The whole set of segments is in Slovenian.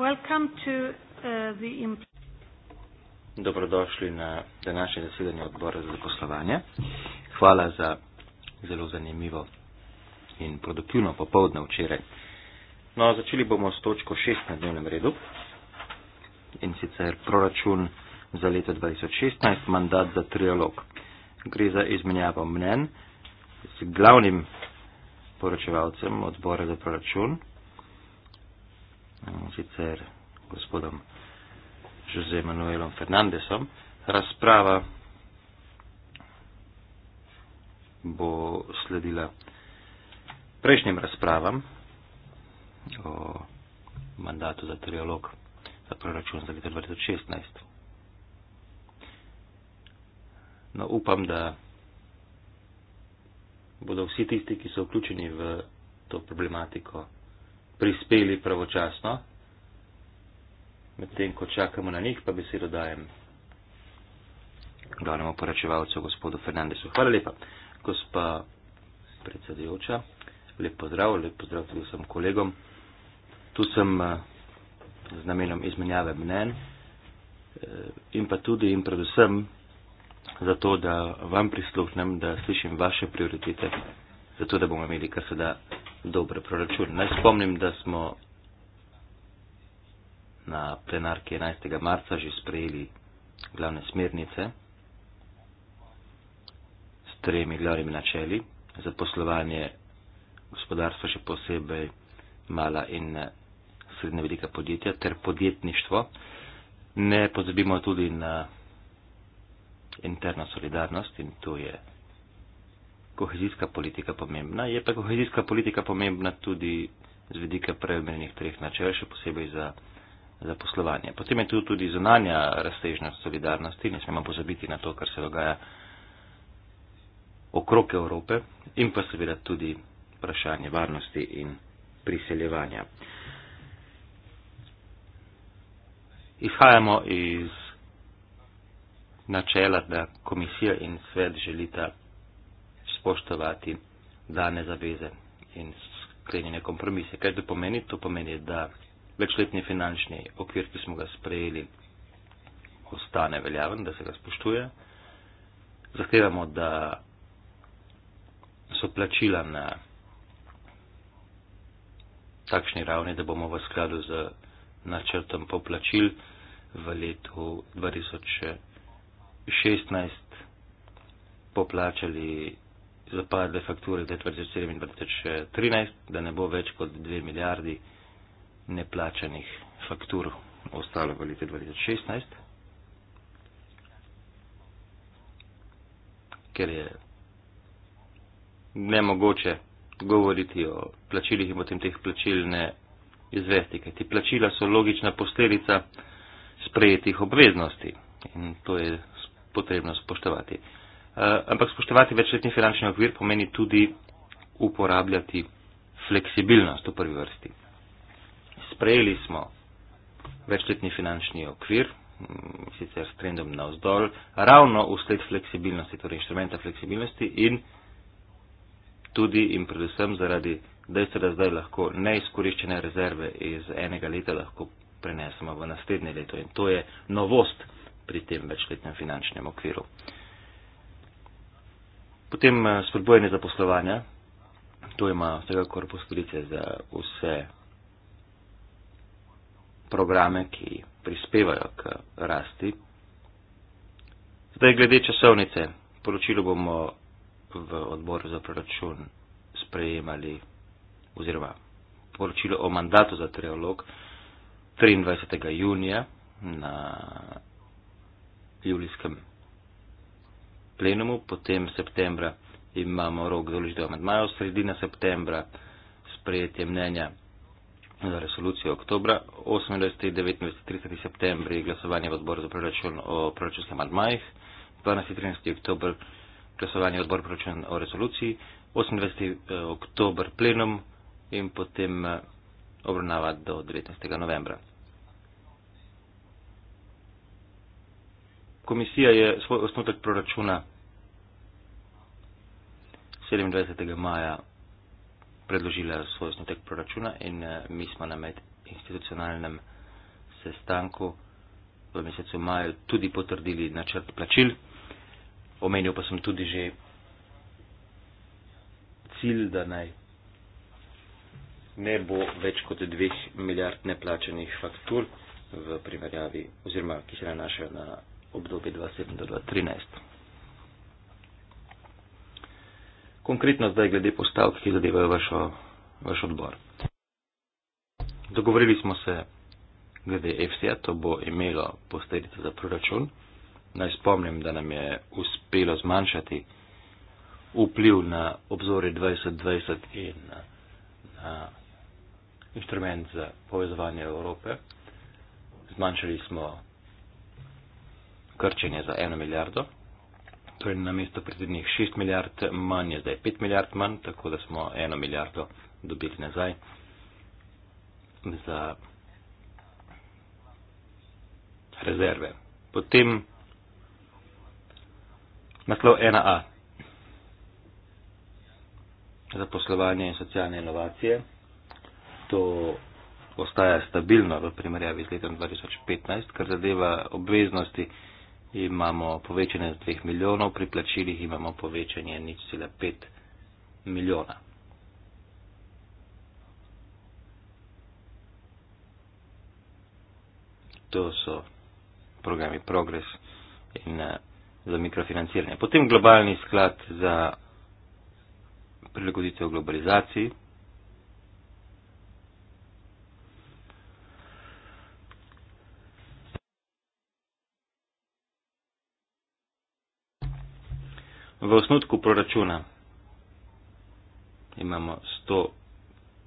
Uh, Dobrodošli na današnje zasedanje odbora za zaposlovanje. Hvala za zelo zanimivo in produktivno popovdne včeraj. No, začeli bomo s točko 6 na dnevnem redu in sicer proračun za leto 2016, mandat za trialog. Gre za izmenjavo mnen z glavnim poročevalcem odbora za proračun sicer gospodom Jose Manuelom Fernandesom. Razprava bo sledila prejšnjim razpravam o mandatu za triolog za proračun za leto 2016. No, upam, da bodo vsi tisti, ki so vključeni v to problematiko, prispeli pravočasno. Medtem, ko čakamo na njih, pa besedo dajem glavnemu poračevalcu gospodu Fernandesu. Hvala lepa, gospa predsedujoča. Lep pozdrav, lep pozdrav tudi vsem kolegom. Tu sem eh, z namenom izmenjave mnen eh, in pa tudi in predvsem zato, da vam prisluhnem, da slišim vaše prioritete, zato da bomo imeli kar se da dober proračun. Naj spomnim, da smo na plenarki 11. marca že sprejeli glavne smernice s tremi glavnimi načeli za poslovanje gospodarstva, še posebej mala in eh, srednje velika podjetja ter podjetništvo. Ne pozabimo tudi na interno solidarnost in to je kohezijska politika pomembna, je pa kohezijska politika pomembna tudi z vedika preomenjenih treh načel, še posebej za, za poslovanje. Potem je tu tudi zunanja raztežnost solidarnosti, ne smemo pozabiti na to, kar se dogaja okrog Evrope in pa seveda tudi vprašanje varnosti in priseljevanja. Izhajamo iz načela, da komisija in svet želita spoštovati dane zaveze in sklenjene kompromise. Kaj to pomeni? To pomeni, da večletni finančni okvir, ki smo ga sprejeli, ostane veljaven, da se ga spoštuje. Zahtevamo, da so plačila na takšni ravni, da bomo v skladu z načrtom poplačil v letu 2016 poplačali zapadle fakture 2007-2013, da ne bo več kot 2 milijardi neplačanih faktur ostalo v letu 2016, ker je nemogoče govoriti o plačilih in potem teh plačil ne izvesti, ker ti plačila so logična posledica sprejetih obveznosti in to je potrebno spoštovati. Eh, ampak spoštovati večletni finančni okvir pomeni tudi uporabljati fleksibilnost v prvi vrsti. Sprejeli smo večletni finančni okvir, mm, sicer s trendom na vzdolj, ravno usled fleksibilnosti, torej inštrumenta fleksibilnosti in tudi in predvsem zaradi dejstva, da zdaj lahko neizkoriščene rezerve iz enega leta lahko prenesemo v naslednje leto. In to je novost pri tem večletnem finančnem okviru. Potem eh, spodbojanje zaposlovanja. To ima vsega korpus podice za vse programe, ki prispevajo k rasti. Zdaj, glede časovnice, poročilo bomo v odboru za proračun sprejemali oziroma poročilo o mandatu za triolog 23. junija na julijskem plenumu, potem septembra imamo rok za vložitev amadmajev, sredina septembra sprejetje mnenja za resolucijo oktobra, 28. in 29. 30. septembri glasovanje v odboru za proračun o proračunskih amadmajih, 12. in 13. oktober glasovanje v odboru proračun o resoluciji, 28. Eh, oktober plenum in potem eh, obravnava do 19. novembra. Komisija je svoj osnutek proračuna 27. maja predložila svoj osnutek proračuna in eh, mi smo na medinstitucionalnem sestanku v mesecu maju tudi potrdili načrt plačil. Omenil pa sem tudi že cilj, da naj ne bo več kot dveh milijard neplačenih faktur v primerjavi oziroma, ki se nanašajo na obdobje 2007 do 2013. konkretno zdaj glede postavk, ki zadevajo vašo, vaš odbor. Dogovorili smo se glede EFSE-a, to bo imelo posledice za proračun. Naj spomnim, da nam je uspelo zmanjšati vpliv na obzore 2020 in na, na inštrument za povezovanje Evrope. Zmanjšali smo krčenje za eno milijardo, torej na mesto predsednih 6 milijard manj je zdaj 5 milijard manj, tako da smo eno milijardo dobili nazaj. Za rezerve. Potem naslov 1A za poslovanje in socialne inovacije. To ostaja stabilno v primerjavi z letom 2015, kar zadeva obveznosti imamo povečanje za 3 milijonov, pri plačilih imamo povečanje 0,5 milijona. To so programi Progress in eh, za mikrofinanciranje. Potem globalni sklad za prilagoditev globalizaciji. V osnutku proračuna imamo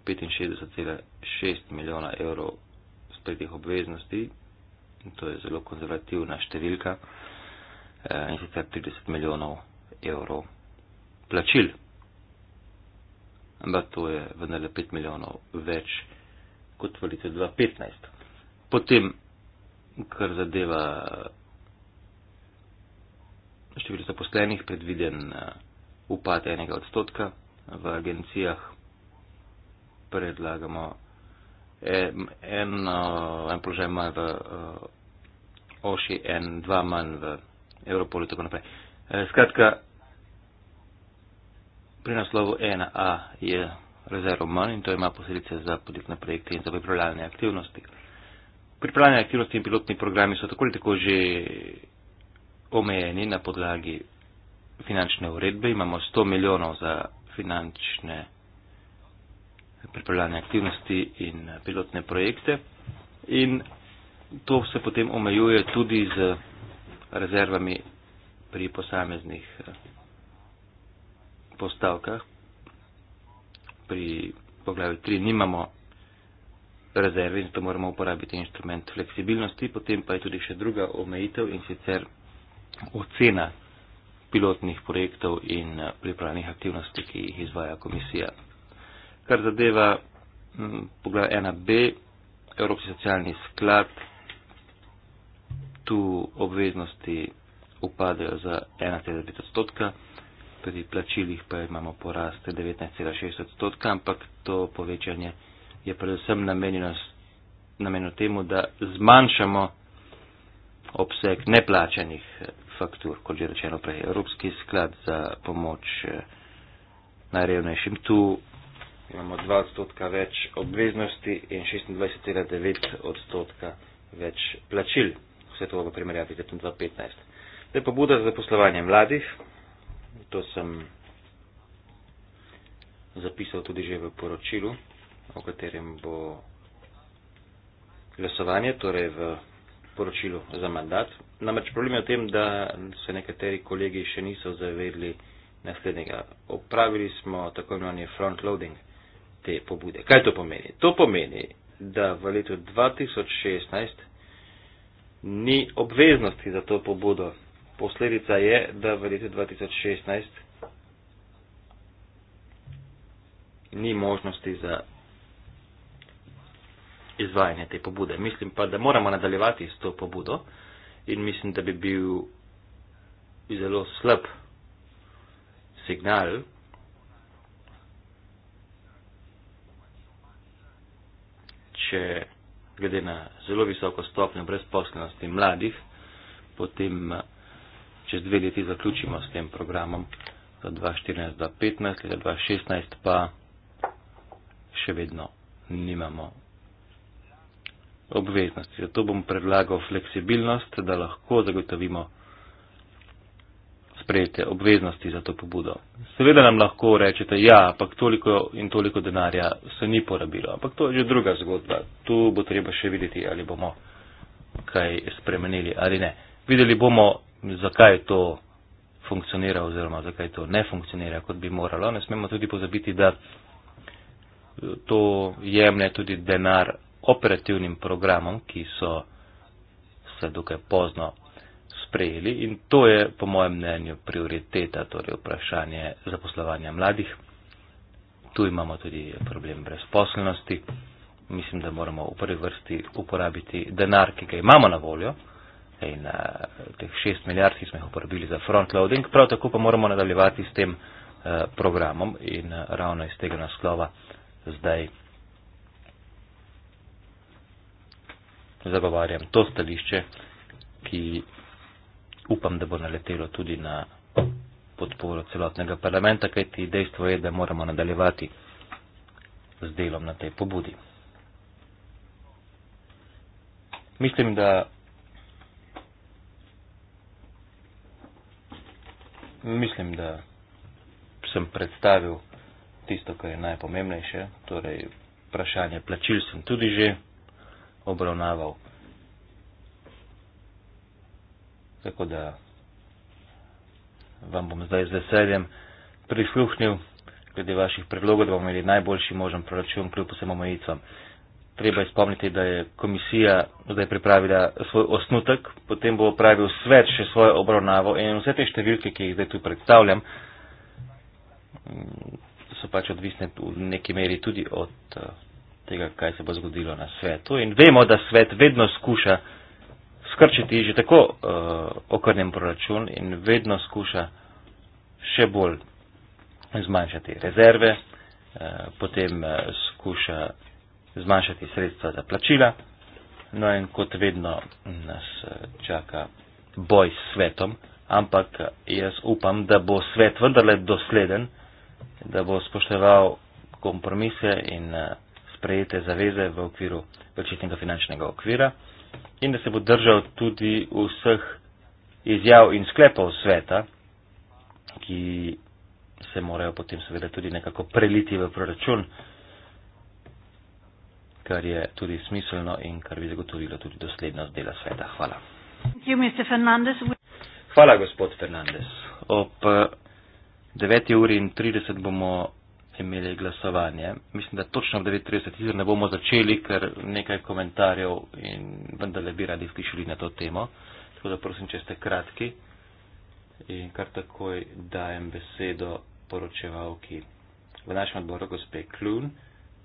165,6 milijona evrov spretih obveznosti, to je zelo konzervativna številka, eh, in sicer 30 milijonov evrov plačil. Ampak to je vendarle 5 milijonov več kot v letu 2015. Potem, kar zadeva število zaposlenih predviden eh, upad enega odstotka v agencijah. Predlagamo en, en položaj manj v eh, Oši, en, dva manj v Evropolu in tako naprej. Eh, skratka, pri naslovu 1A je rezervo manj in to ima posledice za podjetne projekte in za pripravljalne aktivnosti. Pripravljalne aktivnosti in pilotni programi so tako ali tako že omejeni na podlagi finančne uredbe, imamo 100 milijonov za finančne pripravljanje aktivnosti in pilotne projekte in to se potem omejuje tudi z rezervami pri posameznih eh, postavkah. Pri poglavju 3 nimamo rezerve in zato moramo uporabiti instrument fleksibilnosti, potem pa je tudi še druga omejitev in sicer ocena pilotnih projektov in eh, pripravljenih aktivnosti, ki jih izvaja komisija. Kar zadeva mm, poglav 1b, Evropski socialni sklad, tu obveznosti upadajo za 1,5 odstotka, pri plačilih pa imamo porast 19,6 odstotka, ampak to povečanje je predvsem namenjeno, namenjeno temu, da zmanjšamo obseg neplačanih eh, faktur, kot že rečeno prej, Evropski sklad za pomoč eh, najrevnejšim. Tu imamo 2 odstotka več obveznosti in 26,9 odstotka več plačil. Vse to v primerjavi z letom 2015. Zdaj pobuda za poslovanje mladih. To sem zapisal tudi že v poročilu, o katerem bo glasovanje, torej v poročilu za mandat. Namreč problem je v tem, da se nekateri kolegi še niso zavedli naslednjega. Opravili smo tako imenovani front loading te pobude. Kaj to pomeni? To pomeni, da v letu 2016 ni obveznosti za to pobudo. Posledica je, da v letu 2016 ni možnosti za izvajanje te pobude. Mislim pa, da moramo nadaljevati s to pobudo in mislim, da bi bil zelo slab signal, če glede na zelo visoko stopnjo brezposlenosti mladih, potem eh, čez dve leti zaključimo s tem programom za 2014-2015, leta 2016 pa še vedno nimamo obveznosti. Zato bom predlagal fleksibilnost, da lahko zagotovimo sprejete obveznosti za to pobudo. Seveda nam lahko rečete, ja, ampak toliko in toliko denarja se ni porabilo, ampak to je že druga zgodba. Tu bo treba še videti, ali bomo kaj spremenili ali ne. Videli bomo, zakaj to funkcionira oziroma zakaj to ne funkcionira, kot bi moralo. Ne smemo tudi pozabiti, da to jemne tudi denar operativnim programom, ki so se dokaj pozno sprejeli in to je po mojem mnenju prioriteta, torej vprašanje zaposlovanja mladih. Tu imamo tudi problem brezposelnosti. Mislim, da moramo v prvi vrsti uporabiti denar, ki ga imamo na voljo in eh, teh šest milijard, ki smo jih uporabili za frontloading, prav tako pa moramo nadaljevati s tem eh, programom in eh, ravno iz tega naslova zdaj zagovarjam to stališče, ki upam, da bo naletelo tudi na podporo celotnega parlamenta, kajti dejstvo je, da moramo nadaljevati z delom na tej pobudi. Mislim, da mislim, da sem predstavil tisto, kar je najpomembnejše, torej vprašanje plačil sem tudi že obravnaval. Tako da vam bom zdaj z veseljem prisluhnil glede vaših predlogov, da bomo imeli najboljši možen proračun kljub vsem omejicam. Treba je spomniti, da je komisija zdaj pripravila svoj osnutek, potem bo opravil svet še svojo obravnavo in vse te številke, ki jih zdaj tu predstavljam, so pač odvisne v neki meri tudi od. Uh, tega, kaj se bo zgodilo na svetu. In vemo, da svet vedno skuša skrčiti že tako uh, okrnjen proračun in vedno skuša še bolj zmanjšati rezerve, uh, potem uh, skuša zmanjšati sredstva za plačila. No in kot vedno nas čaka boj s svetom, ampak jaz upam, da bo svet vendarle dosleden, da bo spoštoval kompromise in uh, sprejete zaveze v okviru očitnega finančnega okvira in da se bo držal tudi vseh izjav in sklepov sveta, ki se morajo potem seveda tudi nekako preliti v proračun, kar je tudi smiselno in kar bi zagotovilo tudi doslednost dela sveta. Hvala. Hvala, gospod Fernandez. Ob 9.30 eh, bomo imeli glasovanje. Mislim, da točno ob 9.30 ne bomo začeli, ker nekaj komentarjev in vendarle bi radi slišali na to temo. Tako da prosim, če ste kratki in kar takoj dajem besedo poročevalki v našem odboru, gospe Klun.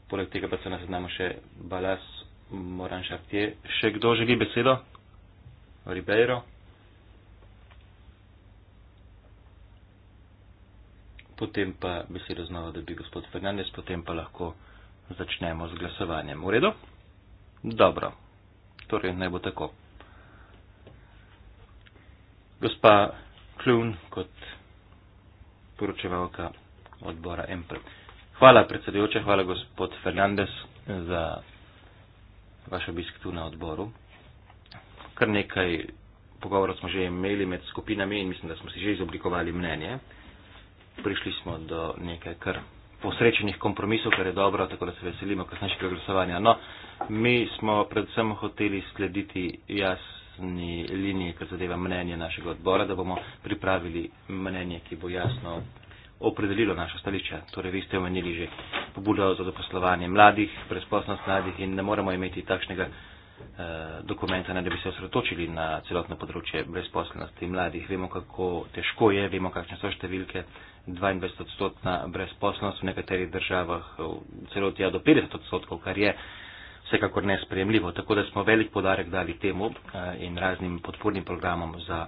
Poleg tega pa se nas znamo še Balas Moranšartje. Še kdo želi besedo? Ribeiro. potem pa besedo znova dobi gospod Fernandez, potem pa lahko začnemo z glasovanjem. V redu? Dobro. Torej, naj bo tako. Gospa Klun kot poročevalka odbora MPL. Hvala predsedujoča, hvala gospod Fernandez za vaš obisk tu na odboru. Kar nekaj pogovorov smo že imeli med skupinami in mislim, da smo si že izoblikovali mnenje prišli smo do nekaj kar posrečenih kompromisov, kar je dobro, tako da se veselimo kasnejšega glasovanja. No, mi smo predvsem hoteli slediti jasni liniji, kar zadeva mnenje našega odbora, da bomo pripravili mnenje, ki bo jasno opredelilo naša stališča. Torej, vi ste omenili že pobudo za zaposlovanje mladih, brezposlost mladih in ne moremo imeti takšnega eh, dokumenta, ne, da bi se osredotočili na celotno področje brezposlenosti mladih. Vemo, kako težko je, vemo, kakšne so številke, 22 odstotna brezposlenost v nekaterih državah, celo tja do 50 odstotkov, kar je vsekakor nespremljivo. Tako da smo velik podarek dali temu eh, in raznim podpornim programom za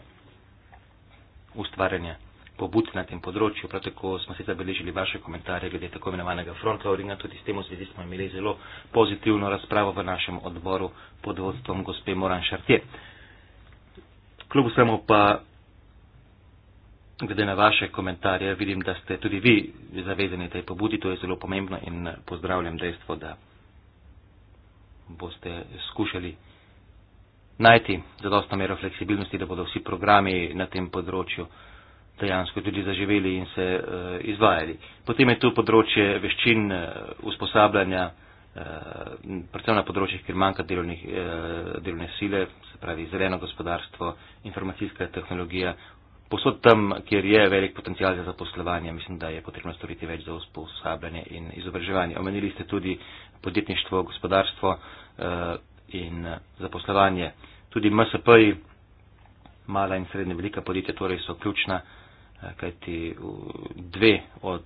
ustvarjanje pobud na tem področju. Prav tako smo se zabeležili vaše komentarje glede tako imenovanega frontloadinga. Tudi s tem v zvezi smo imeli zelo pozitivno razpravo v našem odboru pod vodstvom gospe Moran Šartje. Kljub vsemu pa glede na vaše komentarje vidim, da ste tudi vi zavezani tej pobudi, to je zelo pomembno in pozdravljam dejstvo, da boste skušali najti zadostno mero fleksibilnosti, da bodo vsi programi na tem področju dejansko tudi zaživeli in se uh, izvajali. Potem je tu področje veščin uh, usposabljanja, uh, predvsem na področjih, kjer manjka delovnih, uh, delovne sile, se pravi zeleno gospodarstvo, informacijska tehnologija, posod tam, kjer je velik potencial za zaposlovanje, mislim, da je potrebno storiti več za usposabljanje in izobraževanje. Omenili ste tudi podjetništvo, gospodarstvo uh, in zaposlovanje. Tudi MSP-ji, mala in srednja velika podjetja, torej so ključna, eh, kajti dve od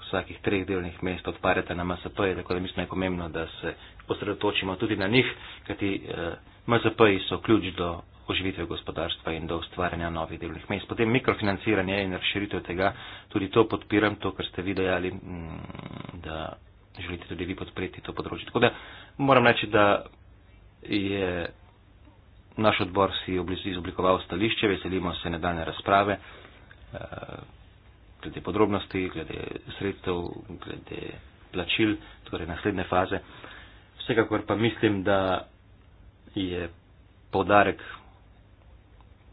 vsakih treh delovnih mest odparjate na MSP-je, tako da mislim, da je pomembno, da se osredotočimo tudi na njih, kajti uh, eh, MSP-ji so ključ do oživitve gospodarstva in do ustvarjanja novih delovnih mest. Potem mikrofinanciranje in razširitev tega, tudi to podpiram, to, kar ste vi dejali, mm, da želite tudi vi podpreti to področje. Tako da moram reči, da je naš odbor si izoblikoval stališče, veselimo se nedaljne razprave eh, glede podrobnosti, glede sredstev, glede plačil, torej naslednje faze. Vsekakor pa mislim, da je podarek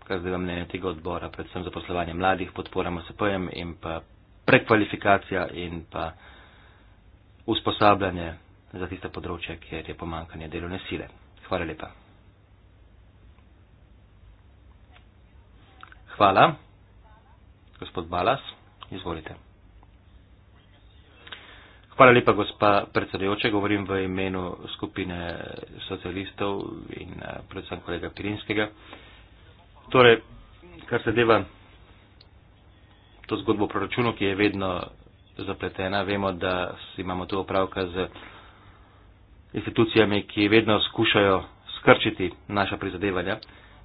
kazdega mnenja tega odbora, predvsem za poslovanje mladih, podpora MSP-jem in pa prekvalifikacija in pa usposabljanje za tiste področje, kjer je pomankanje delovne sile. Hvala lepa. Hvala. Gospod Balas, izvolite. Hvala lepa, gospa predsedujoča. Govorim v imenu skupine socialistov in eh, predvsem kolega Pirinskega. Uh, Torej, kar se deva to zgodbo o proračunu, ki je vedno zapletena, vemo, da imamo tu opravka z institucijami, ki vedno skušajo skrčiti naša prizadevanja.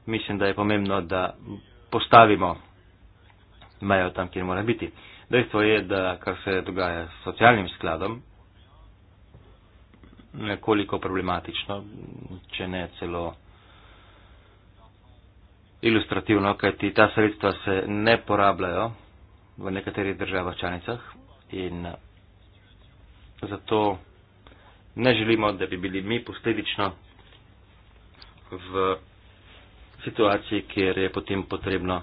Mislim, da je pomembno, da postavimo mejo tam, kjer mora biti. Dejstvo je, da kar se dogaja s socialnim skladom, nekoliko problematično, če ne celo ilustrativno, kajti ta sredstva se ne porabljajo v nekaterih državah članicah in zato ne želimo, da bi bili mi posledično v situaciji, kjer je potem potrebno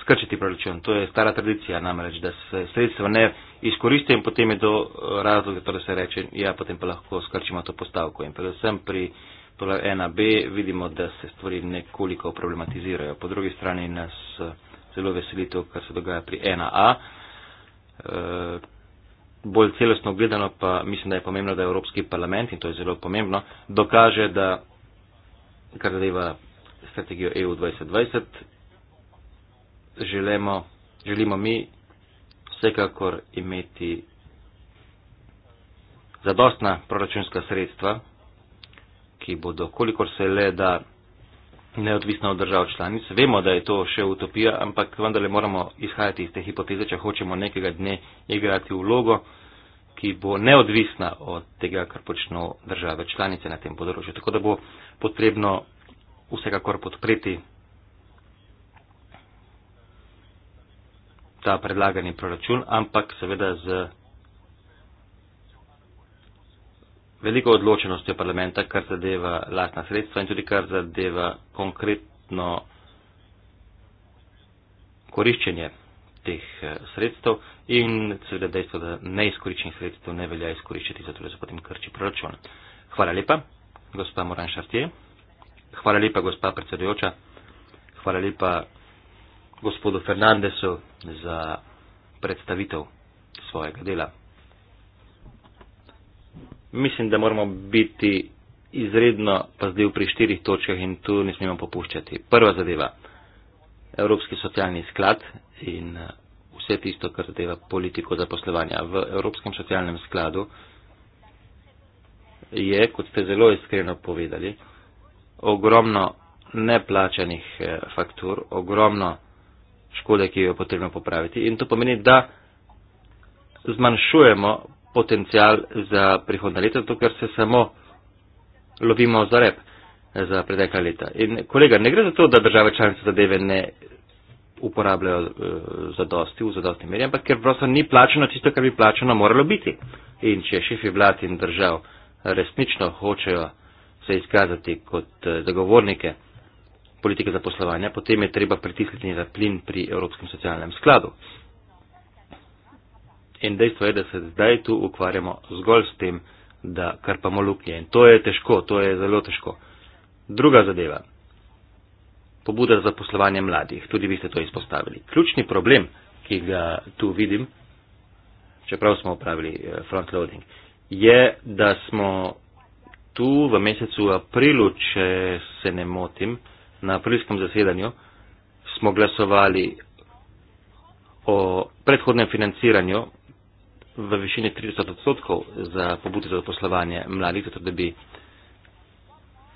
skrčiti proračun. To je stara tradicija namreč, da se sredstva ne izkoristijo in potem je to razlog, da se reče, ja, potem pa lahko skrčimo to postavko. In predvsem pri tole 1b, vidimo, da se stvari nekoliko problematizirajo. Po drugi strani nas eh, zelo veseli to, kar se dogaja pri 1a. Eh, bolj celostno gledano pa mislim, da je pomembno, da Evropski parlament, in to je zelo pomembno, dokaže, da kar zadeva strategijo EU 2020, želimo, želimo mi vsekakor imeti zadostna proračunska sredstva ki bodo, kolikor se le da, neodvisna od držav članic. Vemo, da je to še utopija, ampak vendarle moramo izhajati iz te hipoteze, če hočemo nekega dne igrati vlogo, ki bo neodvisna od tega, kar počnejo države članice na tem področju. Tako da bo potrebno vsekakor podpreti ta predlagani proračun, ampak seveda z veliko odločenosti parlamenta, kar zadeva lastna sredstva in tudi kar zadeva konkretno koriščenje teh eh, sredstev in seveda dejstvo, da neizkoriščenih sredstev ne velja izkoriščati, zato da se potem krči proračun. Hvala lepa, gospa Moran Šartje. Hvala lepa, gospa predsedujoča. Hvala lepa gospodu Fernandesu za predstavitev svojega dela mislim, da moramo biti izredno pazljivi pri štirih točkah in tu ne smemo popuščati. Prva zadeva, Evropski socialni sklad in eh, vse tisto, kar zadeva politiko zaposlovanja. V Evropskem socialnem skladu je, kot ste zelo iskreno povedali, ogromno neplačanih eh, faktur, ogromno škode, ki jo je potrebno popraviti. In to pomeni, da zmanjšujemo potencial za prihodna leta, zato ker se samo lovimo za rep za pretekla leta. In kolega, ne gre za to, da države članice zadeve ne uporabljajo uh, eh, za dosti, v zadosti meri, ampak ker prosto ni plačeno tisto, kar bi plačeno moralo biti. In če šefi vlad in držav resnično hočejo se izkazati kot eh, zagovornike politike zaposlovanja, potem je treba pritisniti na plin pri Evropskem socialnem skladu in dejstvo je, da se zdaj tu ukvarjamo zgolj s tem, da krpamo luknje. In to je težko, to je zelo težko. Druga zadeva. Pobuda za poslovanje mladih. Tudi vi ste to izpostavili. Ključni problem, ki ga tu vidim, čeprav smo upravili eh, frontloading, je, da smo tu v mesecu aprilu, če se ne motim, na aprilskem zasedanju, smo glasovali o predhodnem financiranju v višini 30 odstotkov za pobude za poslovanje mladih, zato da bi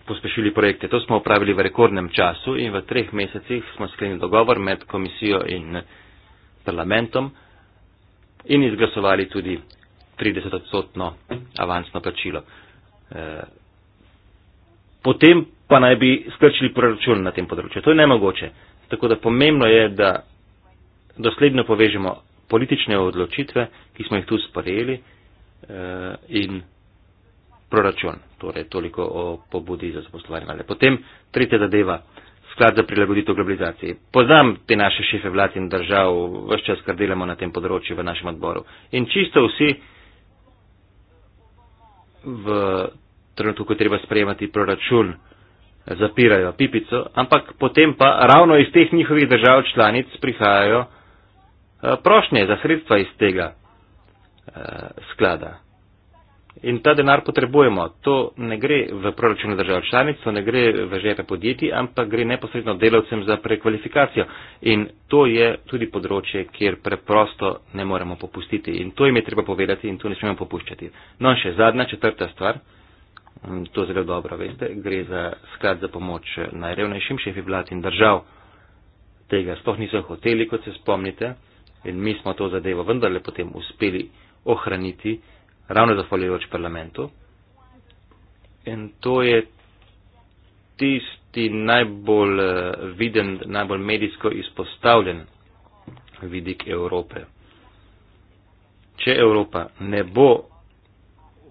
pospešili projekte. To smo opravili v rekordnem času in v treh mesecih smo sklenili dogovor med komisijo in parlamentom in izglasovali tudi 30 odstotno avansno plačilo. Eh, potem pa naj bi skrčili proračun na tem področju. To je nemogoče. Tako da pomembno je, da dosledno povežemo politične odločitve, ki smo jih tu sprejeli eh, in proračun. Torej, toliko o pobudi za zaposlovanje. Potem tretja zadeva, sklad za prilagoditev globalizaciji. Poznam te naše šefe vlad in držav, vse čas, kar delamo na tem področju v našem odboru. In čisto vsi v trenutku, ko je treba sprejemati proračun, zapirajo pipico, ampak potem pa ravno iz teh njihovih držav članic prihajajo Eh, prošnje za sredstva iz tega eh, sklada. In ta denar potrebujemo. To ne gre v proračune držav članic, to ne gre v žepe podjetij, ampak gre neposredno delavcem za prekvalifikacijo. In to je tudi področje, kjer preprosto ne moremo popustiti. In to jim je treba povedati in to ne smemo popuščati. No in še zadnja, četrta stvar, mm, to zelo dobro veste, gre za sklad za pomoč najrevnejšim šefi vlad in držav. Tega sploh niso hoteli, kot se spomnite in mi smo to zadevo vendarle potem uspeli ohraniti, ravno zahvaljujoč parlamentu. In to je tisti najbolj eh, viden, najbolj medijsko izpostavljen vidik Evrope. Če Evropa ne bo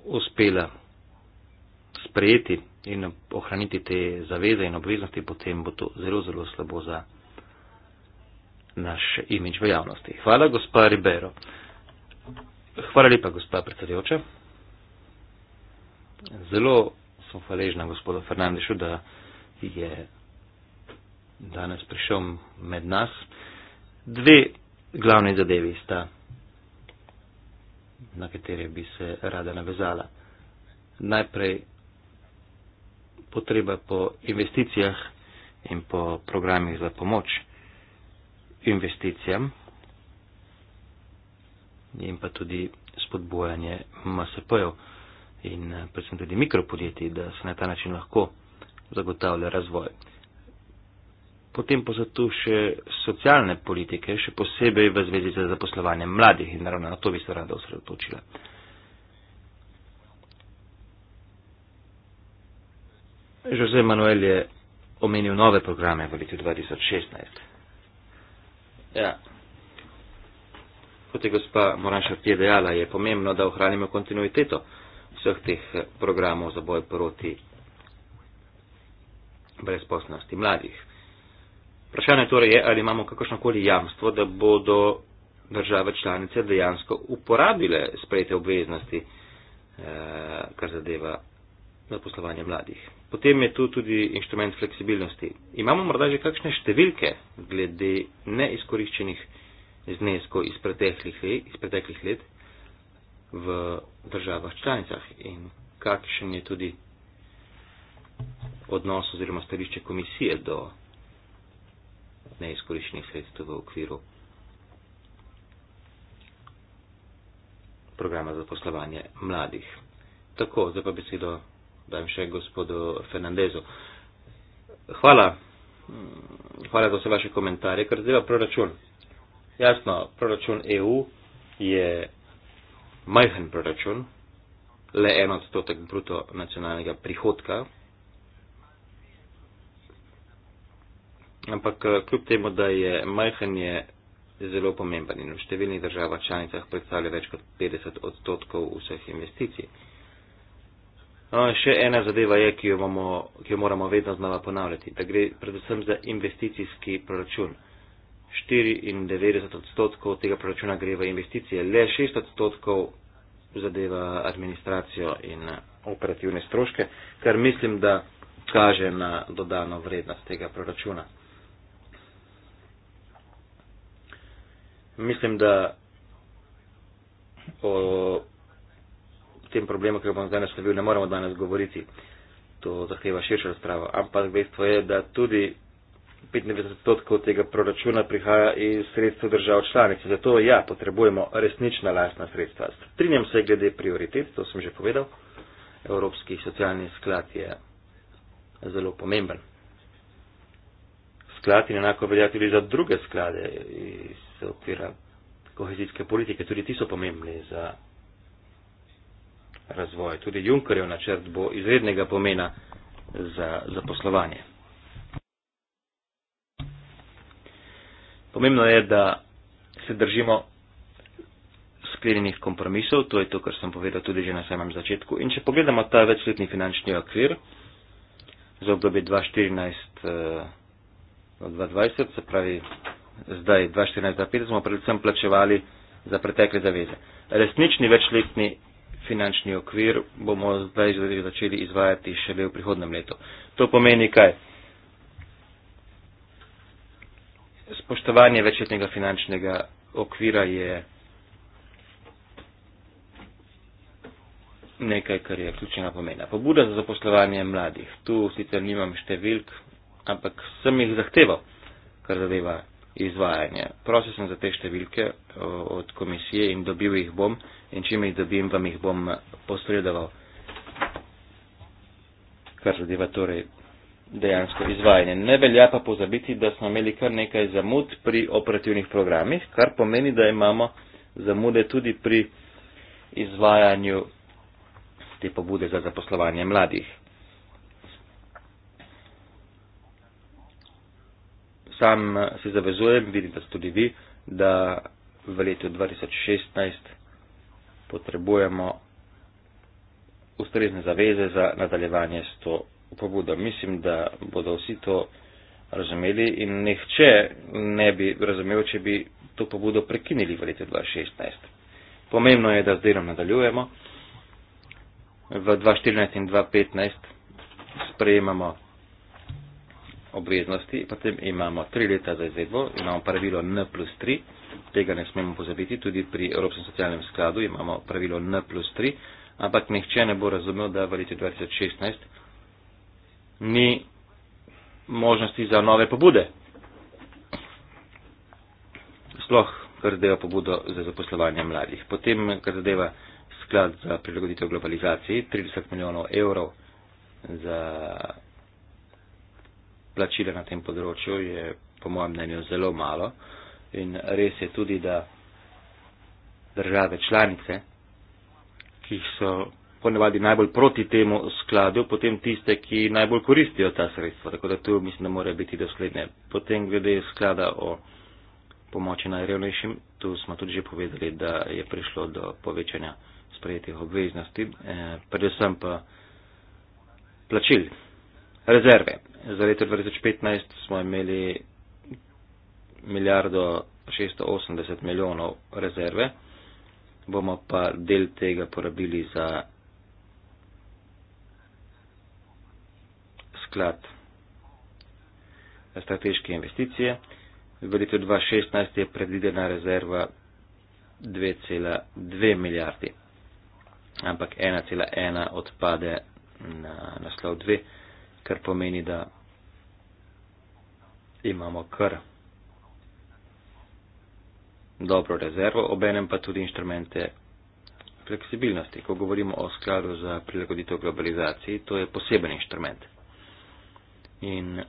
uspela sprejeti in ohraniti te zaveze in obveznosti, potem bo to zelo, zelo slabo za naš imič v javnosti. Hvala, gospa Ribero. Hvala lepa, gospa predsedujoča. Zelo sem hvaležna gospodu Fernandešu, da je danes prišel med nas. Dve glavne zadevi sta, na katere bi se rada navezala. Najprej potreba po investicijah in po programih za pomoč investicijam in pa tudi spodbojanje MSP-jev in eh, predvsem tudi mikropodjetij, da se na ta način lahko zagotavlja razvoj. Potem pa so tu še socialne politike, še posebej v zvezi z zaposlovanjem mladih in naravno na to bi se rada osredotočila. Jose Manuel je omenil nove programe v letu 2016. Ja. Kot je gospa Moranša Pije dejala, je pomembno, da ohranimo kontinuiteto vseh teh eh, programov za boj proti brezposnosti mladih. Vprašanje torej je, ali imamo kakršnokoli jamstvo, da bodo države članice dejansko uporabile sprejete obveznosti, eh, kar zadeva zaposlovanje mladih potem je tu tudi inštrument fleksibilnosti. Imamo morda že kakšne številke glede neizkoriščenih zneskov iz, iz preteklih let v državah članicah in kakšen je tudi odnos oziroma stališče komisije do neizkoriščenih sredstev v okviru programa zaposlovanja mladih. Tako, zdaj pa besedo dajem še gospodu Fernandezu. Hvala. Hvala za vse vaše komentarje, kar zdaj proračun. Jasno, proračun EU je majhen proračun, le en odstotek bruto nacionalnega prihodka. Ampak eh, kljub temu, da je majhen, je zelo pomemben in v številnih državah članicah predstavlja več kot 50 odstotkov vseh investicij. No, še ena zadeva je, ki jo, bomo, ki jo moramo vedno znova ponavljati, da gre predvsem za investicijski proračun. 94 odstotkov tega proračuna gre v investicije, le 6 odstotkov zadeva administracijo in operativne stroške, kar mislim, da kaže na dodano vrednost tega proračuna. Mislim, da. O, tem problemu, ki ga bom zdaj naštevil, ne moremo danes govoriti. To zahteva širšo razpravo. Ampak dejstvo je, da tudi 95% tega proračuna prihaja iz sredstva držav članic. Zato ja, potrebujemo resnična lastna sredstva. Strinjam se glede prioritet, to sem že povedal. Evropski socialni sklad je zelo pomemben. Sklad in enako velja tudi za druge sklade iz okvira kohezijske politike. Tudi ti so pomembni za razvoj. Tudi Junkerjev načrt bo izrednega pomena za zaposlovanje. Pomembno je, da se držimo sklenjenih kompromisov, to je to, kar sem povedal tudi že na samem začetku. In če pogledamo ta večletni finančni okvir za obdobje 2014-2020, eh, se pravi zdaj 2014-2015, smo predvsem plačevali za pretekle zaveze. Resnični večletni finančni okvir bomo zdaj začeli izvajati šele v prihodnem letu. To pomeni kaj? Spoštovanje večletnega finančnega okvira je nekaj, kar je ključnega pomena. Pobuda za zaposlovanje mladih. Tu sicer nimam številk, ampak sem jih zahteval, kar zadeva izvajanje. Prosil sem za te številke od komisije in dobil jih bom in čim jih dobim, vam jih bom posredoval, kar zadeva torej dejansko izvajanje. Ne velja pa pozabiti, da smo imeli kar nekaj zamud pri operativnih programih, kar pomeni, da imamo zamude tudi pri izvajanju te pobude za zaposlovanje mladih. Sam se zavezujem, vidim, da ste tudi vi, da v letu 2016 potrebujemo ustrezne zaveze za nadaljevanje s to pobudo. Mislim, da bodo vsi to razumeli in nihče ne bi razumel, če bi to pobudo prekinili v letu 2016. Pomembno je, da zdaj nam nadaljujemo. V 2014 in 2015 sprejemamo obveznosti, potem imamo tri leta za izvedbo, imamo pravilo N plus 3. Tega ne smemo pozabiti, tudi pri Evropskem socialnem skladu imamo pravilo N plus 3, ampak nihče ne bo razumel, da v letu 2016 ni možnosti za nove pobude. Sploh, kar zadeva pobudo za zaposlovanje mladih. Potem, kar zadeva sklad za prilagoditev globalizaciji, 30 milijonov evrov za plačile na tem področju je po mojem mnenju zelo malo. In res je tudi, da države članice, ki so ponavadi najbolj proti temu skladu, potem tiste, ki najbolj koristijo ta sredstva. Tako da tu mislim, da morajo biti doslednje. Potem glede sklada o pomoči najrevnejšim, tu smo tudi že povedali, da je prišlo do povečanja sprejetih obveznosti, eh, predvsem pa plačil, rezerve. Za leto 2015 smo imeli milijardo 680 milijonov rezerve, bomo pa del tega porabili za sklad strateške investicije. V letu 2016 je predvidena rezerva 2,2 milijardi, ampak 1,1 odpade na naslov 2, kar pomeni, da imamo kar dobro rezervo, obenem pa tudi inštrumente fleksibilnosti. Ko govorimo o skladu za prilagoditev globalizaciji, to je poseben inštrument. In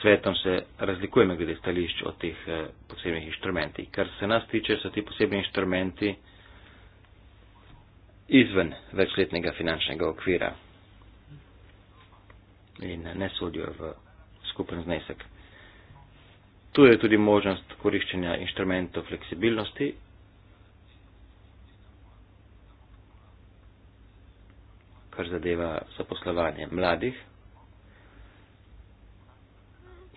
svetom se razlikujemo glede stališč o teh eh, posebnih inštrumentih. Kar se nas tiče, so ti posebni inštrumenti izven večletnega finančnega okvira in ne sodijo v skupen znesek. Tu je tudi možnost koriščenja inštrumentov fleksibilnosti. kar zadeva zaposlovanje mladih.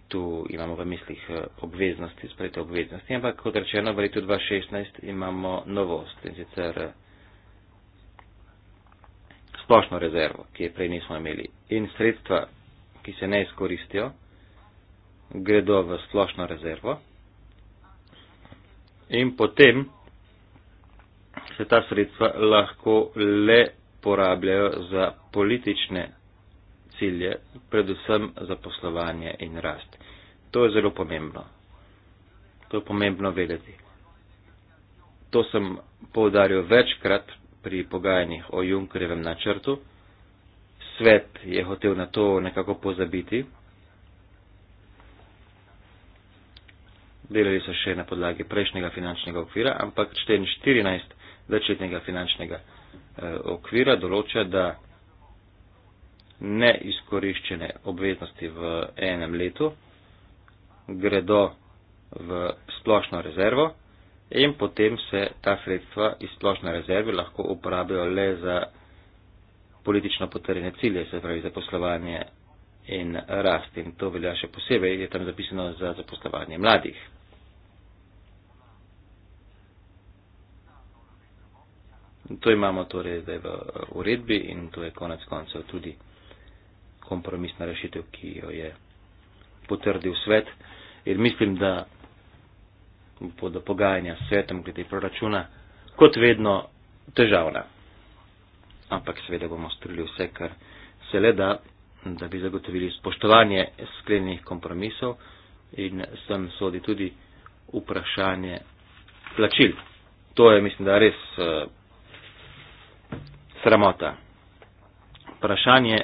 Tu imamo v mislih eh, obveznosti, sprejete obveznosti, ampak kot rečeno, v letu 2016 imamo novost in sicer eh, splošno rezervo, ki je prej nismo imeli. In sredstva, ki se ne izkoristijo, gredo v splošno rezervo in potem se ta sredstva lahko le porabljajo za politične cilje, predvsem za poslovanje in rast. To je zelo pomembno. To je pomembno vedeti. To sem povdaril večkrat pri pogajanjih o Junkerjevem načrtu. Svet je hotel na to nekako pozabiti, delali so še na podlagi prejšnjega finančnega okvira, ampak člen 14 začetnega finančnega eh, okvira določa, da neizkoriščene obveznosti v enem letu gredo v splošno rezervo in potem se ta sredstva iz splošne rezerve lahko uporabljajo le za politično potrjene cilje, se pravi za poslovanje in rast. In to velja še posebej, je tam zapisano za zaposlovanje mladih. To imamo torej zdaj v uredbi in to je konec koncev tudi kompromisna rešitev, ki jo je potrdil svet. In mislim, da bodo pogajanja s svetom glede proračuna kot vedno težavna. Ampak seveda bomo storili vse, kar se le da, da bi zagotovili spoštovanje sklenjenih kompromisov in sem sodi tudi vprašanje plačil. To je, mislim, da res uh, sramota. Vprašanje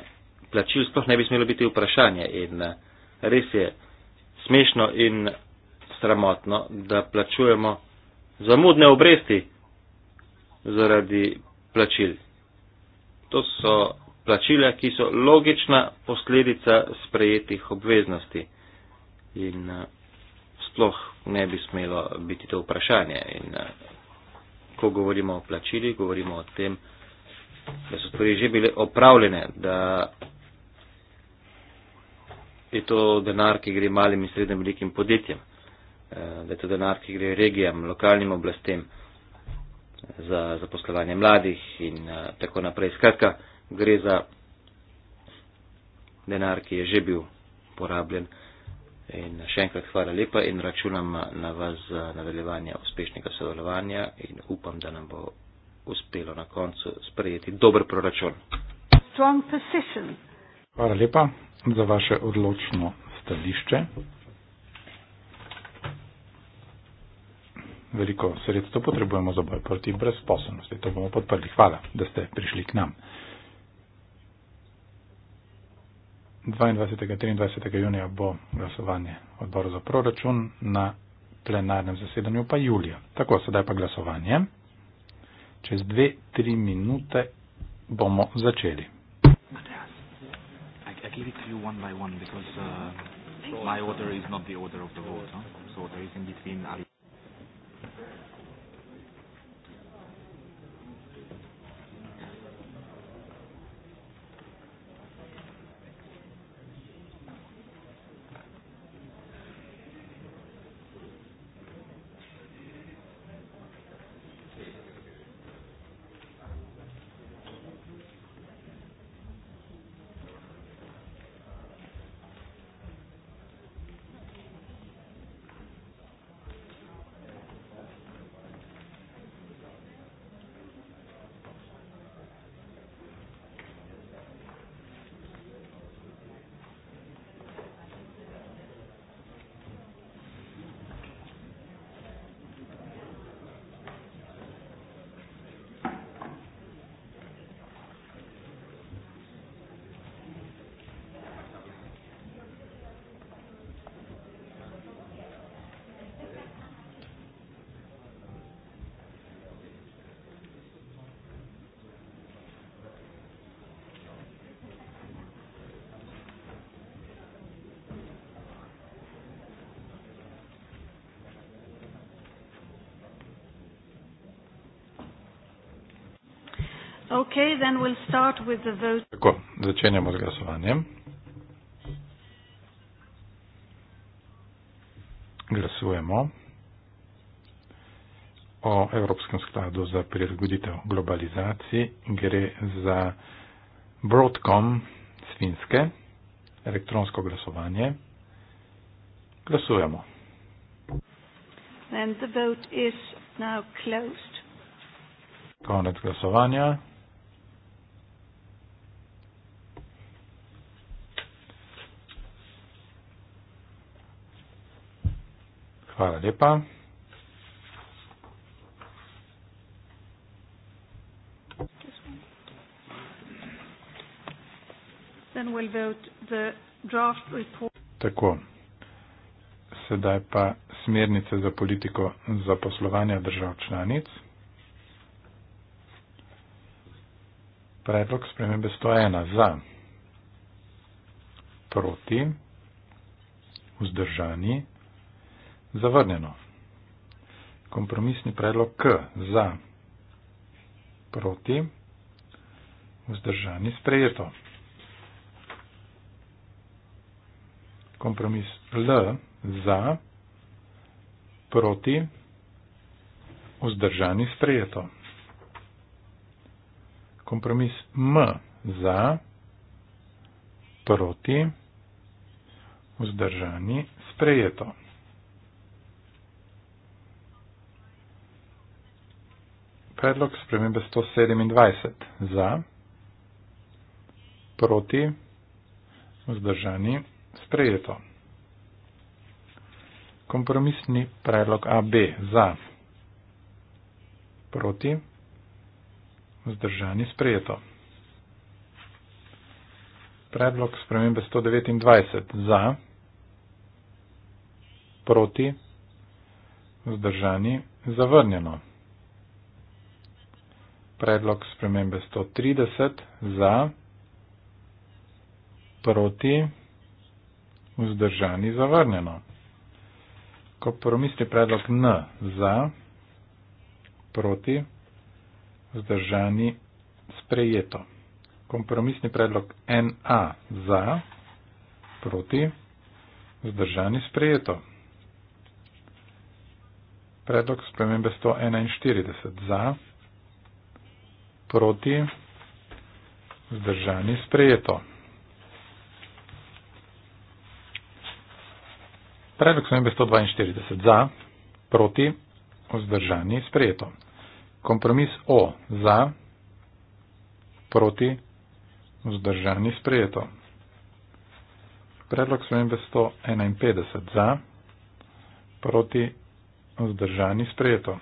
plačil sploh ne bi smelo biti vprašanje in eh, res je smešno in sramotno, da plačujemo zamudne obresti zaradi plačil. To so plačila, ki so logična posledica sprejetih obveznosti. In eh, sploh ne bi smelo biti to vprašanje. In eh, ko govorimo o plačili, govorimo o tem, da so stvari že bile opravljene, da je to denar, ki gre malim in srednjim velikim podjetjem, eh, da je to denar, ki gre regijam, lokalnim oblastem za zaposlovanje mladih in tako naprej. Skratka, gre za denar, ki je že bil porabljen. In še enkrat hvala lepa in računam na vas za nadaljevanje uspešnega sodelovanja in upam, da nam bo uspelo na koncu sprejeti dober proračun. Hvala lepa za vaše odločno stališče. Veliko sredstev potrebujemo za boj proti brezposobnosti. To bomo podprli. Hvala, da ste prišli k nam. 22. in 23. junija bo glasovanje odboru za proračun, na plenarnem zasedanju pa julija. Tako, sedaj pa glasovanje. Čez dve, tri minute bomo začeli. Matejas, I, I Okay, then we'll start with the vote. Tako, začenjamo z glasovanjem. Glasujemo o Evropskem skladu za prilagoditev globalizaciji. Gre za Broadcom z Finske, elektronsko glasovanje. Glasujemo. And the vote is now closed. Konec glasovanja. Hvala lepa. Tako. Sedaj pa smernice za politiko za poslovanje držav članic. Predlog spremembe 101 za, proti, vzdržani zavrnjeno. Kompromisni predlog K za proti vzdržani sprejeto. Kompromis L za proti vzdržani sprejeto. Kompromis M za proti vzdržani sprejeto. predlog spremembe 127 za, proti, vzdržani, sprejeto. Kompromisni predlog AB za, proti, vzdržani, sprejeto. Predlog spremembe 129 za, proti, vzdržani, zavrnjeno predlog spremembe 130 za, proti, vzdržani, zavrnjeno. Ko promisli predlog N za, proti, vzdržani, sprejeto. Kompromisni predlog NA za, proti, vzdržani, sprejeto. Predlog spremembe 141 za, proti, vzdržani, sprejeto proti, zdržani, sprejeto. Predlog smo imeli 142 za, proti, vzdržani, sprejeto. Kompromis O za, proti, vzdržani, sprejeto. Predlog smo imeli 151 za, proti, vzdržani, sprejeto.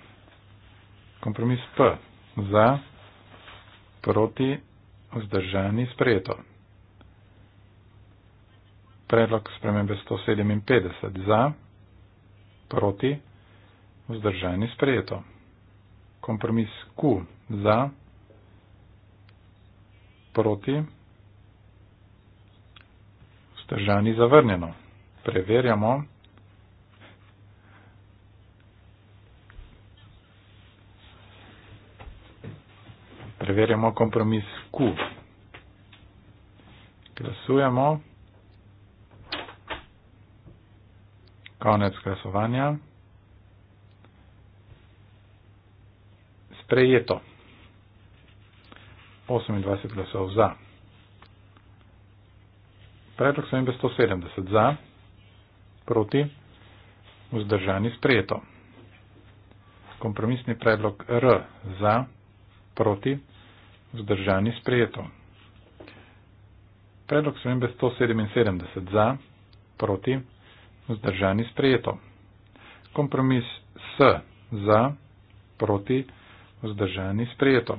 Kompromis P za, proti, vzdržani, sprejeto proti vzdržani sprejeto. Predlog spremembe 157 za, proti vzdržani sprejeto. Kompromis Q za, proti vzdržani zavrnjeno. Preverjamo. preverjamo kompromis Q. Glasujemo. Konec glasovanja. Sprejeto. 28 glasov za. Predlog so imbe 170 za, proti, vzdržani sprejeto. Kompromisni predlog R za, proti, vzdržani sprejeto. Predlog spremembe 177 za, proti, vzdržani sprejeto. Kompromis S za, proti, vzdržani sprejeto.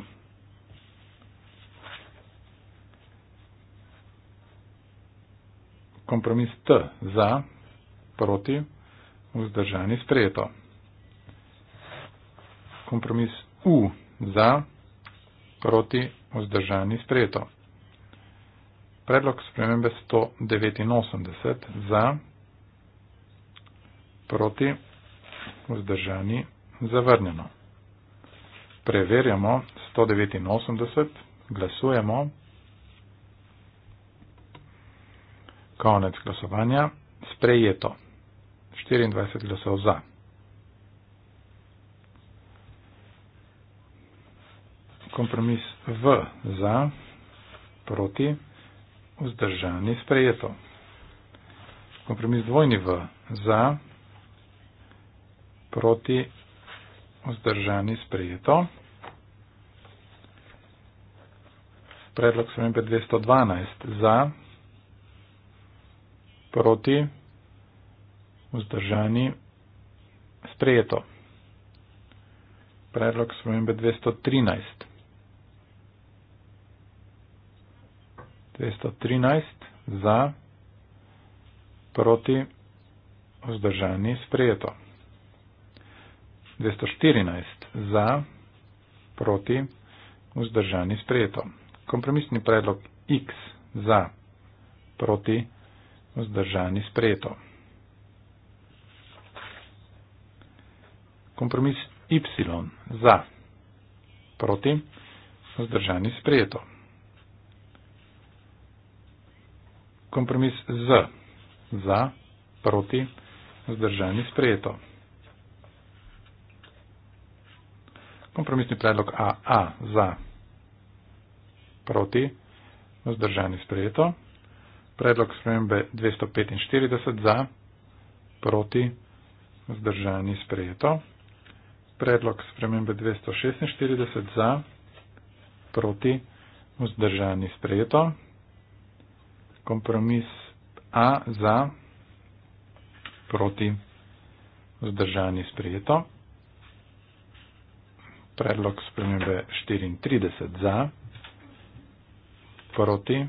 Kompromis T za, proti, vzdržani sprejeto. Kompromis U za, proti, proti vzdržani sprejeto. Predlog spremembe 189 za proti vzdržani zavrnjeno. Preverjamo 189, glasujemo. Konec glasovanja, sprejeto. 24 glasov za. kompromis v za, proti, vzdržani, sprejeto. Kompromis dvojni v za, proti, vzdržani, sprejeto. Predlog spremembe 212 za, proti, vzdržani, sprejeto. Predlog spremembe 213 213 za, proti, vzdržani, sprejeto. 214 za, proti, vzdržani, sprejeto. Kompromisni predlog X za, proti, vzdržani, sprejeto. Kompromis Y za, proti, vzdržani, sprejeto. kompromis z, za, proti, zdržani, sprejeto. Kompromisni predlog A, A, za, proti, zdržani, sprejeto. Predlog spremembe 245 za, proti, zdržani, sprejeto. Predlog spremembe 246 za, proti, vzdržani, sprejeto kompromis A za, proti, vzdržani sprejeto. Predlog spremembe 34 za, proti,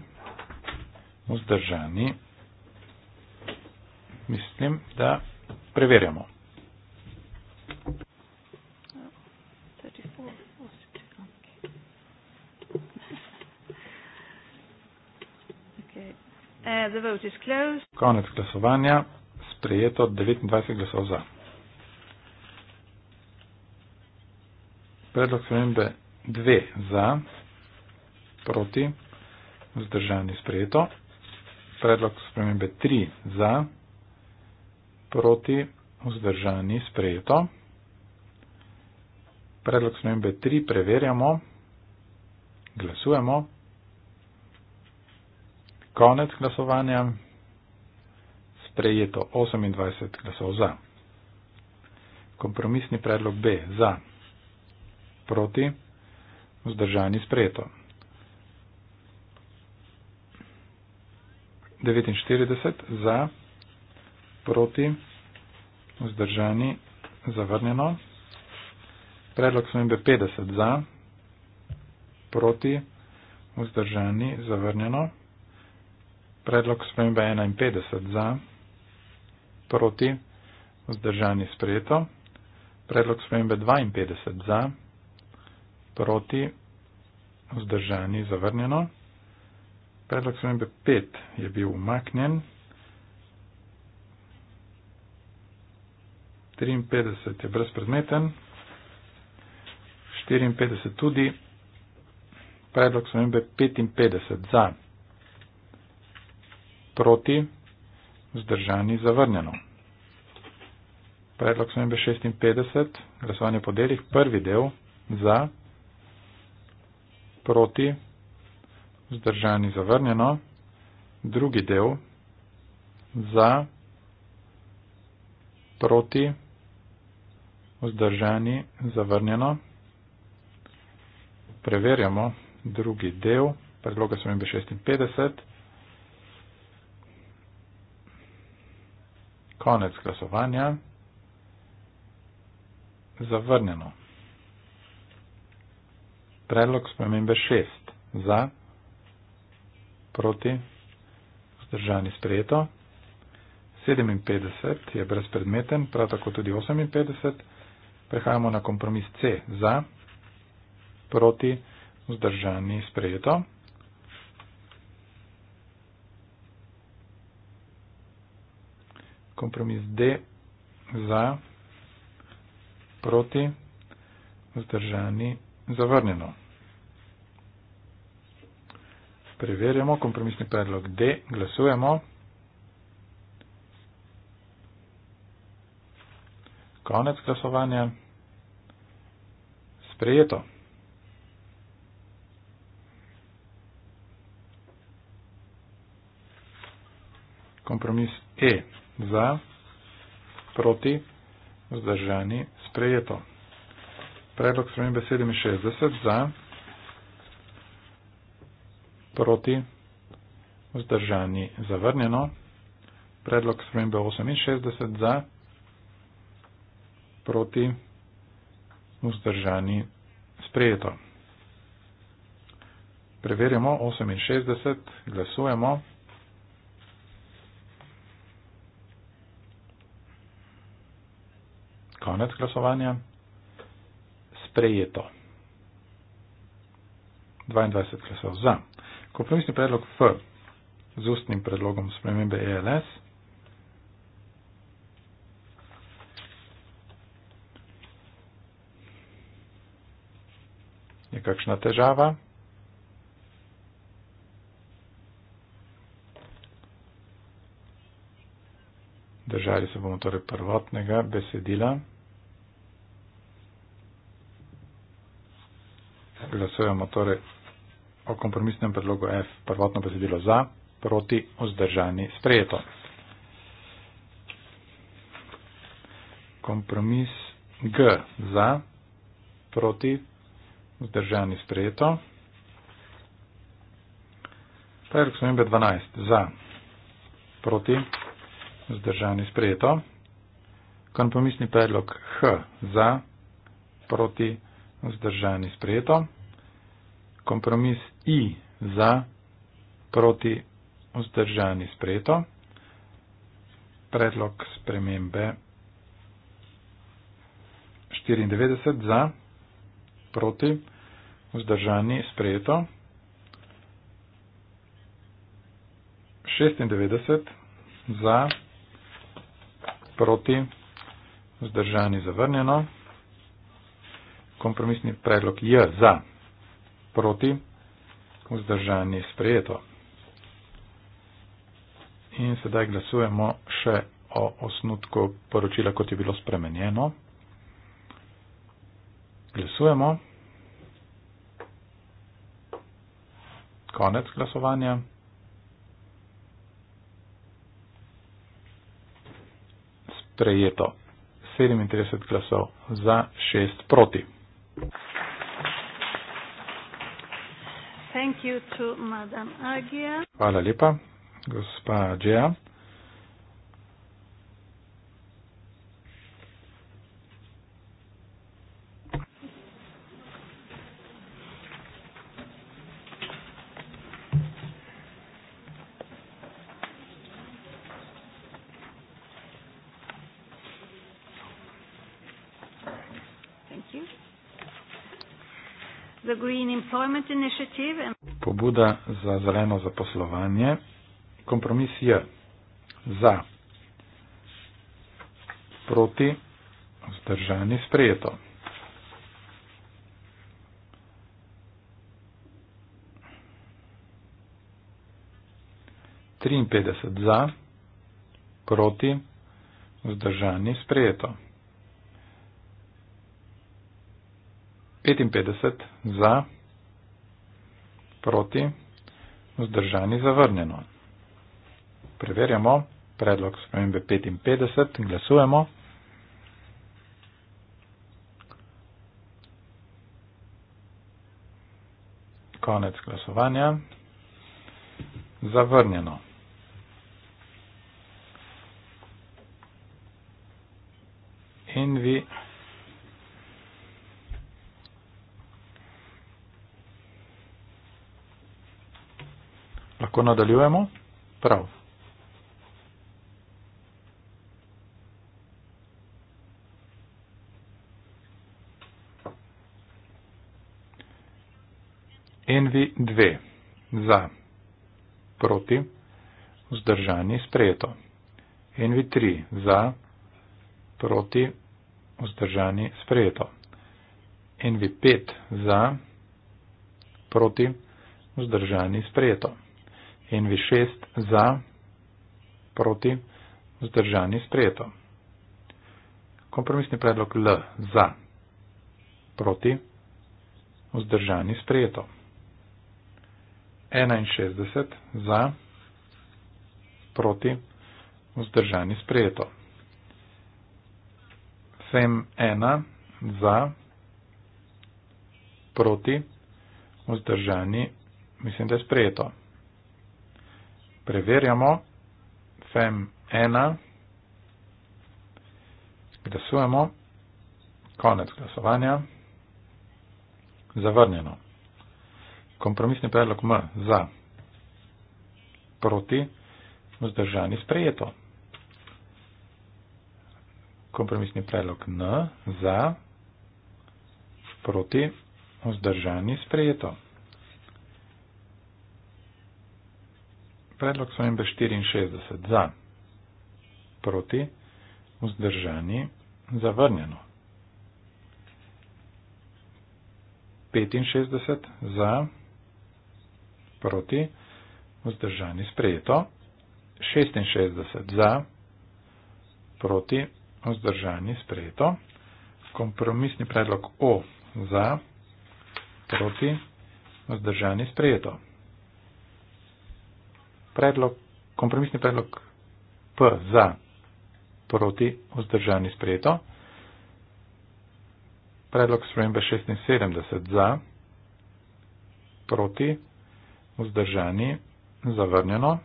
vzdržani. Mislim, da preverjamo. Uh, the vote is closed. Konec glasovanja. Sprejeto 29 glasov za. Predlog spremembe 2 za, proti, vzdržani sprejeto. Predlog spremembe 3 za, proti, vzdržani sprejeto. Predlog spremembe 3 preverjamo. Glasujemo. Konec glasovanja. Sprejeto 28 glasov za. Kompromisni predlog B za. Proti. Vzdržani sprejeto. 49 za. Proti. Vzdržani zavrnjeno. Predlog smembe 50 za. Proti. Vzdržani zavrnjeno. Predlog spremembe 51 za, proti, vzdržani sprejeto. Predlog spremembe 52 za, proti, vzdržani zavrnjeno. Predlog spremembe 5 je bil umaknjen. 53 je brezpredmeten, 54 tudi, predlog spremembe 55 za, proti, vzdržani, zavrnjeno. Predlog smembe 56, glasovanje po delih, prvi del za, proti, vzdržani, zavrnjeno, drugi del za, proti, vzdržani, zavrnjeno. Preverjamo drugi del predloga smembe 56. Konec glasovanja. Zavrnjeno. Predlog spremembe 6. Za. Proti. Zdržani sprejeto. 57 je brezpredmeten, prav tako tudi 58. Prehajamo na kompromis C. Za. Proti. Vzdržani sprejeto. kompromis D za, proti, vzdržani, zavrnjeno. Preverjamo kompromisni predlog D, glasujemo. Konec glasovanja. Sprejeto. Kompromis E za, proti, vzdržani, sprejeto. Predlog spremembe 67 za, proti, vzdržani, zavrnjeno. Predlog spremembe 68 za, proti, vzdržani, sprejeto. Preverjamo 68, glasujemo. konec glasovanja. Sprejeto. 22 glasov za. Kompromisni predlog F z ustnim predlogom spremembe ELS. Je kakšna težava? Držali se bomo torej prvotnega besedila. glasujemo torej o kompromisnem predlogu F. Prvotno besedilo za, proti, vzdržani, sprejeto. Kompromis G za, proti, vzdržani, sprejeto. Predlog spremembe 12 za, proti, vzdržani, sprejeto. Kompromisni predlog H za, proti, vzdržani, sprejeto kompromis I za proti vzdržani spreto. Predlog spremembe 94 za proti vzdržani spreto. 96 za proti vzdržani zavrnjeno. Kompromisni predlog je za proti, vzdržani sprejeto. In sedaj glasujemo še o osnutku poročila, kot je bilo spremenjeno. Glasujemo. Konec glasovanja. Sprejeto. 37 glasov za, 6 proti. Thank you to Madam Agia. Hvala lepa, gospa Agia. the Green Employment Initiative. Pobuda za zeleno zaposlovanje. Kompromis je za, proti, vzdržani, sprejeto. Triinpetdeset za, proti, vzdržani, sprejeto. 55 za, proti, vzdržani zavrnjeno. Preverjamo predlog spremembe 55, glasujemo. Konec glasovanja. Zavrnjeno. In vi Lahko nadaljujemo? Prav. Envi dve. Za. Proti. Vzdržani. Sprejeto. Envi tri. Za. Proti. Vzdržani. Sprejeto. Envi pet. Za. Proti. Vzdržani. Sprejeto in vi šest za, proti, zdržani sprejeto. Kompromisni predlog L za, proti, vzdržani sprejeto. 61 za, proti, vzdržani sprejeto. Sem ena za, proti, vzdržani, mislim, da je sprejeto. Preverjamo. FEM 1. Glasujemo. Konec glasovanja. Zavrnjeno. Kompromisni predlog M za. Proti. Vzdržani sprejeto. Kompromisni predlog N za. Proti. Vzdržani sprejeto. predlog spremembe 64 za, proti, vzdržani, zavrnjeno. 65 za, proti, vzdržani, sprejeto. 66 za, proti, vzdržani, sprejeto. Kompromisni predlog O za, proti, vzdržani, sprejeto predlog, kompromisni predlog P za proti vzdržani sprejeto, predlog spremembe 76 za proti vzdržani zavrnjeno,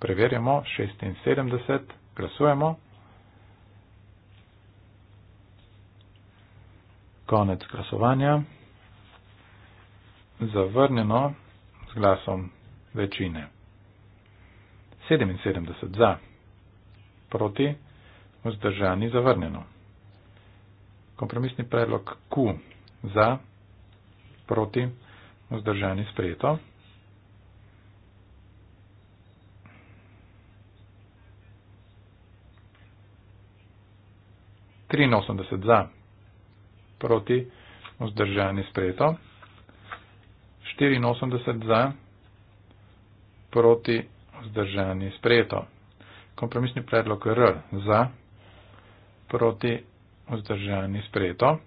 preverjamo 76, glasujemo, konec glasovanja, zavrnjeno z glasom večine. 77 za, proti vzdržani zavrnjeno. Kompromisni predlog Q za, proti vzdržani sprejeto. Trinosemdeset za, proti vzdržani sprejeto. Štiriinosemdeset za, proti vzdržani sprejeto vzdržani sprejeto. Kompromisni predlog R za proti vzdržani sprejeto.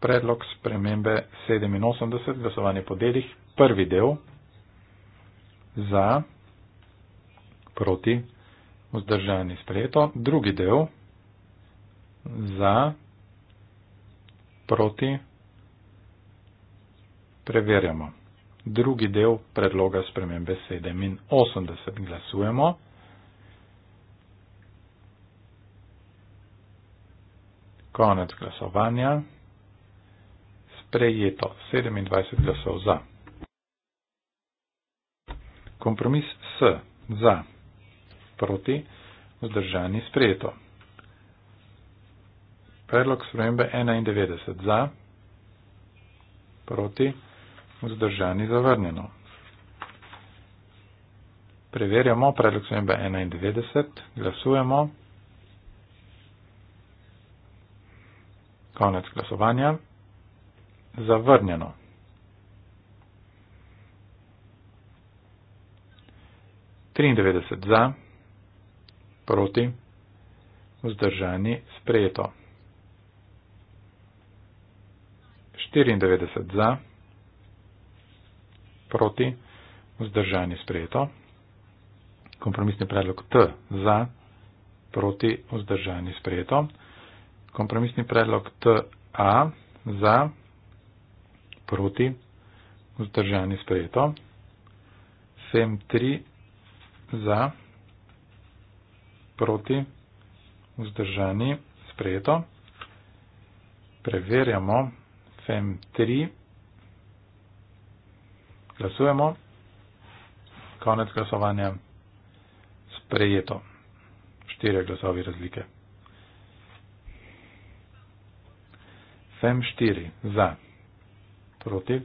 Predlog spremembe 87, glasovanje po delih. Prvi del za proti vzdržani sprejeto. Drugi del za proti preverjamo drugi del predloga spremembe 87. Glasujemo. Konec glasovanja. Sprejeto 27 glasov za. Kompromis S. Za. Proti. Vzdržani sprejeto. Predlog spremembe 91 za. Proti vzdržani zavrnjeno. Preverjamo predlog spremembe 91, glasujemo. Konec glasovanja. Zavrnjeno. Trindevetdeset za, proti, vzdržani, sprejeto. Štiriindevetdeset za proti, vzdržanje sprejeto. Kompromisni predlog T za, proti, vzdržanje sprejeto. Kompromisni predlog T A za, proti, vzdržanje sprejeto. 7-3 za, proti, vzdržanje sprejeto. Preverjamo. 7-3. Glasujemo. Konec glasovanja. Sprejeto. Štirje glasovi razlike. Fem štiri za. Proti.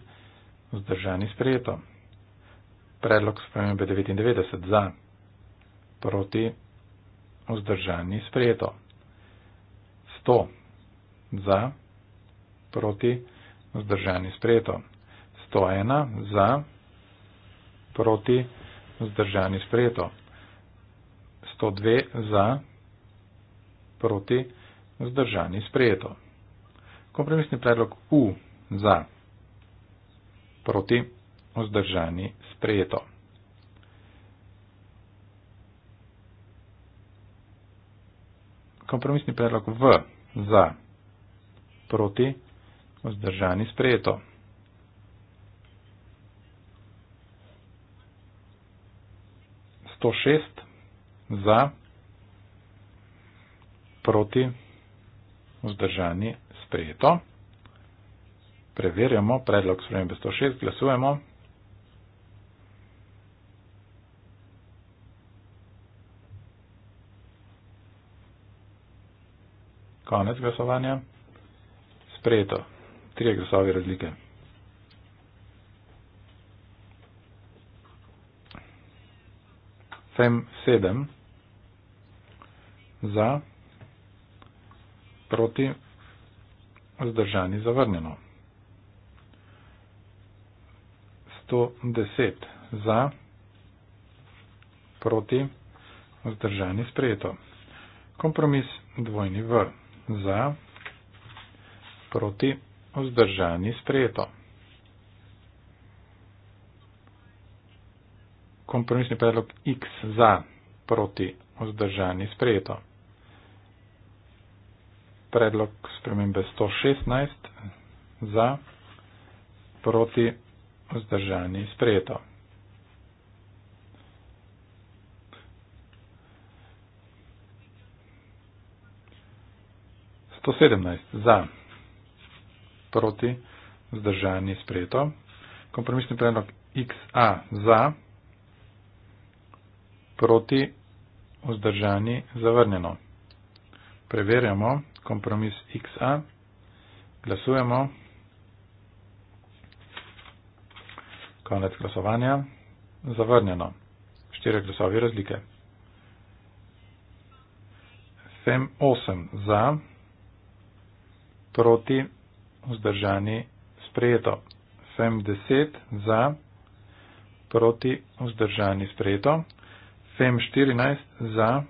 Vzdržani sprejeto. Predlog spremembe 99 za. Proti. Vzdržani sprejeto. 100 za. Proti. Vzdržani sprejeto. 101 za, proti, vzdržani sprejeto. 102 za, proti, vzdržani sprejeto. Kompromisni predlog U za, proti, vzdržani sprejeto. Kompromisni predlog V za, proti, vzdržani sprejeto. 106 za, proti, vzdržani, sprejeto. Preverjamo predlog spremembe 106, glasujemo. Konec glasovanja. Sprejeto. Tri glasove razlike. sem sedem za, proti, zdržani, zavrnjeno. 110 za, proti, zdržani, sprejeto. Kompromis dvojni v, za, proti, zdržani, sprejeto. kompromisni predlog X za proti vzdržani sprejeto. Predlog spremembe 116 za proti vzdržani sprejeto. To 17 za, proti, zdržani sprejeto, kompromisni predlog XA za, proti vzdržani zavrnjeno. Preverjamo kompromis XA, glasujemo, konec glasovanja, zavrnjeno, štiri glasovi razlike. Sem 8 za, proti vzdržani sprejeto. Sem 10 za, proti vzdržani sprejeto. 7.14 za.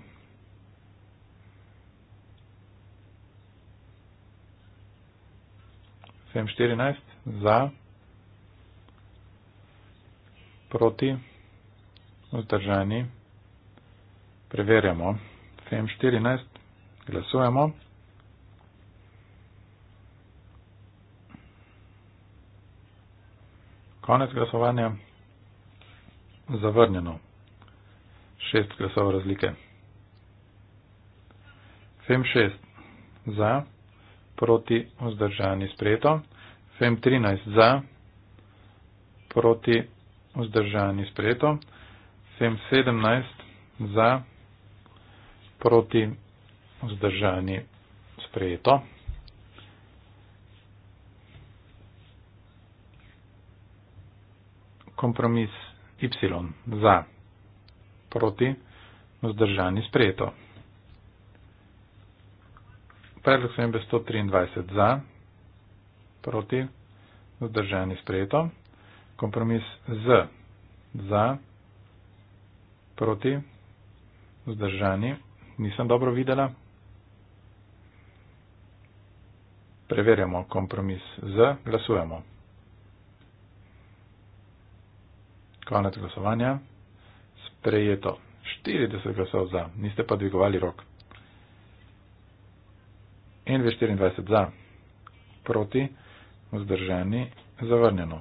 M14 za, proti, vzdržani, preverjamo. M14 glasujemo. Konec glasovanja, zavrnjeno šest glasov razlike. FEM 6 za, proti vzdržani sprejeto. FEM 13 za, proti vzdržani sprejeto. FEM 17 za, proti vzdržani sprejeto. Kompromis Y za proti, vzdržani sprejeto. Predlog spremembe 123 za, proti, vzdržani sprejeto. Kompromis z, za, proti, vzdržani, nisem dobro videla. Preverjamo kompromis z, glasujemo. Konec glasovanja prejeto. 40 glasov za, niste pa dvigovali rok. NV24 za, proti, vzdržani, zavrnjeno.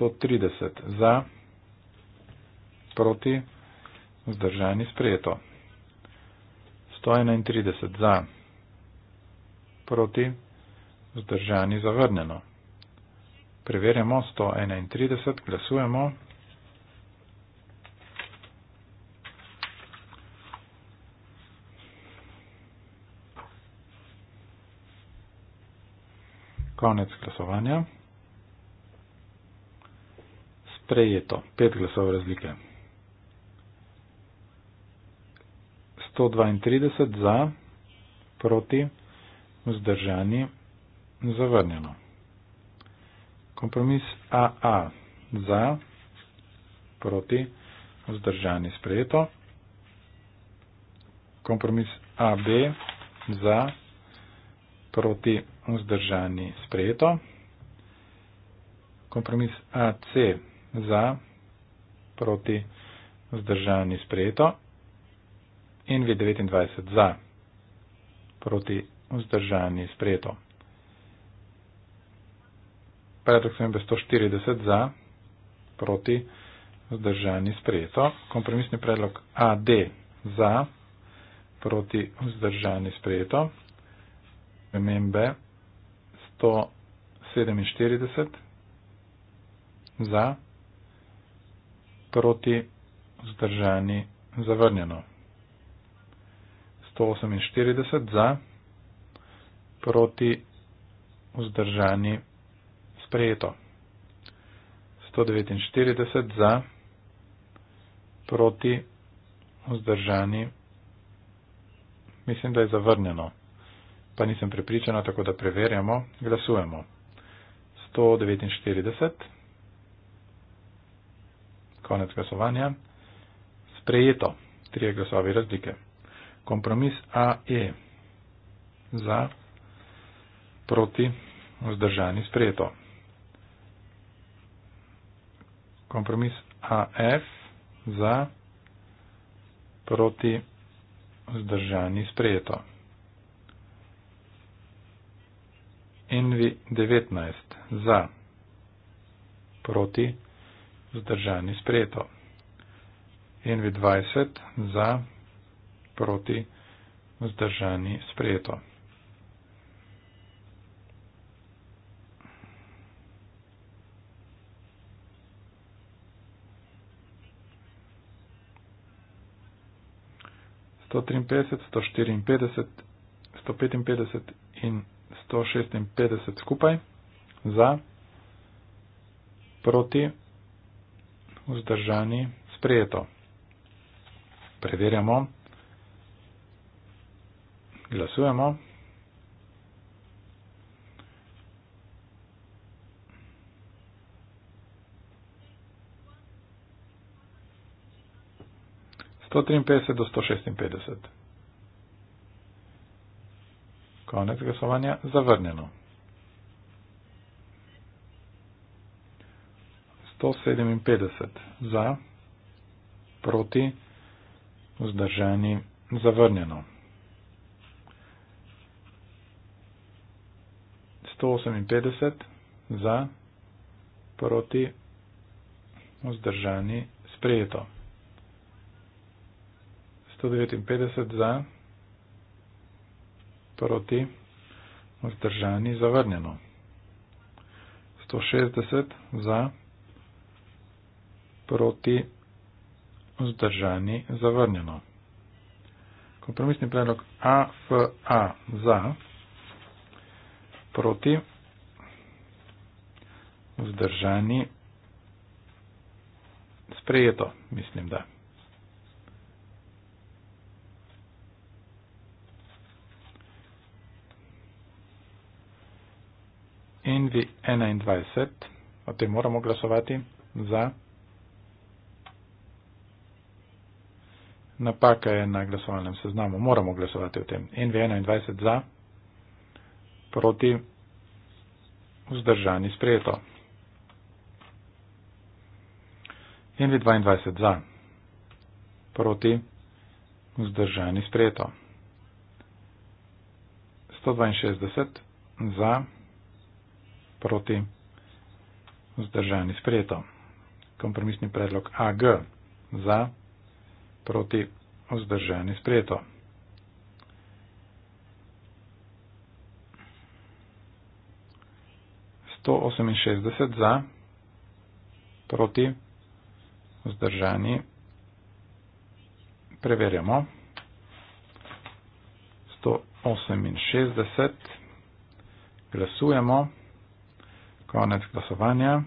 130 za, proti, vzdržani, sprejeto. 131 za, proti, vzdržani, zavrnjeno. Preverjamo 131, glasujemo. Konec glasovanja. Sprejeto. Pet glasov razlike. 132 za, proti, vzdržani, zavrnjeno. Kompromis AA za, proti, vzdržani, sprejeto. Kompromis AB za, proti, vzdržani sprejeto. Kompromis AC za, proti vzdržani sprejeto. NV29 za, proti vzdržani sprejeto. Predlog sem 140 za, proti vzdržani sprejeto. Kompromisni predlog AD za, proti vzdržani sprejeto. Remembe. 147 za, proti vzdržani zavrnjeno. 148 za, proti vzdržani sprejeto. 149 za, proti vzdržani, mislim, da je zavrnjeno pa nisem prepričana, tako da preverjamo, glasujemo. 149. Konec glasovanja. Sprejeto. Trije glasovi razlike. Kompromis AE. Za. Proti. Vzdržani. Sprejeto. Kompromis AF. Za. Proti. Vzdržani. Sprejeto. Envi 19. Za. Proti. Zdržani sprejeto. Envi 20. Za. Proti. Zdržani sprejeto. Sto trinpetdeset, sto štiriinpetdeset, sto petinpetdeset in 156 skupaj, za, proti, vzdržani, sprejeto. Preverjamo, glasujemo. Сто тридцать до сто шестьдесят. Koniec głosowania. Zawrnieno. 157 za, proti, vzdržani, zavrnjeno. 158 za, proti, vzdržani, sprejeto. 159 za, proti, vzdržani, sprejeto proti vzdržani zavrnjeno. 160 za proti vzdržani zavrnjeno. Kompromisni predlog AFA za proti vzdržani sprejeto, mislim da. številki 21, o tem moramo glasovati za. Napaka je na glasovalnem seznamu, moramo glasovati o tem. NV21 za, proti, vzdržani, sprejeto. NV22 za, proti, vzdržani, sprejeto. 162 za proti vzdržani sprejeto. Kompromisni predlog AG za proti vzdržani sprejeto. sto oseminšestdeset za proti vzdržani preverjamo sto oseminšestdeset glasujemo Konec glasovanja.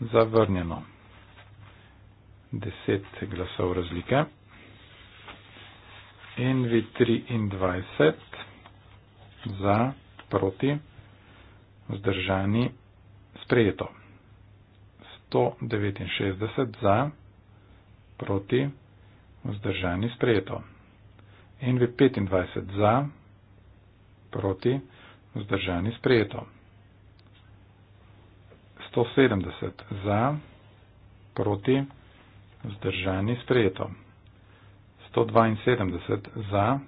Zavrnjeno. Deset glasov razlike. Envi 23 za, proti, vzdržani, sprejeto. 169 za, proti, vzdržani, sprejeto. Envi 25 za, proti, vzdržani, sprejeto. 170 za, proti, vzdržani, sprejeto. 172 za,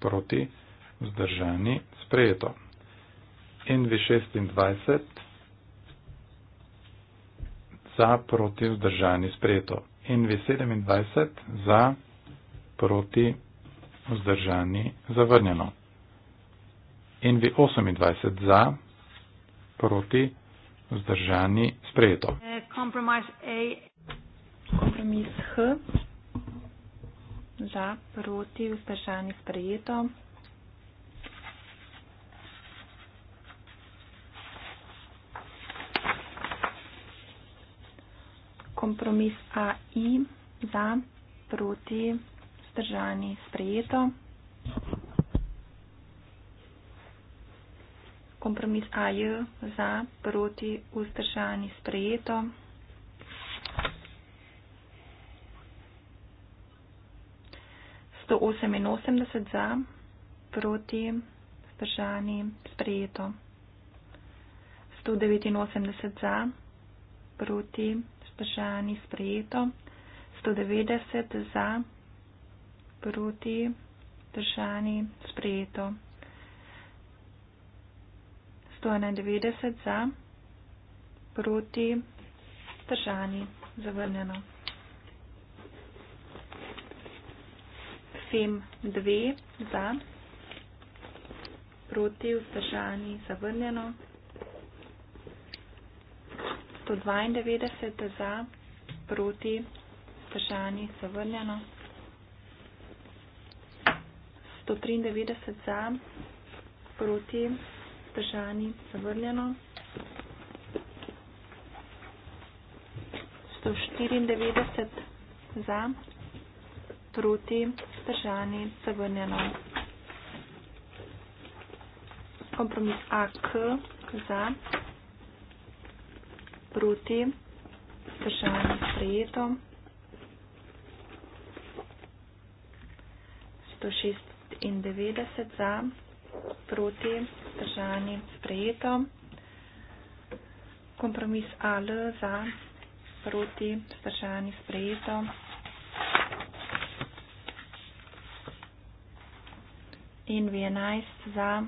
proti, vzdržani, sprejeto. NV26 za, proti, vzdržani, sprejeto. NV27 za, proti, vzdržani, zavrnjeno. NV28 za, proti, vzdržani, sprejeto vzdržani, sprejeto. E, kompromis H, za, proti, vzdržani, sprejeto. Kompromis AI, za, proti, vzdržani, sprejeto. kompromis AJ za, proti, vzdržani, sprejeto. Sto oseminosemdeset za, proti, vzdržani, sprejeto. Sto devetinosemdeset za, proti, vzdržani, sprejeto. Sto devetdeset za, proti, vzdržani, sprejeto. 190 za, proti, 191 za, proti, držani, zavrnjeno. FEM 2 za, proti, vzdržani, zavrnjeno. 192 za, proti, vzdržani, zavrnjeno. 193 za, proti, vzdržani, zavrnjeno vprašanji zavrljeno. 194 za, proti vprašanji zavrljeno. Kompromis AK za, proti vprašanji sprejeto. 196 za, proti vprašanji vzdržani, sprejeto. Kompromis AL za, proti, vzdržani, sprejeto. In V11 za,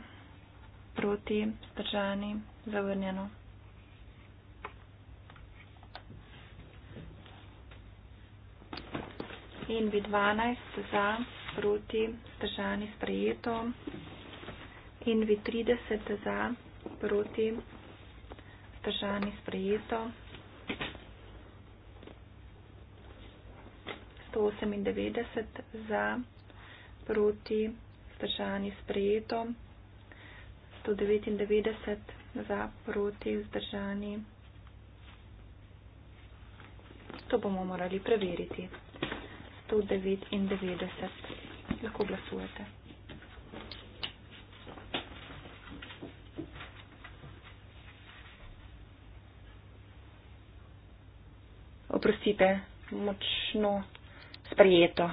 proti, vzdržani, zavrnjeno. In V12 za, proti, vzdržani, sprejeto in vi 30 za, proti, zdržani sprejeto. 98 za, proti, zdržani sprejeto. 199 za, proti, zdržani. To bomo morali preveriti. 199. Lahko glasujete. oprostite, močno sprejeto.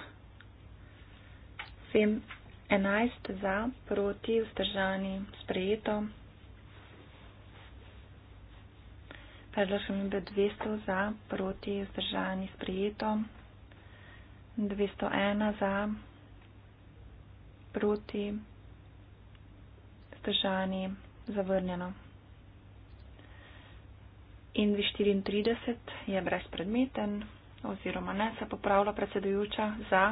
Vem, 11 za, proti, vzdržani, sprejeto. Predlažem, da je 200 za, proti, vzdržani, sprejeto. 201 za, proti, vzdržani, zavrnjeno. In vi 34 je brezpredmeten oziroma ne se popravlja predsedujoča za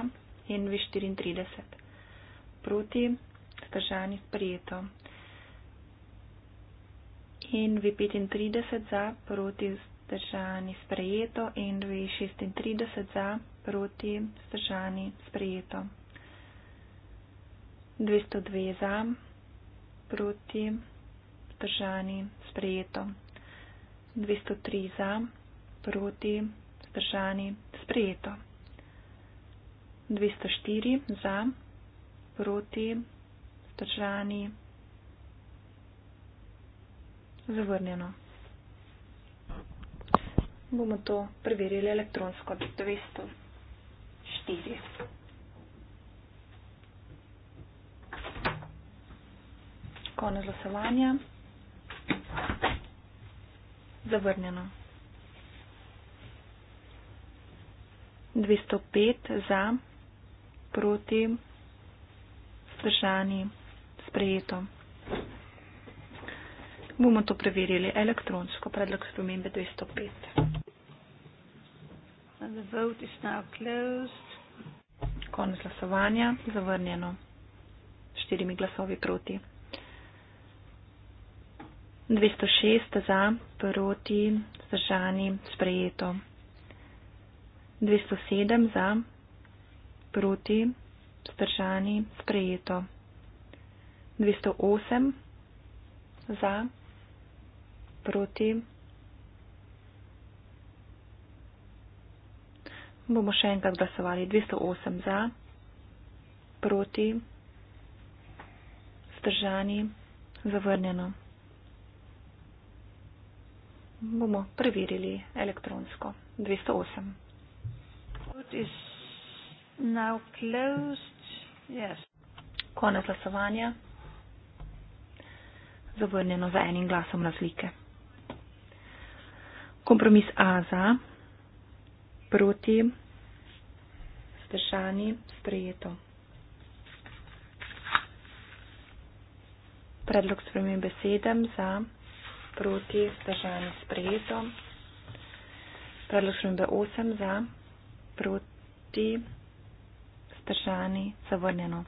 in vi 34 proti zdržani sprijeto. In vi 35 za proti zdržani sprijeto in vi 36 za proti zdržani sprijeto. 202 za proti zdržani sprijeto. 203 za, proti, zdržani, sprejeto. 204 za, proti, zdržani, zavrnjeno. Bomo to preverili elektronsko. 204. Konec glasovanja. Zavrnjeno. 205 za, proti, vzdržani, sprejeto. Bomo to preverili elektronsko, predlog spremembe 205. And the vote is now closed. Konec glasovanja, zavrnjeno, štirimi glasovi proti. 206 za, proti, zdržani, sprejeto. 207 za, proti, zdržani, sprejeto. 208 za, proti. Bomo še enkrat glasovali. 208 za, proti, zdržani, zavrnjeno bomo preverili elektronsko. 208. Yes. Konec glasovanja. Zavrnjeno za enim glasom razlike. Kompromis A za, proti, stršani, sprejeto. Predlog spremembe 7 za proti, zdržani sprejeto. Predložim, da 8 za, proti, zdržani zavrnjeno.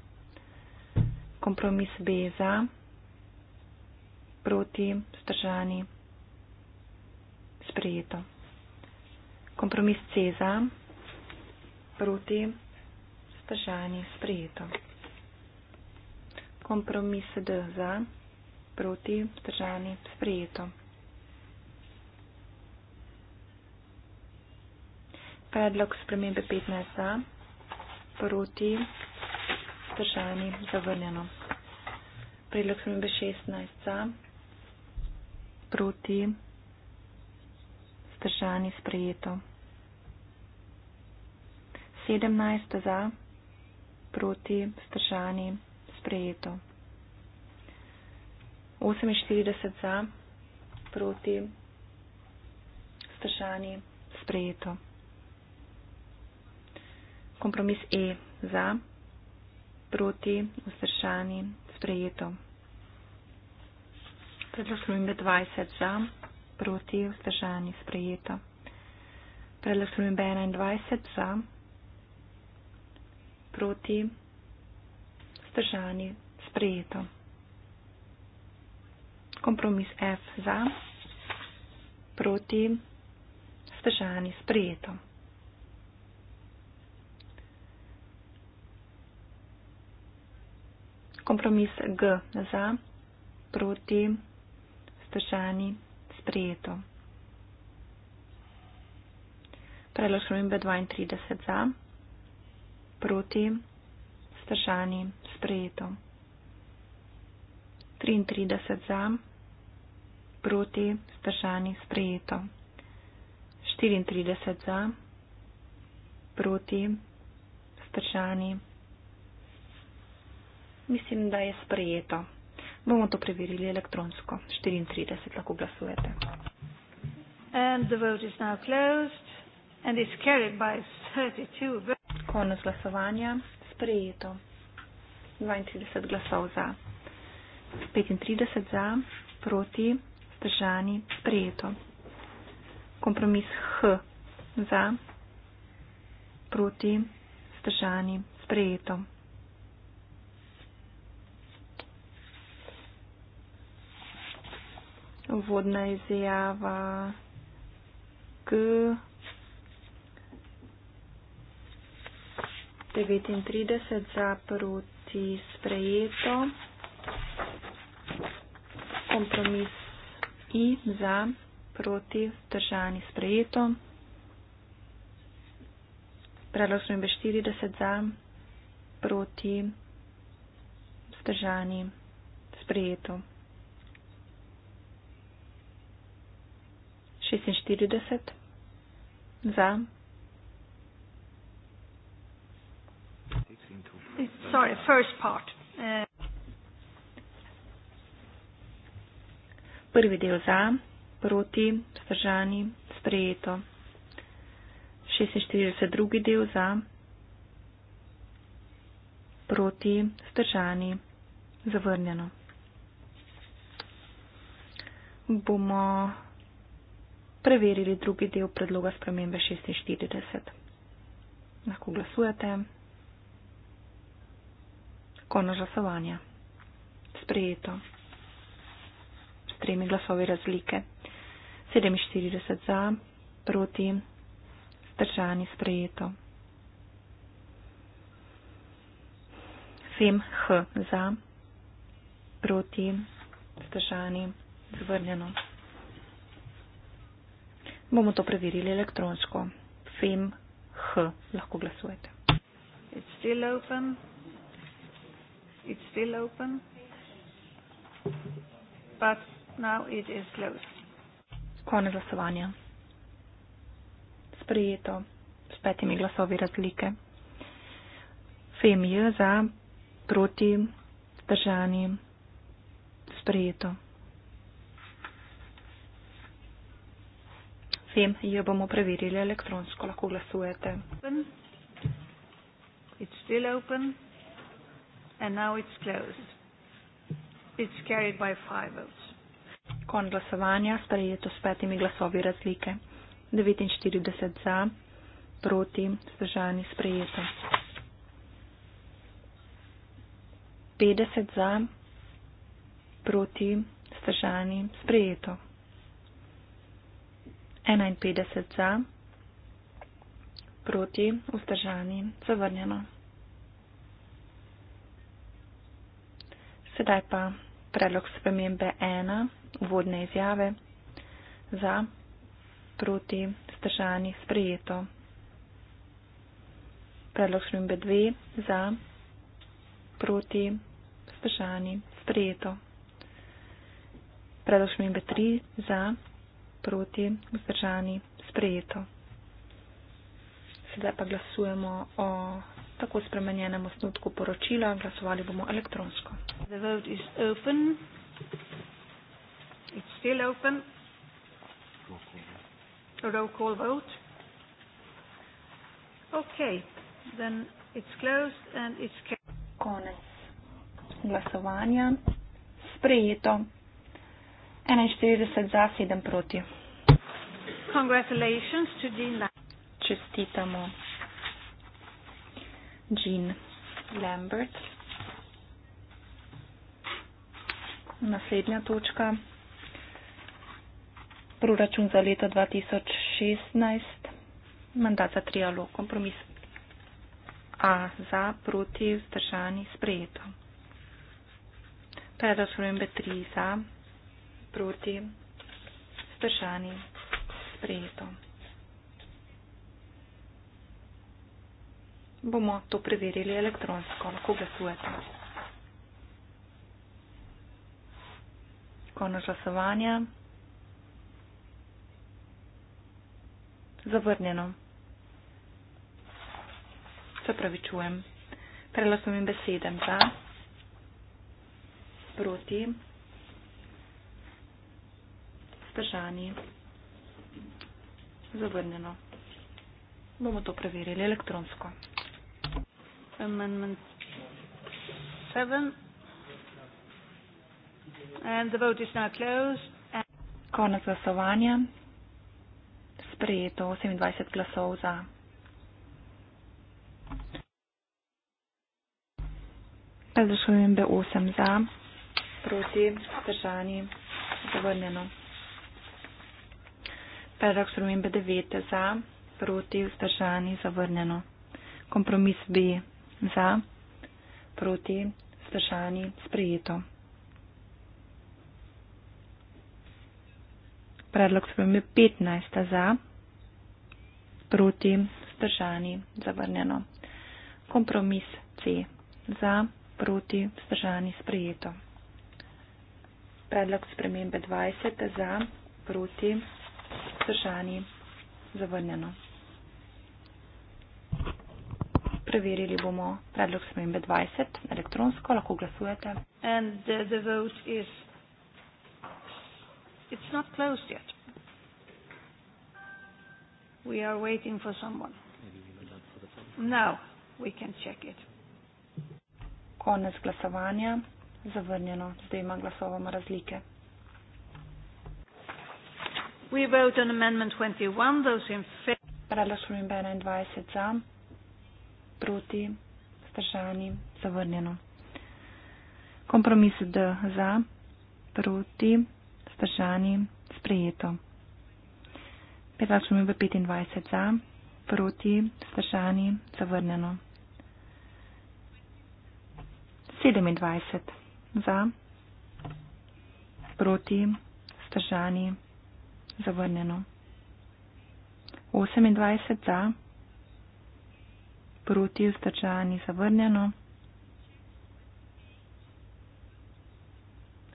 Kompromis B je za, proti, zdržani sprejeto. Kompromis C je za, proti, zdržani sprejeto. Kompromis D za, proti, zdržani sprejeto proti, vzdržani, sprejeto. Predlog spremembe 15 za, proti, vzdržani, zavrnjeno. Predlog spremembe 16 za, proti, vzdržani, sprejeto. 17 za, proti, vzdržani, sprejeto. 48 za, proti, stršani, sprejeto. Kompromis E za, proti, stršani, sprejeto. Predlog službe 20 za, proti, stršani, sprejeto. Predlog službe 21 za, proti, stršani, sprejeto kompromis F za, proti, vzdržani, sprijeto. Kompromis G za, proti, vzdržani, sprijeto. Predlog šrojbe 32 za, proti, vzdržani, sprijeto. 33 za, proti, vzdržani, sprijeto proti, vzdržani, sprejeto. 34 za, proti, vzdržani. Mislim, da je sprejeto. Bomo to preverili elektronsko. 34 lahko glasujete. Konec glasovanja. Sprejeto. 32 glasov za. 35 za, proti, vzdržani, sprejeto. Kompromis H za, proti, vzdržani, sprejeto. Vodna izjava G. 39 za proti sprejeto. Kompromis I za, proti, držani, sprejeto. Predlog smo imeli 40 za, proti, zdržani, sprejeto. 46 za. Sorry, first part. Prvi del za, proti, vzdržani, sprejeto. 46. drugi del za, proti, vzdržani, zavrnjeno. Bomo preverili drugi del predloga spremembe 46. Lahko glasujete. Konec glasovanja. Sprejeto tremi glasovi razlike. 47 za, proti, zdržani sprejeto. 7 h za, proti, zdržani zvrnjeno. Bomo to preverili elektronsko. 7 h lahko glasujete. It's still open. It's still open. But Now it is closed. Konec glasovanja. Sprejeto s petimi glasovi razlike. Femijo za, proti, držani. Sprejeto. Vem, jo bomo preverili elektronsko, lahko glasujete. Open. It's still open. And now it's closed. It's carried by five votes. Kon glasovanja sprejeto s petimi glasovi razlike. 49 za, proti, zdržani sprejeto. 50 za, proti, zdržani sprejeto. 51 za, proti, vzdržani, zavrnjeno. Sedaj pa predlog spremembe 1, vodne izjave za proti stržani sprejeto. Predlog šrimbe 2 za proti stržani sprejeto. Predlog šrimbe 3 za proti stržani sprejeto. Sedaj pa glasujemo o tako spremenjenem osnutku poročila. Glasovali bomo elektronsko. The vote is open it's still open. Roll call vote. Okay, then it's closed and it's kept. Konec glasovanja. Sprejeto. 41 za, 7 proti. Congratulations to Jean Lambert. Čestitamo Jean Lambert. Naslednja točka proračun za leto 2016, mandat za trialog, kompromis A za, proti, vzdržani, sprejeto. Predlog spremembe 3 za, proti, vzdržani, sprejeto. Bomo to preverili elektronsko, lahko glasujete. Konec glasovanja. zavrnjeno. Se pravi, čujem. Prela sem jim besede za, proti, zdržani, zavrnjeno. Bomo to preverili elektronsko. Amendment 7. And the vote is now closed. And Konec glasovanja sprejeto 27 glasov za. Razrešujem B8 za, proti, vzdržani, zavrnjeno. Predlog spremembe 9 za, proti, vzdržani, zavrnjeno. Kompromis B za, proti, vzdržani, sprejeto. Predlog spremembe 15 za, proti, vzdržani, zavrnjeno. Kompromis C. Za, proti, vzdržani, sprejeto. Predlog spremembe 20. Za, proti, vzdržani, zavrnjeno. Preverili bomo predlog spremembe 20 elektronsko, lahko glasujete. And the, the vote is. It's not closed yet. We are waiting for someone. Now we can check it. Konec glasovanja. Zavrnjeno. Zdaj ima glasovamo razlike. We vote on amendment 21. Those in favor. Predlašujem 21 za. Proti. Zdržani. Zavrnjeno. Kompromis D za. Proti. Zdržani. Sprejeto. 25 za, proti, vzdržani, zavrnjeno. 27 za, proti, vzdržani, zavrnjeno. 28 za, proti, vzdržani, zavrnjeno.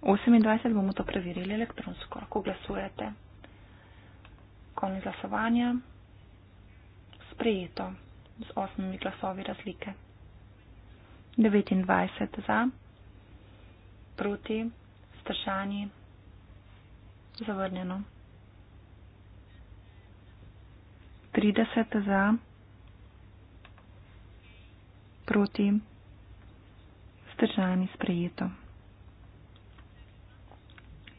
28 bomo to preverili elektronsko, ko glasujete. Konec glasovanja. Sprejeto z osmimi glasovi razlike. 29 za, proti, stršani, zavrnjeno. 30 za, proti, stršani, sprejeto.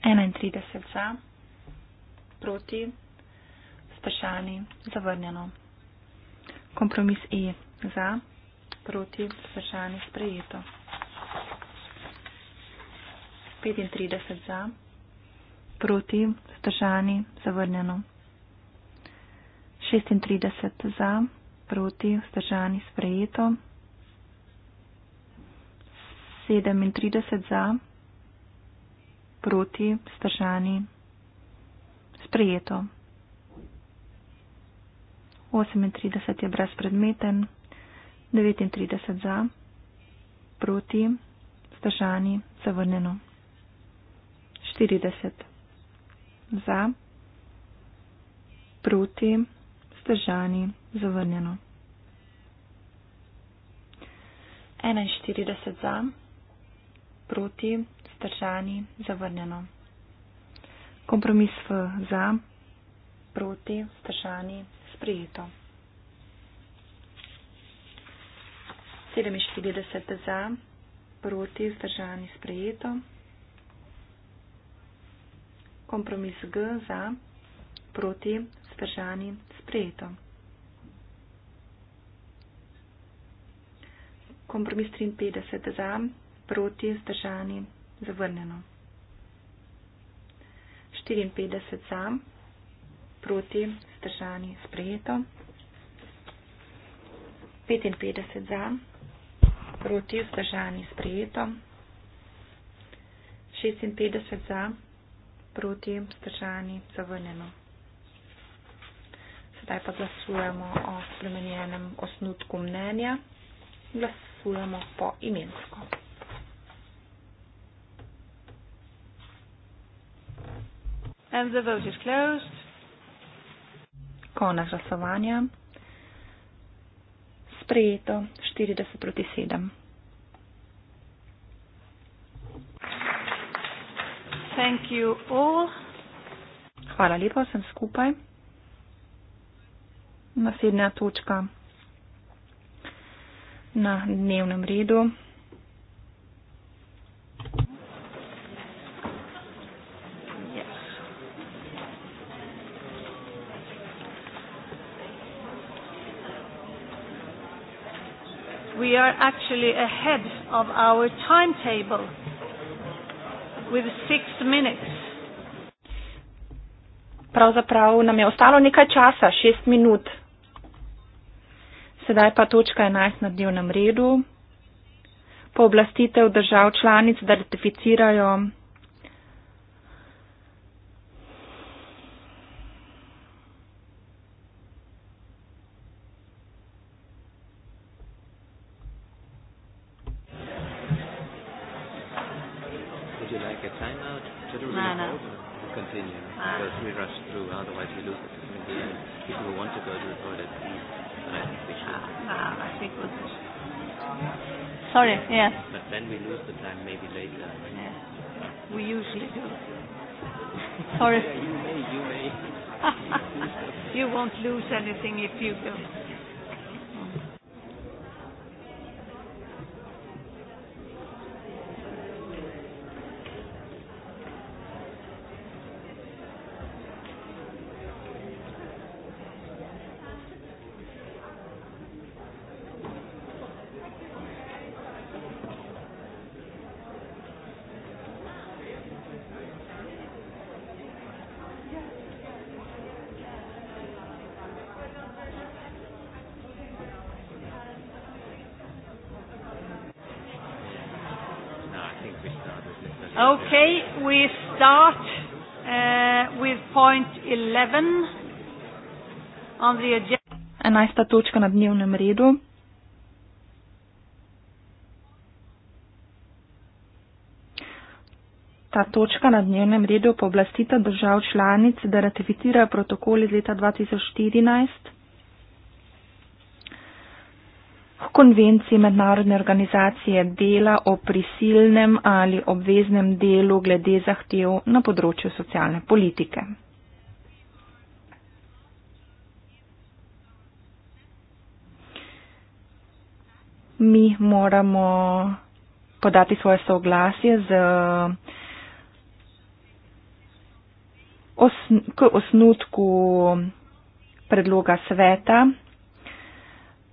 31 za, proti, stršani vzdržani, zavrnjeno. Kompromis E za, proti, vzdržani, sprejeto. 35 za, proti, vzdržani, zavrnjeno. 36 za, proti, vzdržani, sprejeto. 37 za, proti, vzdržani, sprejeto. 38 je brezpredmeten, 39 za, proti, zdržani, zavrnjeno. 40 za, proti, zdržani, zavrnjeno. 41 za, proti, zdržani, zavrnjeno. Kompromis v za, proti, zdržani, sprejeto. 47 za, proti, zdržani, sprejeto. Kompromis G za, proti, zdržani, sprejeto. Kompromis 53 za, proti, zdržani, zavrnjeno. 54 za, proti, stržani, sprejeto. 55 za, proti, stržani, sprejeto. 56 za, proti, stržani, zavrnjeno. Sedaj pa glasujemo o spremenjenem osnutku mnenja. Glasujemo po imensko. And the vote is closed strokovna glasovanja. Sprejeto 40 proti 7. Thank you all. Hvala lepa vsem skupaj. Naslednja točka na dnevnem redu. are actually ahead of our timetable with six minutes. Pravzaprav nam je ostalo nekaj časa, šest minut. Sedaj pa točka 11 na dnevnem redu. Pooblastitev držav članic, da ratificirajo anything if you Okay, we start uh, with point 11 on the agenda. Enajsta točka na dnevnem redu. Ta točka na dnevnem redu je pooblastitev držav članic, da ratificirajo protokol iz leta 2014 k konvenciji mednarodne organizacije dela o prisilnem ali obveznem delu glede zahtev na področju socialne politike. Mi moramo podati svoje soglasje z osn k osnutku predloga sveta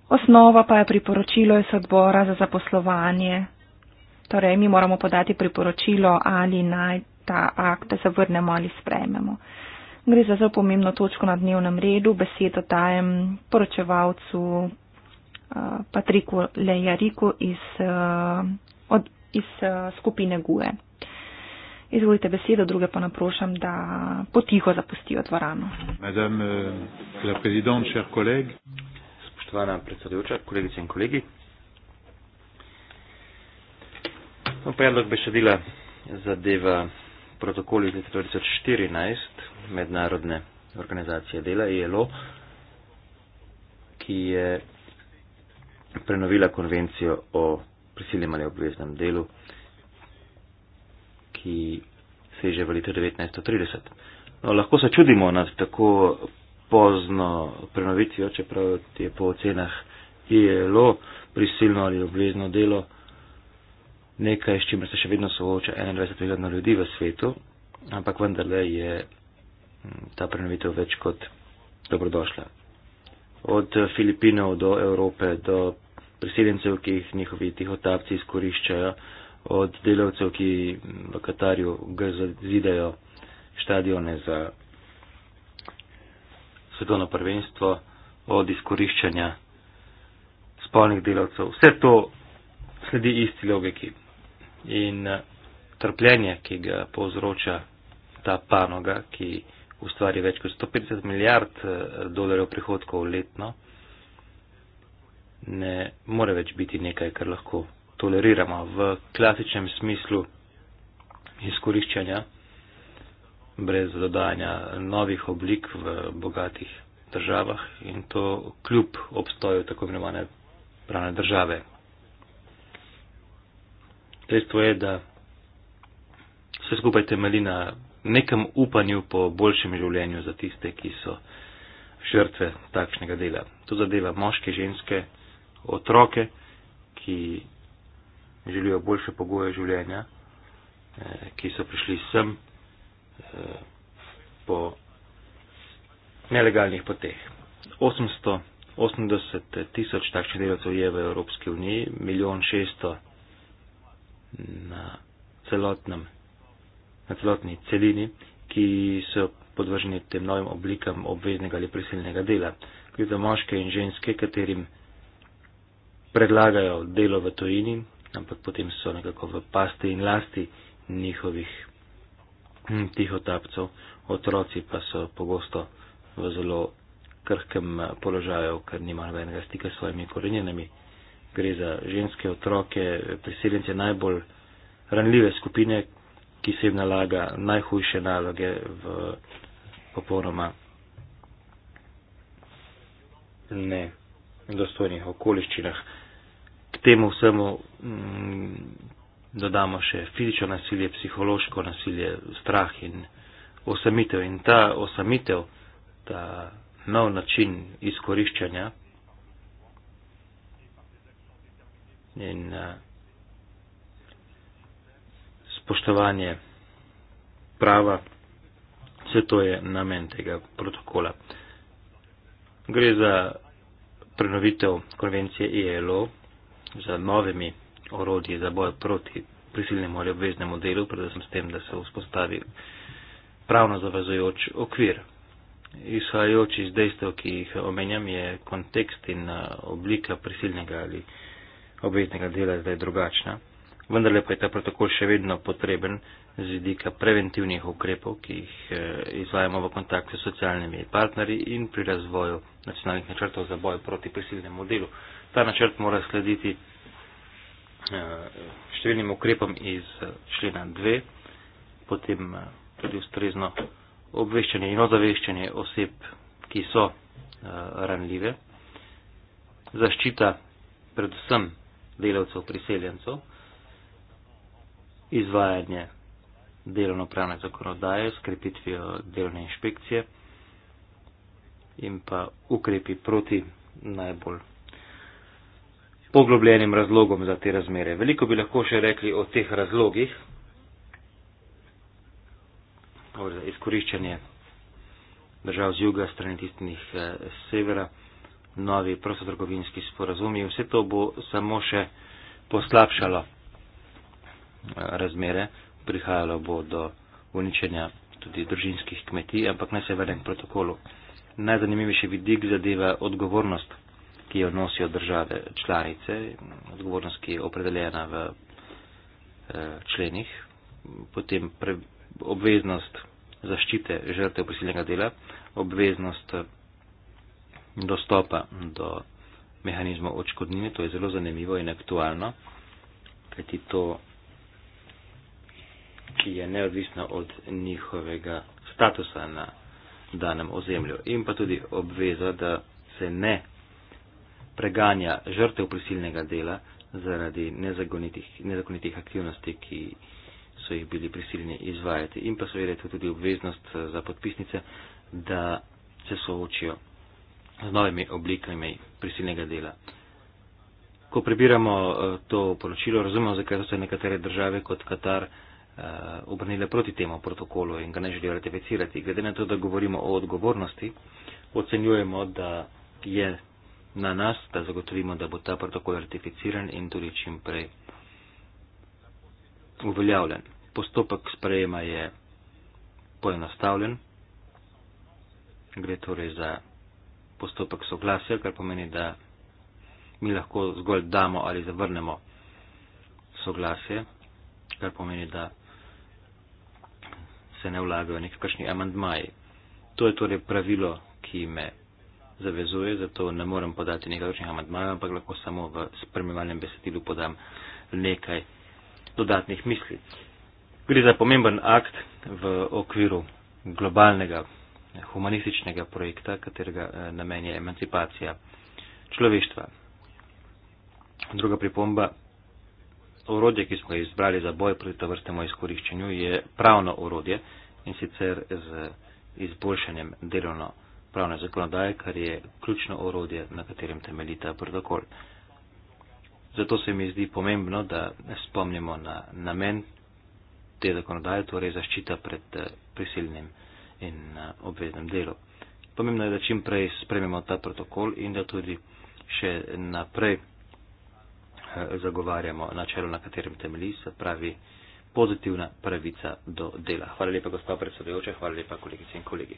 Osnova pa je priporočilo iz odbora za zaposlovanje. Torej, mi moramo podati priporočilo, ali naj ta akt zavrnemo ali sprejmemo. Gre za zelo pomembno točko na dnevnem redu. Besedo dajem poročevalcu uh, Patriku Lejariku iz, uh, od, iz uh, skupine GUE. Izvolite besedo, druge pa naprošam, da potiho zapustijo dvorano. Madame, uh, spoštovana predsedujoča, kolegice in kolegi. No, predlog besedila zadeva protokol iz leta 2014 Mednarodne organizacije dela ILO, e ki je prenovila konvencijo o prisilnem ali obveznem delu, ki seže v leta 1930. No, lahko se čudimo nad tako pozno prenovitvijo, čeprav je po ocenah ILO prisilno ali obvezno delo nekaj, s čimer se še vedno sooča 21 milijona ljudi v svetu, ampak vendarle je mm, ta prenovitev več kot dobrodošla. Od Filipinov do Evrope, do priseljencev, ki jih njihovi tihotapci izkoriščajo, od delavcev, ki mm, v Katarju zidajo štadione za svetovno prvenstvo, od izkoriščanja spolnih delavcev. Vse to sledi isti logiki. In eh, trpljenje, ki ga povzroča ta panoga, ki ustvari več kot 150 milijard eh, dolarjev prihodkov letno, ne more več biti nekaj, kar lahko toleriramo v klasičnem smislu izkoriščanja brez dodajanja novih oblik v bogatih državah in to kljub obstoju tako imenovane pravne države. Dejstvo je, da vse skupaj temelji na nekem upanju po boljšem življenju za tiste, ki so žrtve takšnega dela. To zadeva moške, ženske, otroke, ki želijo boljše pogoje življenja, eh, ki so prišli sem Eh, po nelegalnih poteh. 880 tisoč takšnih delavcev je v Evropski uniji, milijon šeststo na celotnem, na celotni celini, ki so podvrženi tem novim oblikam obveznega ali prisilnega dela. Gre za moške in ženske, katerim predlagajo delo v tujini, ampak potem so nekako v pasti in lasti njihovih Hmm, tiho tapcev, otroci pa so pogosto v zelo krhkem eh, položaju, ker nima nobenega stika s svojimi koreninami. Gre za ženske otroke, priseljence najbolj ranljive skupine, ki se jim nalaga najhujše naloge v popolnoma ne dostojnih okoliščinah. K temu vsemu mm, dodamo še fizično nasilje, psihološko nasilje, strah in osamitev. In ta osamitev, ta nov način izkoriščanja in uh, spoštovanje prava, vse to je namen tega protokola. Gre za prenovitev konvencije ILO e za novimi orodje za boj proti prisilnemu ali obveznemu delu, predvsem s tem, da se vzpostavi pravno zavezojoč okvir. Izhajajoč iz dejstev, ki jih omenjam, je kontekst in eh, oblika prisilnega ali obveznega dela zdaj drugačna, vendar pa je ta protokol še vedno potreben z vidika preventivnih ukrepov, ki jih eh, izvajamo v kontaktu s socialnimi partnerji in pri razvoju nacionalnih načrtov za boj proti prisilnemu delu. Ta načrt mora slediti Eh, številnim ukrepom iz eh, člena 2, potem eh, tudi ustrezno obveščanje in ozaveščanje oseb, ki so ranljive, zaščita predvsem delavcev priseljencev, izvajanje delovno-pravne zakonodaje s krepitvijo delovne inšpekcije in pa ukrepi proti najbolj poglobljenim razlogom za te razmere. Veliko bi lahko še rekli o teh razlogih, torej, za izkoriščanje držav z juga strani tistih eh, severa, novi prostotrgovinski sporazumi. Vse to bo samo še poslabšalo eh, razmere, prihajalo bo do uničenja tudi družinskih kmetij, ampak ne se vrnem k protokolu. Najzanimivejši vidik zadeva odgovornost ki jo nosijo države članice, odgovornost, ki je opredeljena v eh, členih, potem pre, obveznost zaščite žrtev posiljenega dela, obveznost eh, dostopa do mehanizmov očkodnine, to je zelo zanimivo in aktualno, kajti to, ki je neodvisno od njihovega statusa na danem ozemlju in pa tudi obveza, da se ne preganja žrtev prisilnega dela zaradi nezakonitih aktivnosti, ki so jih bili prisiljeni izvajati. In pa seveda je to tudi obveznost eh, za podpisnice, da se soočijo z novimi oblikami prisilnega dela. Ko prebiramo eh, to poročilo, razumemo, zakaj so se nekatere države kot Katar eh, obrnile proti temu protokolu in ga ne želijo ratificirati. Glede na to, da govorimo o odgovornosti, ocenjujemo, da je na nas, da zagotovimo, da bo ta protokol ratificiran in tudi čim prej uveljavljen. Postopek sprejema je poenostavljen. Gre torej za postopek soglasja, kar pomeni, da mi lahko zgolj damo ali zavrnemo soglasje, kar pomeni, da se ne vlagajo nekakšni amandmaji. To je torej pravilo, ki me zavezuje, zato ne morem podati nekakšnih amadmajev, ampak lahko samo v spremljivalnem besedilu podam nekaj dodatnih misli. Gre za pomemben akt v okviru globalnega humanističnega projekta, katerega eh, namen je emancipacija človeštva. Druga pripomba, orodje, ki smo ga izbrali za boj proti to vrstemu izkoriščenju, je pravno orodje in sicer z izboljšanjem delovno pravne zakonodaje, kar je ključno orodje, na katerem temeljita protokol. Zato se mi zdi pomembno, da spomnimo na namen te zakonodaje, torej zaščita pred eh, prisilnim in eh, obveznem delu. Pomembno je, da čim prej sprememo ta protokol in da tudi še naprej eh, zagovarjamo načelo, na katerem temelji, se pravi pozitivna pravica do dela. Hvala lepa, gospod predsedujoče, hvala lepa, kolegice in kolegi.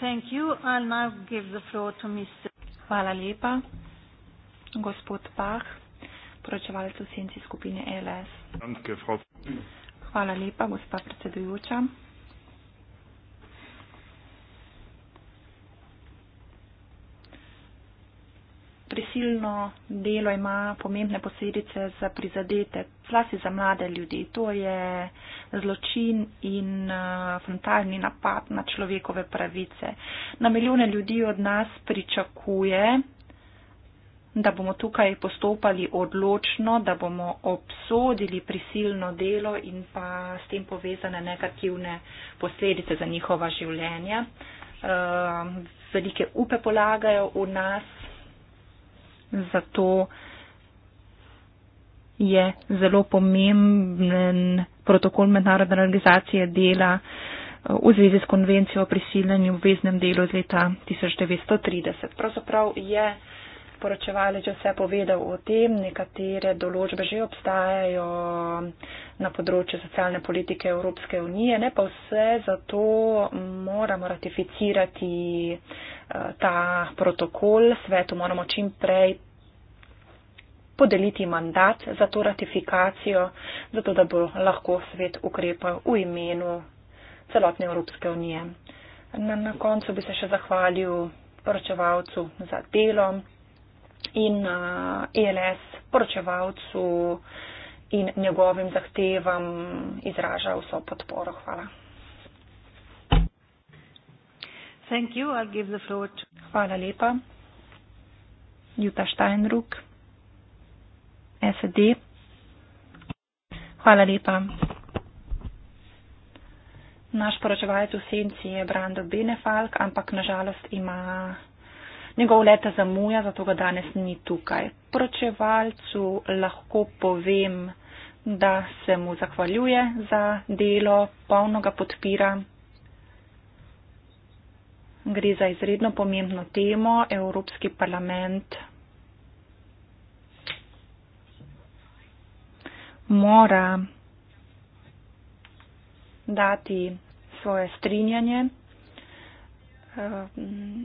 Thank you. I'll now give the floor to Mr. Hvala lepa. Gospod Pah, poročevalec v senci skupine LS. Danke, Hvala lepa, gospa predsedujoča. prisilno delo ima pomembne posledice za prizadete, zlasti za mlade ljudi. To je zločin in eh, frontalni napad na človekove pravice. Na milijone ljudi od nas pričakuje, da bomo tukaj postopali odločno, da bomo obsodili prisilno delo in pa s tem povezane negativne posledice za njihova življenja. Eh, velike upe polagajo v nas, Zato je zelo pomemben protokol mednarodne organizacije dela eh, v zvezi s konvencijo o prisilnem in obveznem delu iz leta 1930. Pravzaprav je poročevalec že vse povedal o tem, nekatere določbe že obstajajo na področju socialne politike Evropske unije, ne pa vse zato moramo ratificirati eh, ta protokol, svetu moramo čim prej podeliti mandat za to ratifikacijo, zato da bo lahko svet ukrepal v imenu celotne Evropske unije. Na, na koncu bi se še zahvalil poročevalcu za delo, in ELS poročevalcu in njegovim zahtevam izraža vso podporo. Hvala. Thank you. I'll give the floor to... Hvala lepa. Juta Steinruck, SD. E Hvala lepa. Naš poročevalec v senci je Brando Benefalk, ampak nažalost ima njegov leta zamuja, zato ga danes ni tukaj. Poročevalcu lahko povem, da se mu zahvaljuje za delo, polno ga podpira. Gre za izredno pomembno temo. Evropski parlament mora dati svoje strinjanje. Ehm,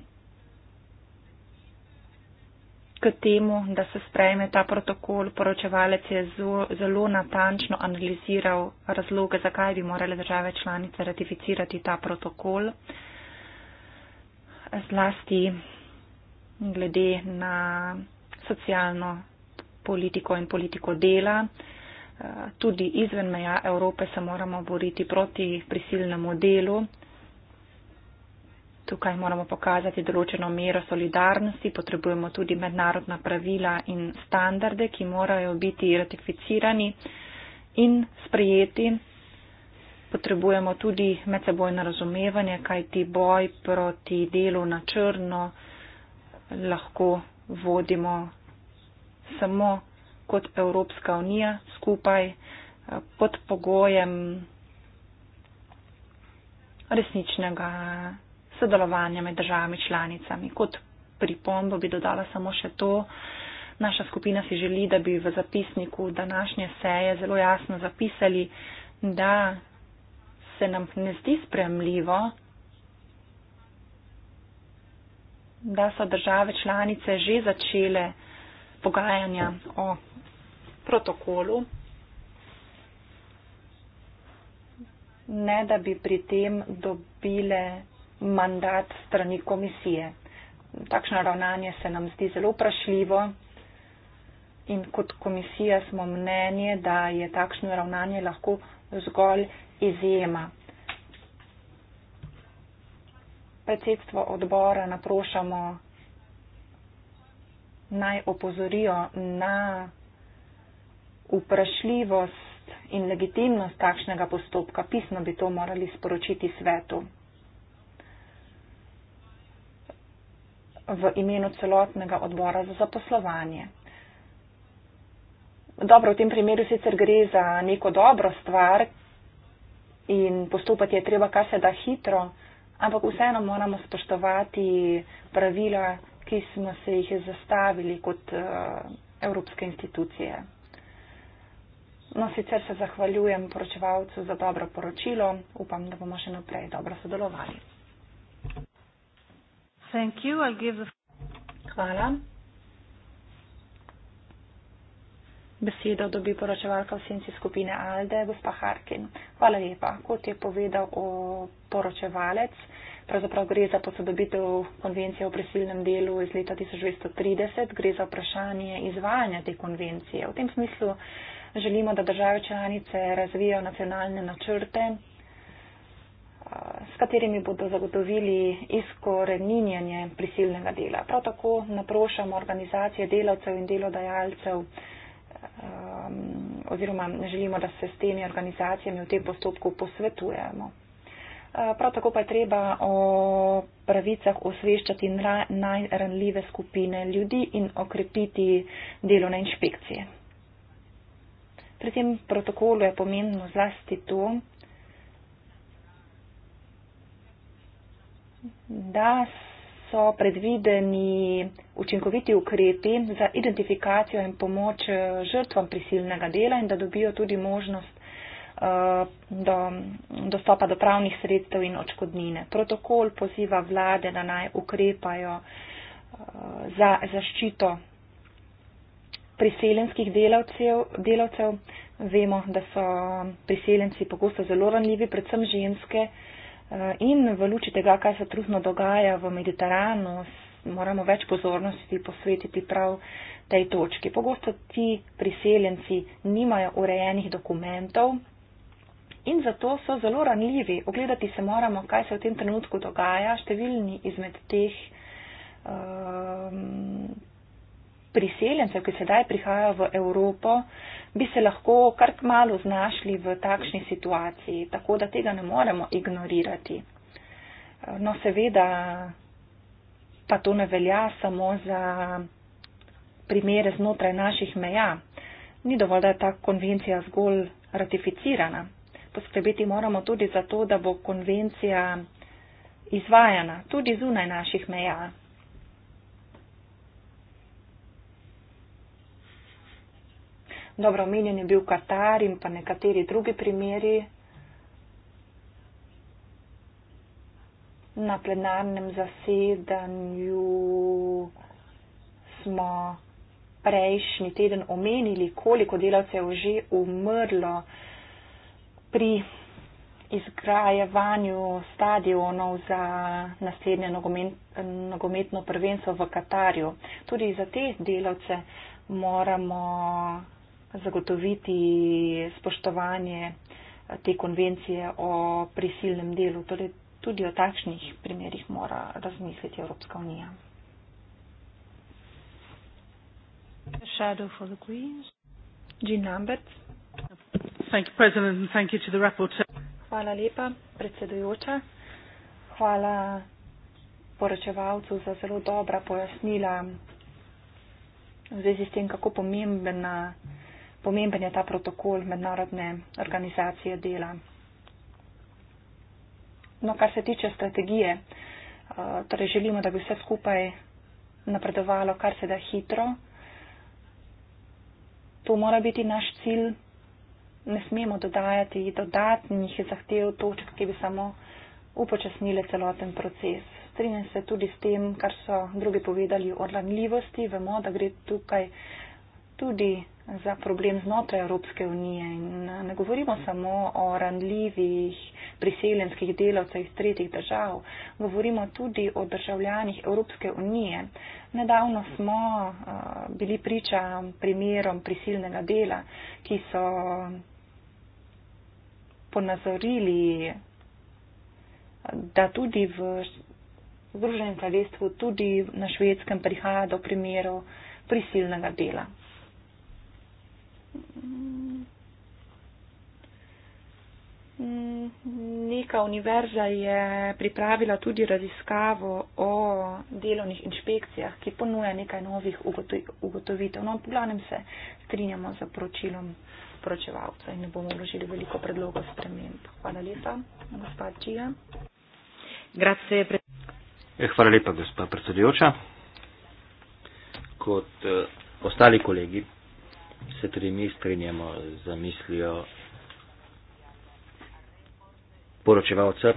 k temu, da se sprejme ta protokol. Poročevalec je zelo, zelo natančno analiziral razloge, zakaj bi morale države članice ratificirati ta protokol. Zlasti glede na socialno politiko in politiko dela. Tudi izven meja Evrope se moramo boriti proti prisilnemu delu, Tukaj moramo pokazati določeno mero solidarnosti, potrebujemo tudi mednarodna pravila in standarde, ki morajo biti ratificirani in sprejeti. Potrebujemo tudi medsebojno razumevanje, kajti boj proti delu na črno lahko vodimo samo kot Evropska unija skupaj eh, pod pogojem resničnega sodelovanja med državami članicami. Kot pripombo bi dodala samo še to. Naša skupina si želi, da bi v zapisniku današnje seje zelo jasno zapisali, da se nam ne zdi spremljivo, da so države članice že začele pogajanja o protokolu, ne da bi pri tem dobile mandat strani komisije. Takšno ravnanje se nam zdi zelo vprašljivo in kot komisija smo mnenje, da je takšno ravnanje lahko zgolj izjema. Predsedstvo odbora naprošamo naj opozorijo na vprašljivost in legitimnost takšnega postopka. Pisno bi to morali sporočiti svetu. v imenu celotnega odbora za zaposlovanje. Dobro, v tem primeru sicer gre za neko dobro stvar in postopati je treba, kar se da hitro, ampak vseeno moramo spoštovati pravila, ki smo se jih zastavili kot uh, evropske institucije. No, sicer se zahvaljujem poročevalcu za dobro poročilo, upam, da bomo še naprej dobro sodelovali. Thank you. I'll give the Hvala. Besedo dobi poročevalka v senci skupine Alde, gospa Harkin. Hvala lepa. Kot je povedal poročevalec, pravzaprav gre za posodobitev konvencije o prisilnem delu iz leta 1930, gre za vprašanje izvajanja te konvencije. V tem smislu želimo, da države članice razvijajo nacionalne načrte s katerimi bodo zagotovili izkoreninjanje prisilnega dela. Prav tako naprošamo organizacije delavcev in delodajalcev um, oziroma želimo, da se s temi organizacijami v tem postopku posvetujemo. Uh, prav tako pa je treba o pravicah osveščati najranljive skupine ljudi in okrepiti delovne inšpekcije. Pri tem protokolu je pomembno zlasti to, da so predvideni učinkoviti ukrepi za identifikacijo in pomoč eh, žrtvam prisilnega dela in da dobijo tudi možnost eh, do, dostopa do pravnih sredstev in očkodnine. Protokol poziva vlade, da naj ukrepajo eh, za zaščito priseljenskih delavcev, delavcev. Vemo, da so priseljenci pogosto zelo ranljivi, predvsem ženske, Eh, in v luči tega, kaj se trudno dogaja v Mediteranu, moramo več pozornosti posvetiti prav tej točki. Pogosto ti priseljenci nimajo urejenih dokumentov in zato so zelo ranljivi. Ogledati se moramo, kaj se v tem trenutku dogaja. Številni izmed teh. Um, priseljencev, ki sedaj prihajajo v Evropo, bi se lahko kar malo znašli v takšni situaciji, tako da tega ne moremo ignorirati. No, seveda pa to ne velja samo za primere znotraj naših meja. Ni dovolj, da je ta konvencija zgolj ratificirana. Poskrbeti moramo tudi za to, da bo konvencija izvajana tudi zunaj naših meja. Dobro, omenjen je bil Katar in pa nekateri drugi primeri. Na plenarnem zasedanju smo prejšnji teden omenili, koliko delavcev je že umrlo pri izgrajevanju stadionov za naslednje nogometno prvenstvo v Katarju. Tudi za te delavce moramo zagotoviti spoštovanje eh, te konvencije o prisilnem delu. Torej, tudi o takšnih primerjih mora razmisliti Evropska unija. Hvala lepa, predsedujoča. Hvala poročevalcu za zelo dobra pojasnila v zvezi s tem, kako pomembna pomemben je ta protokol mednarodne organizacije dela. No, kar se tiče strategije, eh, torej želimo, da bi vse skupaj napredovalo kar se da hitro. To mora biti naš cilj. Ne smemo dodajati dodatnih zahtev točk, ki bi samo upočasnile celoten proces. Strinjam se tudi s tem, kar so drugi povedali o ranljivosti. Vemo, da gre tukaj tudi za problem znotraj Evropske unije. In eh, ne govorimo samo o ranljivih priseljenskih delavcev iz tretjih držav, govorimo tudi o državljanih Evropske unije. Nedavno smo eh, bili priča primerom prisilnega dela, ki so ponazorili, da tudi v Združenem kraljestvu, tudi na švedskem prihaja do primerov prisilnega dela. Neka univerza je pripravila tudi raziskavo o delovnih inšpekcijah, ki ponuja nekaj novih ugotovitev. No, v glavnem se strinjamo za poročilom poročevalca in ne bomo vložili veliko predlogov sprememb. Hvala lepa, gospa Čija. Ja, hvala lepa, gospa predsedujoča. Kot eh, ostali kolegi se tudi mi strinjamo z mislijo poročevalca,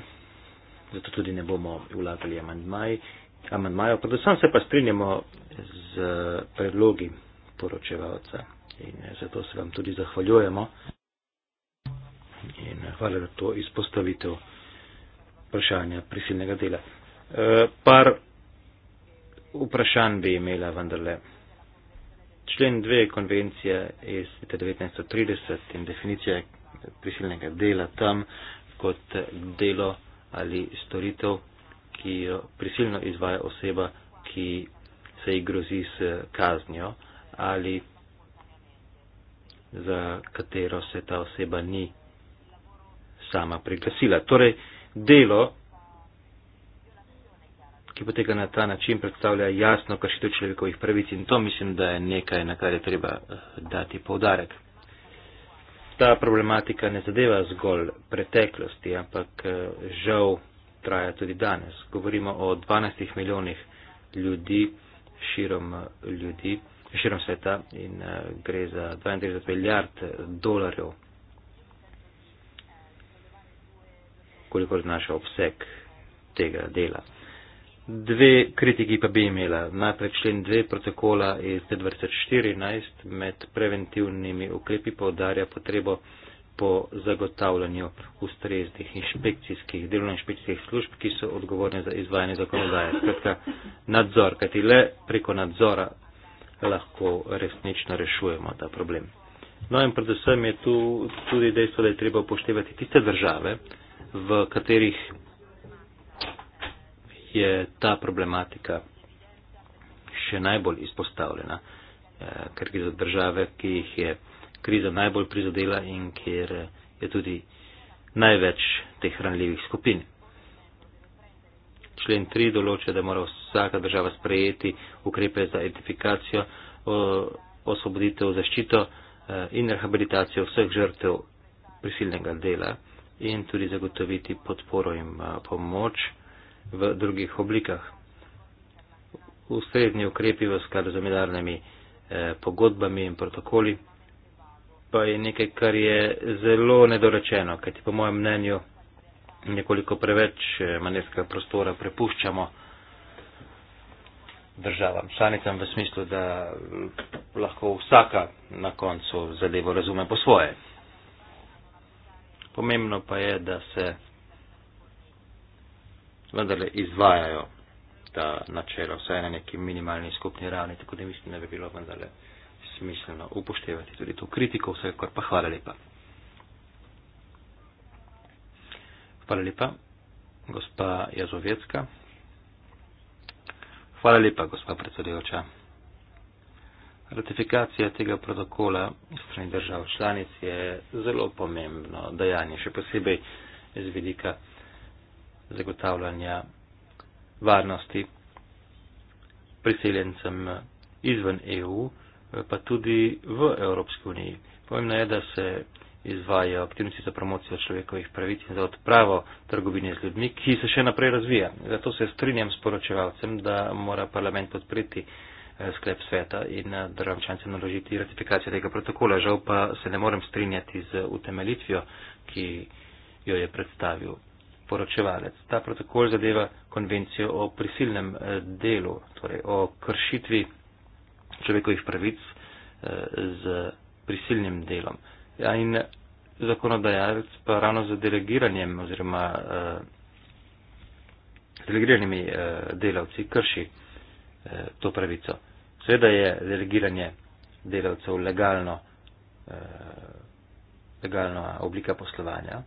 zato tudi ne bomo vlagali amandmajev, predvsem se pa strinjamo z predlogi poročevalca in zato se vam tudi zahvaljujemo in hvala za to izpostavitev vprašanja prisilnega dela. Eh, par vprašanj bi imela vendarle člen 2 konvencije iz 1930 in definicija prisilnega dela tam kot delo ali storitev, ki jo prisilno izvaja oseba, ki se ji grozi s kaznjo ali za katero se ta oseba ni sama priglasila. Torej, delo ki potega na ta način, predstavlja jasno kršitev človekovih pravic in to mislim, da je nekaj, na kar je treba eh, dati povdarek. Ta problematika ne zadeva zgolj preteklosti, ampak eh, žal traja tudi danes. Govorimo o 12 milijonih ljudi širom, eh, ljudi širom sveta in gre za 32 milijard dolarjev, koliko znaša obseg tega dela. Dve kritiki pa bi imela. Najprej člen 2 protokola iz 2014 med preventivnimi ukrepi povdarja potrebo po zagotavljanju ustreznih inšpekcijskih, delovno-inšpekcijskih služb, ki so odgovorne za izvajanje zakonodaje. Skratka, nadzor, kajti le preko nadzora lahko resnično rešujemo ta problem. No in predvsem je tu tudi dejstvo, da je treba upoštevati tiste države, v katerih je ta problematika še najbolj izpostavljena, eh, ker gre za države, ki jih je kriza najbolj prizadela in kjer eh, je tudi največ teh hranljivih skupin. Člen 3 določa, da mora vsaka država sprejeti ukrepe za identifikacijo, osvoboditev, zaščito eh, in rehabilitacijo vseh žrtev prisilnega dela in tudi zagotoviti podporo in pomoč v drugih oblikah. Ustrezni ukrepi v skladu z mednarodnimi eh, pogodbami in protokoli pa je nekaj, kar je zelo nedorečeno, kajti po mojem mnenju nekoliko preveč eh, manevrskega prostora prepuščamo državam, članicam v smislu, da eh, lahko vsaka na koncu zadevo razume po svoje. Pomembno pa je, da se vendarle izvajajo ta načela, vsaj na neki minimalni skupni ravni, tako da mislim, da bi bilo vendarle smiselno upoštevati tudi to kritiko, vsekakor pa hvala lepa. Hvala lepa, gospa Jazovecka. Hvala lepa, gospa predsedujoča. Ratifikacija tega protokola strani držav članic je zelo pomembno dejanje, še posebej iz vidika zagotavljanja varnosti priseljencem izven EU, pa tudi v Evropski uniji. Pomembno je, da se izvajajo aktivnosti za promocijo človekovih pravic in za odpravo trgovine z ljudmi, ki se še naprej razvija. Zato se strinjam s poročevalcem, da mora parlament podpreti eh, sklep sveta in eh, državam članicam naložiti ratifikacijo tega protokola. Žal pa se ne morem strinjati z utemelitvijo, ki jo je predstavil poročevalec. Ta protokol zadeva konvencijo o prisilnem eh, delu, torej o kršitvi človekovih pravic eh, z prisilnim delom. Ja, in zakonodajalec pa ravno z delegiranjem oziroma z eh, delegiranimi delavci krši to pravico. Seveda je delegiranje delavcev legalno, legalna oblika poslovanja.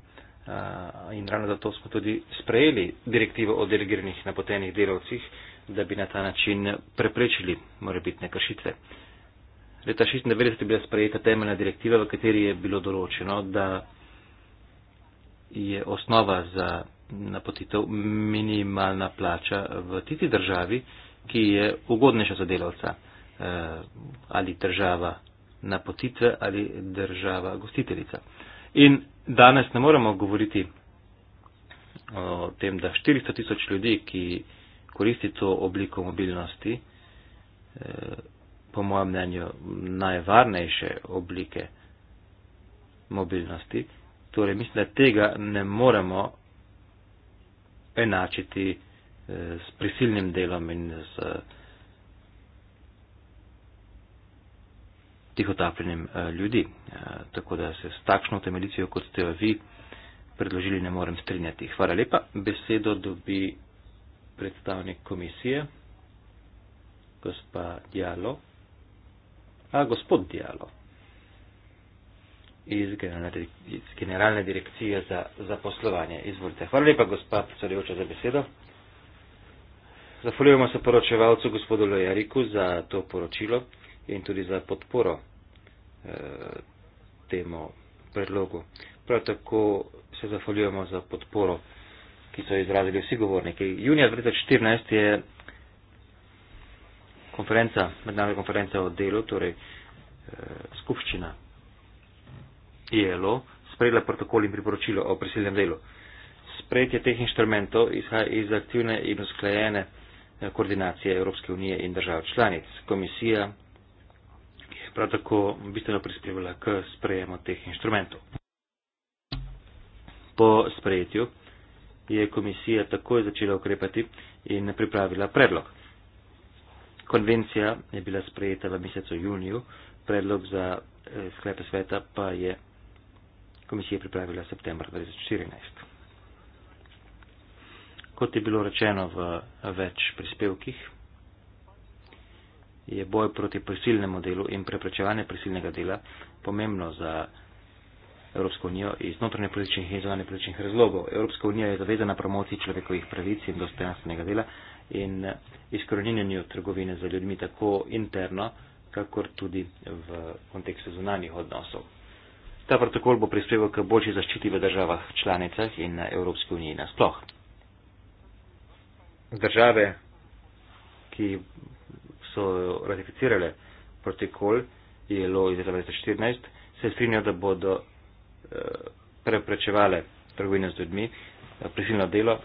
Eh, in ravno zato smo tudi sprejeli direktivo o delegiranih napotenih delovcih, da bi na ta način preprečili morebitne kršitve. Leta 1996 je bila sprejeta temeljna direktiva, v kateri je bilo določeno, da je osnova za napotitev minimalna plača v tisti državi, ki je ugodnejša za delavca eh, ali država napotitve ali država gostiteljica. In danes ne moremo govoriti o tem, da 400 tisoč ljudi, ki koristi to obliko mobilnosti, eh, po mojem mnenju najvarnejše oblike mobilnosti, torej mislim, da tega ne moremo enačiti eh, s prisilnim delom in z tihotapljenjem eh, ljudi. Eh, tako da se s takšno temeljicijo, kot ste jo vi predložili, ne morem strinjati. Hvala lepa. Besedo dobi predstavnik komisije, gospa Dialo. A, gospod Dialo iz Generalne direkcije za, za poslovanje. Izvolite. Hvala lepa, gospa predsedujoča, za besedo. Zahvaljujemo se poročevalcu gospodu Lojariku za to poročilo in tudi za podporo eh, temu predlogu. Prav tako se zahvaljujemo za podporo, ki so izrazili vsi govorniki. Junija 2014 je konferenca, mednarodna konferenca o delu, torej eh, skupščina ILO, sprejela protokol in priporočilo o prisilnem delu. Sprejetje teh inštrumentov izhaja iz aktivne in usklajene eh, koordinacije Evropske unije in držav članic. Komisija, prav tako bistveno prispevala k sprejemu teh inštrumentov. Po sprejetju je komisija takoj začela ukrepati in pripravila predlog. Konvencija je bila sprejeta v mesecu juniju, predlog za eh, sklepe sveta pa je komisija pripravila september 2014. Kot je bilo rečeno v več prispevkih, je boj proti prisilnemu delu in preprečevanje prisilnega dela pomembno za Evropsko unijo iz notranje političnih in zunanje političnih razlogov. Evropska unija je zavezana promociji človekovih pravic in dostojanstvenega dela in izkorenjenju trgovine za ljudmi tako interno, kakor tudi v kontekstu zunanjih odnosov. Ta protokol bo prispeval k boljši zaščiti v državah članicah in na Evropski uniji nasploh. Države, ki so ratificirale protokol ILO iz 2014, se strinjajo, da bodo eh, preprečevale trgovino z ljudmi, eh, prisilno delo,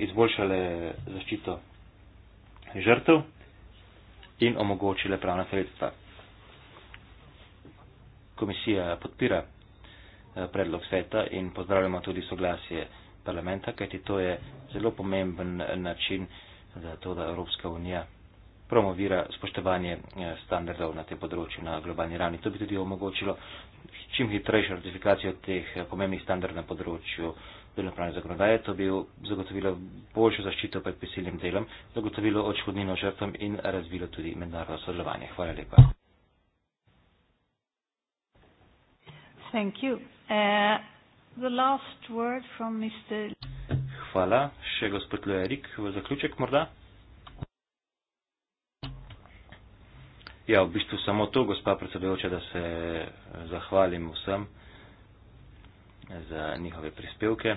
izboljšale zaščito žrtev in omogočile pravna sredstva. Komisija podpira eh, predlog sveta in pozdravljamo tudi soglasje parlamenta, kajti to je zelo pomemben način za to, da Evropska unija promovira spoštovanje eh, standardov na tem področju na globalni ravni. To bi tudi omogočilo čim hitrejšo ratifikacijo teh eh, pomembnih standardov na področju delovnopravne zakonodaje. To bi zagotovilo boljšo zaščito pred prisilnim delom, zagotovilo odškodnino žrtvam in razvilo tudi mednarodno sodelovanje. Hvala lepa. Thank you. Uh, the last word from Mr. Hvala. Še gospod Lujerik v zaključek morda. Ja, v bistvu samo to, gospa predsedujoča, da se eh, zahvalim vsem eh, za njihove prispevke.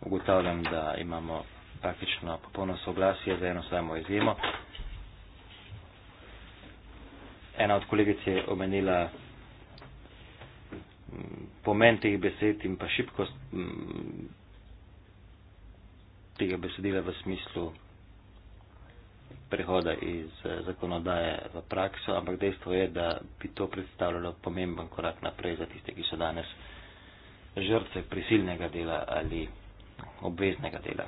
Ugotavljam, da imamo praktično popolno soglasje za eno samo izjemo. Ena od kolegic je omenila mm, pomen teh besed in pa šibkost mm, tega besedila v smislu prehoda iz eh, zakonodaje v prakso, ampak dejstvo je, da bi to predstavljalo pomemben korak naprej za tiste, ki so danes žrtve prisilnega dela ali obveznega dela.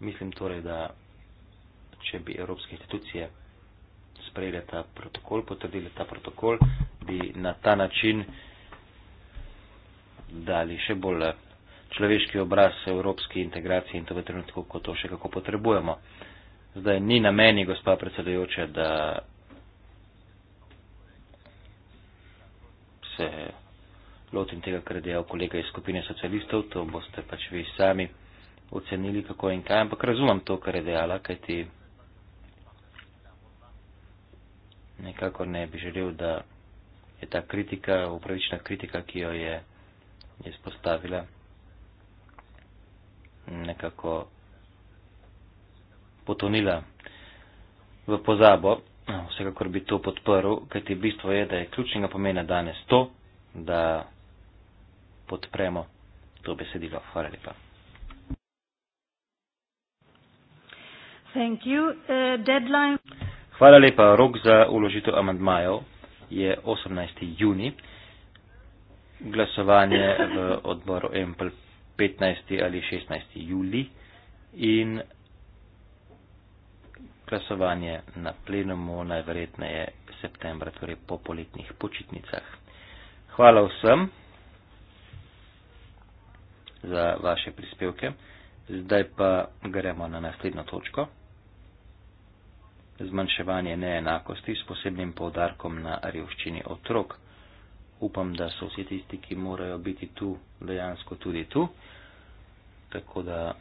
Mislim torej, da če bi evropske institucije sprejeli ta protokol, potrdili ta protokol, bi na ta način dali še bolj človeški obraz evropske integracije in to v trenutku, ko to še kako potrebujemo. Zdaj ni na meni, gospa predsedujoča, da se lotim tega, kar je dejal kolega iz skupine socialistov, to boste pač vi sami ocenili, kako in kaj, ampak razumem to, kar je dejala, kajti nekako ne bi želel, da je ta kritika, upravična kritika, ki jo je izpostavila nekako potonila v pozabo. No, vsekakor bi to podprl, kajti bistvo je, da je ključnega pomena danes to, da podpremo to besedilo. Hvala lepa. Uh, Hvala lepa. Rok za uložitev amandmajev je 18. juni. Glasovanje v odboru MPLP 15. ali 16. juli in glasovanje na plenumu najverjetneje septembra, torej po poletnih počitnicah. Hvala vsem za vaše prispevke. Zdaj pa gremo na naslednjo točko. Zmanjševanje neenakosti s posebnim povdarkom na revščini otrok upam, da so vsi tisti, ki morajo biti tu, dejansko tudi tu, tako da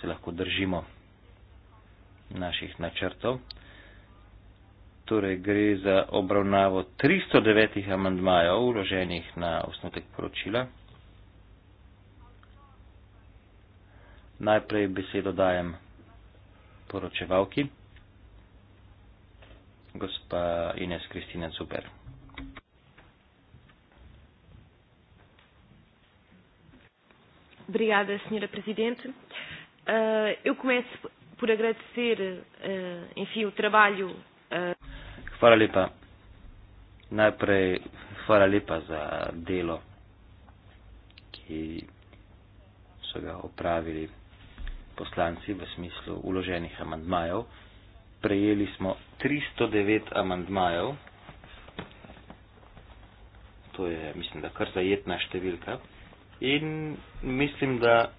se lahko držimo naših načrtov. Torej gre za obravnavo 309 amandmajev, uloženih na osnotek poročila. Najprej besedo dajem poročevalki, gospa Ines Kristina Zuber. Obrigada, Sra. Presidente. Uh, eu começo por agradecer, uh, enfim, o trabalho... Uh... Hvala lepa. Najprej hvala lepa za delo, ki so ga opravili poslanci v smislu uloženih amandmajev. Prejeli smo 309 amandmajev. To je, mislim, da kar zajetna številka. In mislim, da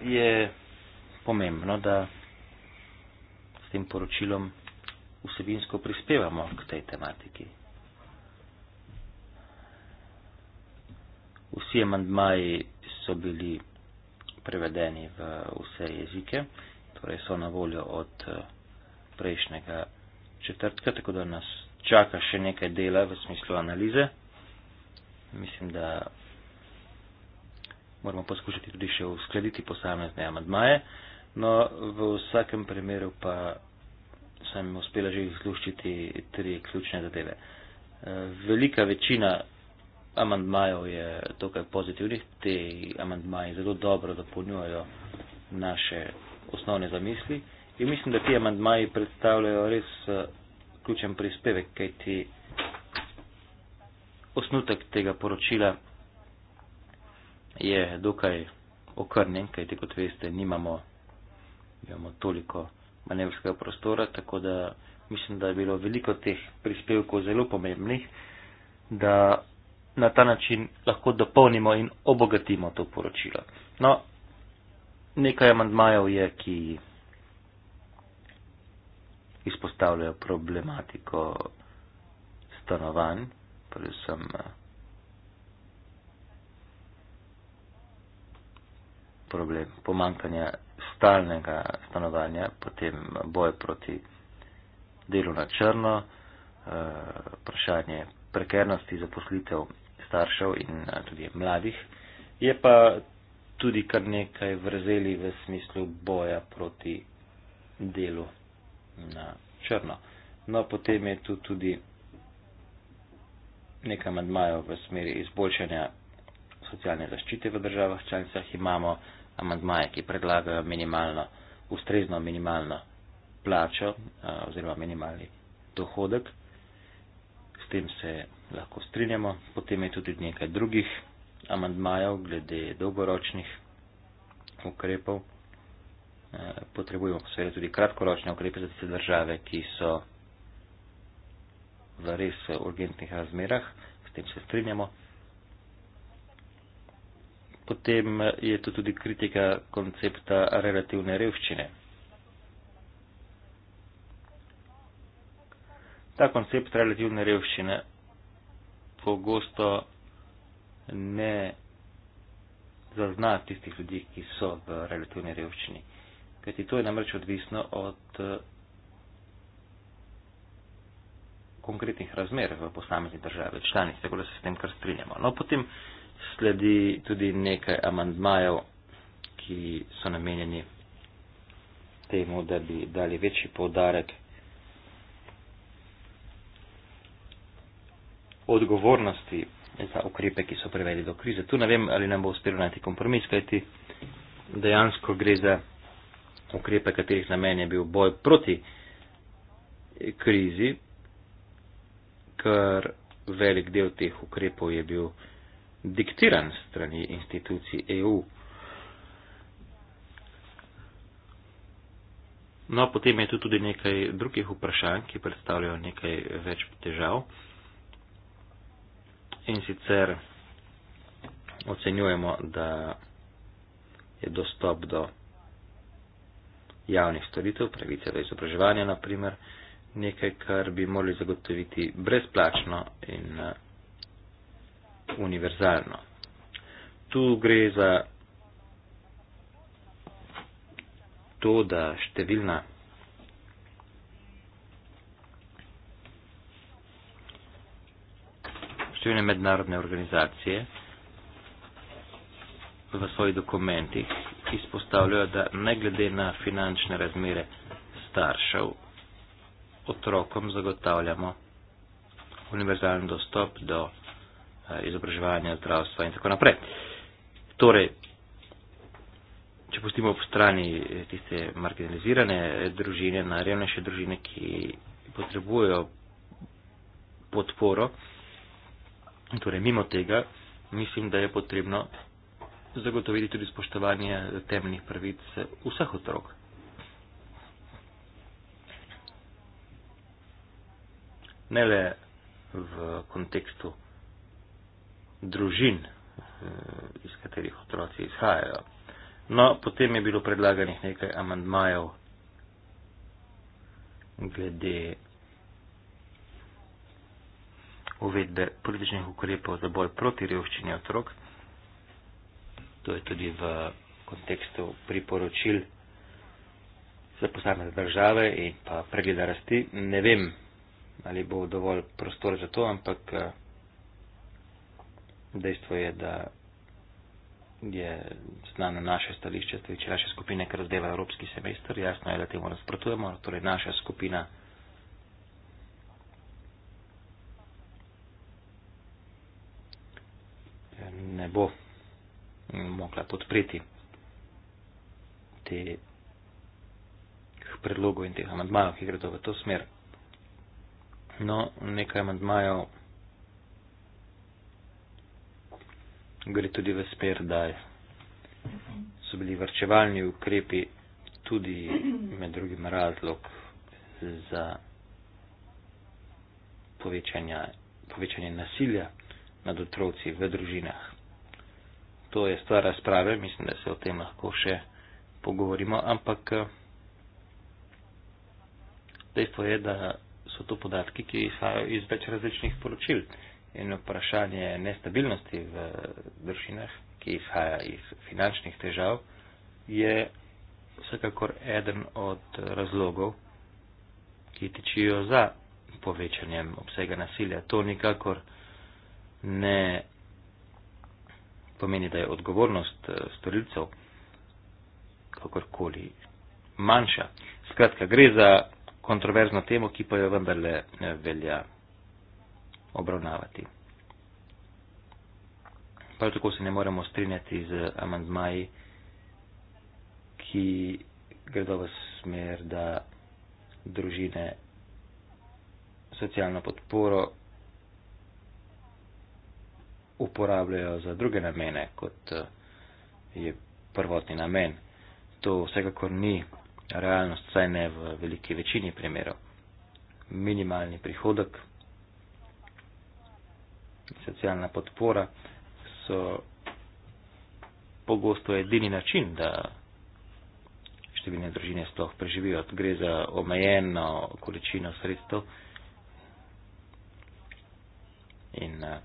je pomembno, da s tem poročilom vsebinsko prispevamo k tej tematiki. Vsi amandmaji so bili prevedeni v vse jezike, torej so na voljo od eh, prejšnjega četrtka, tako da nas čaka še nekaj dela v smislu analize. Mislim, da moramo poskušati tudi še uskladiti posamezne amadmaje. No, v vsakem primeru pa sem uspela že izluščiti tri ključne zadeve. Eh, velika večina amadmajev je dokaj pozitivnih, te amadmaji zelo dobro dopolnjujejo naše osnovne zamisli in mislim, da ti amadmaji predstavljajo res eh, ključen prispevek, kaj ti osnutek tega poročila je dokaj okrnjen, kajti kot veste, nimamo imamo toliko manevrskega prostora, tako da mislim, da je bilo veliko teh prispevkov zelo pomembnih, da na ta način lahko dopolnimo in obogatimo to poročilo. No, nekaj amandmajev je, ki izpostavljajo problematiko stanovanj, predvsem. Torej problem pomankanja stalnega stanovanja, potem boj proti delu na črno, eh, vprašanje prekernosti zaposlitev staršev in eh, tudi mladih. Je pa tudi kar nekaj vrzeli v smislu boja proti delu na črno. No, potem je tu tudi nekaj madmajo v smeri izboljšanja socialne zaščite v državah članicah. Imamo amantmaje, ki predlagajo minimalno, ustrezno minimalno plačo eh, oziroma minimalni dohodek. S tem se lahko strinjamo. Potem je tudi nekaj drugih amantmajev glede dolgoročnih ukrepov. Eh, potrebujemo seveda tudi kratkoročne ukrepe za tiste države, ki so v res urgentnih razmerah. S tem se strinjamo potem je to tudi kritika koncepta relativne revščine. Ta koncept relativne revščine pogosto ne zazna tistih ljudi, ki so v relativni revščini. Kajti to je namreč odvisno od eh, konkretnih razmer v posamezni državi, članice, tako da se s tem kar strinjamo. No, potem uh, sledi tudi nekaj amandmajev, ki so namenjeni temu, da bi dali večji povdarek odgovornosti za ukrepe, ki so privedli do krize. Tu ne vem, ali nam bo uspelo najti kompromis, kajti dejansko gre za ukrepe, katerih namen je bil boj proti krizi, ker velik del teh ukrepov je bil diktiran strani institucij EU. No, potem je tu tudi nekaj drugih vprašanj, ki predstavljajo nekaj več težav. In sicer ocenjujemo, da je dostop do javnih storitev, pravice do izobraževanja, naprimer, nekaj, kar bi morali zagotoviti brezplačno in univerzalno. Tu gre za to, da številna številne mednarodne organizacije v svojih dokumentih izpostavljajo, da ne glede na finančne razmere staršev, otrokom zagotavljamo univerzalen dostop do Eh, izobraževanja, zdravstva in tako naprej. Torej, če pustimo po strani eh, tiste marginalizirane eh, družine, najrevnejše družine, ki potrebujejo podporo, torej mimo tega, mislim, da je potrebno zagotoviti tudi spoštovanje temeljnih pravic vseh otrok. Ne le v kontekstu družin, eh, iz katerih otroci izhajajo. No, potem je bilo predlaganih nekaj amandmajev glede uvedbe političnih ukrepov za boj proti revščini otrok. To je tudi v kontekstu priporočil za posamezne države in pa pregleda rasti. Ne vem, ali bo dovolj prostora za to, ampak eh, dejstvo je, da je znano naše stališče, stališče naše skupine, ker zdaj je evropski semester, jasno je, da temu nasprotujemo, torej naša skupina ne bo mogla podpreti teh predlogov in teh amadmajev, ki gredo v to smer. No, nekaj amadmajev gre tudi v smer, da so bili vrčevalni ukrepi tudi med drugim razlog za povečanje nasilja nad otroci v družinah. To je stvar razprave, mislim, da se o tem lahko še pogovorimo, ampak dejstvo je, da so to podatki, ki izhajajo iz več različnih poročil in vprašanje nestabilnosti v družinah, ki izhaja iz finančnih težav, je vsekakor eden od razlogov, ki tičijo za povečanjem obsega nasilja. To nikakor ne pomeni, da je odgovornost eh, storilcev kakorkoli manjša. Skratka, gre za kontroverzno temo, ki pa jo vendarle eh, velja obravnavati. Prav tako se ne moremo strinjati z amantmaji, ki gredo v smer, da družine socialno podporo uporabljajo za druge namene, kot eh, je prvotni namen. To vsekakor ni realnost, saj ne v veliki večini primerov. Minimalni prihodek socialna podpora so pogosto edini način, da številne družine sploh preživijo. Gre za omejeno količino sredstev in eh,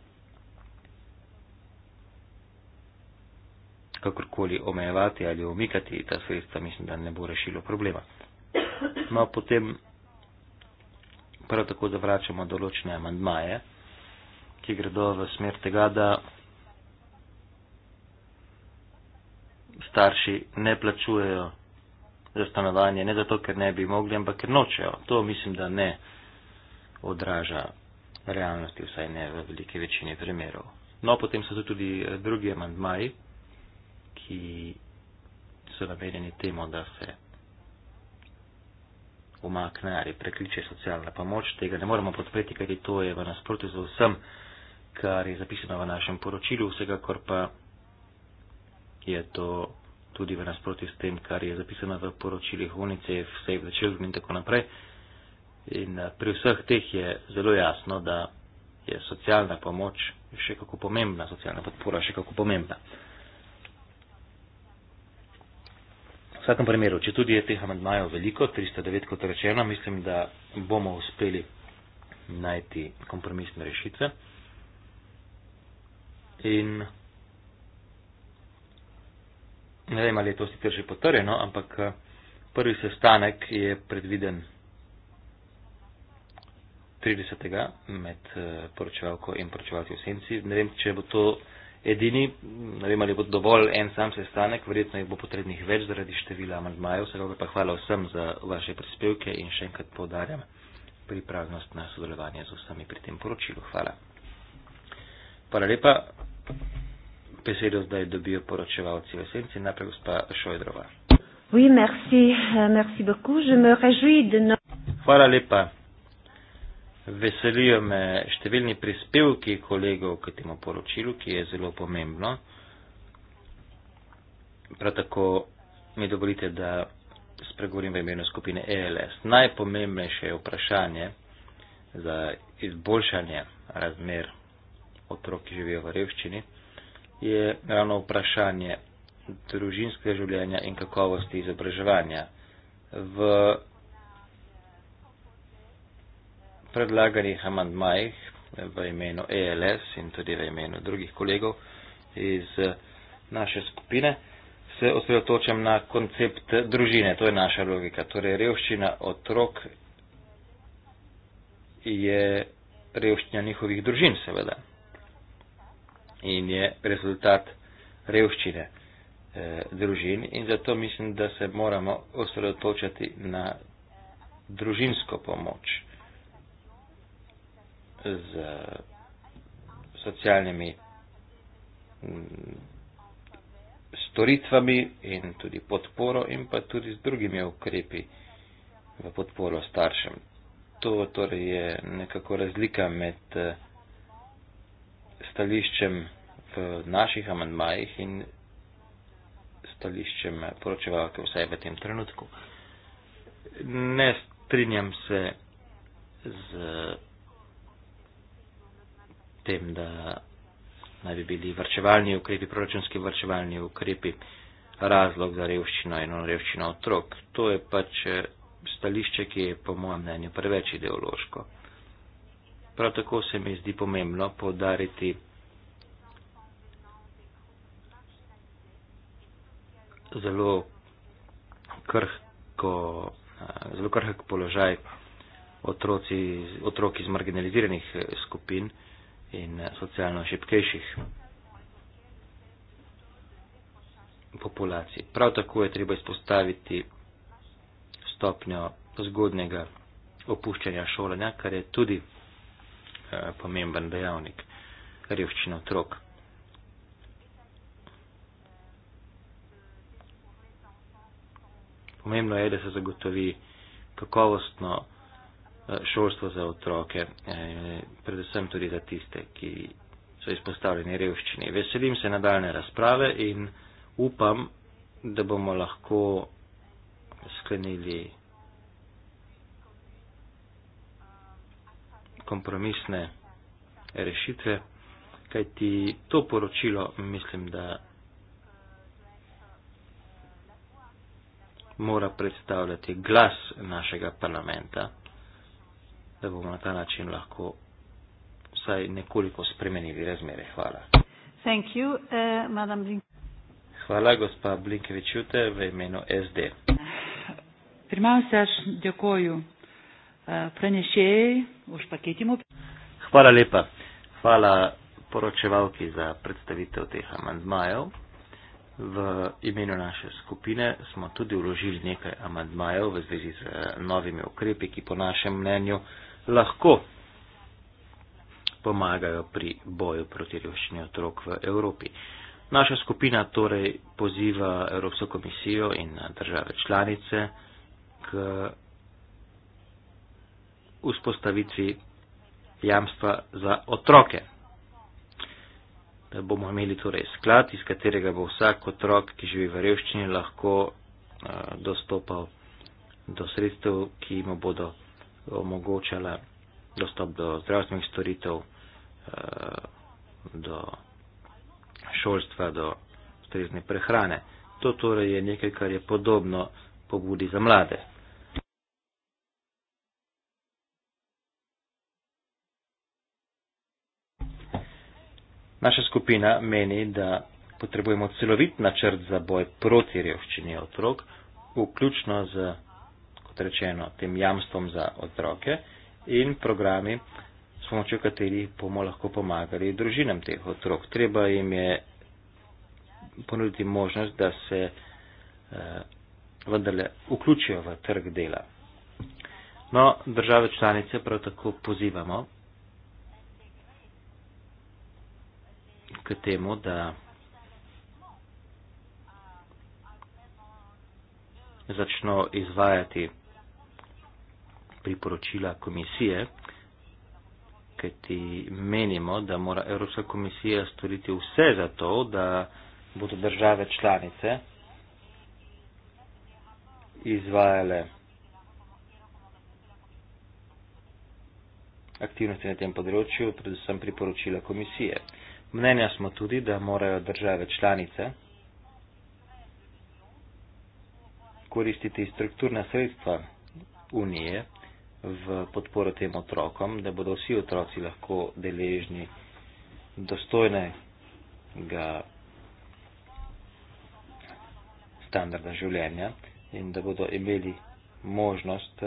kakorkoli omejevati ali omikati ta sredstva, mislim, da ne bo rešilo problema. No, potem prav tako zavračamo določene amandmaje ki gredo v smer tega, da starši ne plačujejo za stanovanje, ne zato, ker ne bi mogli, ampak ker nočejo. To mislim, da ne odraža realnosti, vsaj ne v veliki večini primerov. No, potem so tu tudi eh, drugi amandmaji, ki so namenjeni temu, da se umakne ali prekliče socialna pomoč. Tega ne moremo podpreti, ker to je v nasprotju z vsem kar je zapisano v našem poročilu, vsekakor pa je to tudi v nasprotju s tem, kar je zapisano v poročilih UNICEF, Save the Children in tako naprej. In eh, pri vseh teh je zelo jasno, da je socialna pomoč še kako pomembna, socialna podpora še kako pomembna. V vsakem primeru, če tudi je teh amandmajev veliko, 309 kot rečeno, mislim, da bomo uspeli najti kompromisne rešitve. In ne vem, ali je to sicer že potrjeno, ampak eh, prvi sestanek je predviden 30. med eh, poročevalko in poročevalci v senci. Ne vem, če bo to edini, ne vem, ali bo dovolj en sam sestanek, verjetno jih bo potrebnih več zaradi števila amandmajev. Vsekakor pa hvala vsem za vaše prispevke in še enkrat povdarjam pripravnost na sodelovanje z vsemi pri tem poročilu. Hvala. Hvala lepa. Besedo zdaj dobijo poročevalci v esenci, najprej gospa Šojdrova. Oui, merci, euh, merci beaucoup, je me réjouis de no... Hvala lepa. Veselijo me številni prispevki kolegov k temu poročilu, ki je zelo pomembno. Prav tako mi dovolite, da spregovorim v imenu skupine ELS. Najpomembnejše je vprašanje za izboljšanje razmer otrok, ki živijo v revščini, je ravno vprašanje družinskega življenja in kakovosti izobraževanja. V predlaganih amandmajih v imenu ELS in tudi v imenu drugih kolegov iz naše skupine se osredotočam na koncept družine. To je naša logika. Torej, revščina otrok je revščina njihovih družin, seveda in je rezultat revščine eh, družin in zato mislim, da se moramo osredotočati na družinsko pomoč z socialnimi mm, storitvami in tudi podporo in pa tudi z drugimi ukrepi v podporo staršem. To torej je nekako razlika med eh, stališčem v naših amandmajih in stališčem poročevalke vsaj v tem trenutku. Ne strinjam se z tem, da naj bi bili vrčevalni ukrepi, proračunski vrčevalni ukrepi, razlog za revščino in revščino otrok. To je pač stališče, ki je po mojem mnenju preveč ideološko. Prav tako se mi zdi pomembno povdariti zelo krhko, eh, zelo krhk položaj otroci, otrok iz marginaliziranih eh, skupin in eh, socialno šepkejših populacij. Prav tako je treba izpostaviti stopnjo zgodnega opuščanja šolanja, kar je tudi Eh, pomemben dejavnik revščine otrok. Pomembno je, da se zagotovi kakovostno eh, šolstvo za otroke, eh, predvsem tudi za tiste, ki so izpostavljeni revščini. Veselim se nadaljne razprave in upam, da bomo lahko sklenili. kompromisne rešitve, kajti to poročilo mislim, da mora predstavljati glas našega parlamenta, da bomo na ta način lahko vsaj nekoliko spremenili razmere. Hvala. Thank you, uh, Hvala, gospa Blinkevičute, v imenu SD. Primam se, da je kojo prenešej v špaketimo. Hvala lepa. Hvala poročevalki za predstavitev teh amandmajev. V imenu naše skupine smo tudi uložili nekaj amandmajev v zvezi z novimi ukrepi, ki po našem mnenju lahko pomagajo pri boju proti revščini otrok v Evropi. Naša skupina torej poziva Evropsko komisijo in države članice k vzpostavitvi jamstva za otroke. Da bomo imeli torej sklad, iz katerega bo vsak otrok, ki živi v revščini, lahko uh, dostopal do sredstev, ki mu bodo omogočala dostop do zdravstvenih storitev, uh, do šolstva, do strezne prehrane. To torej je nekaj, kar je podobno pobudi za mlade. Naša skupina meni, da potrebujemo celovit načrt za boj proti revščini otrok, vključno z, kot rečeno, tem jamstvom za otroke in programi, s pomočjo katerih bomo lahko pomagali družinam teh otrok. Treba jim je ponuditi možnost, da se eh, vendarle vključijo v trg dela. No, države članice prav tako pozivamo k temu, da začno izvajati priporočila komisije, kajti menimo, da mora Evropska komisija storiti vse za to, da bodo države članice izvajale aktivnosti na tem področju, predvsem priporočila komisije. Mnenja smo tudi, da morajo države članice koristiti strukturne sredstva Unije v podporo tem otrokom, da bodo vsi otroci lahko deležni dostojnega standarda življenja in da bodo imeli možnost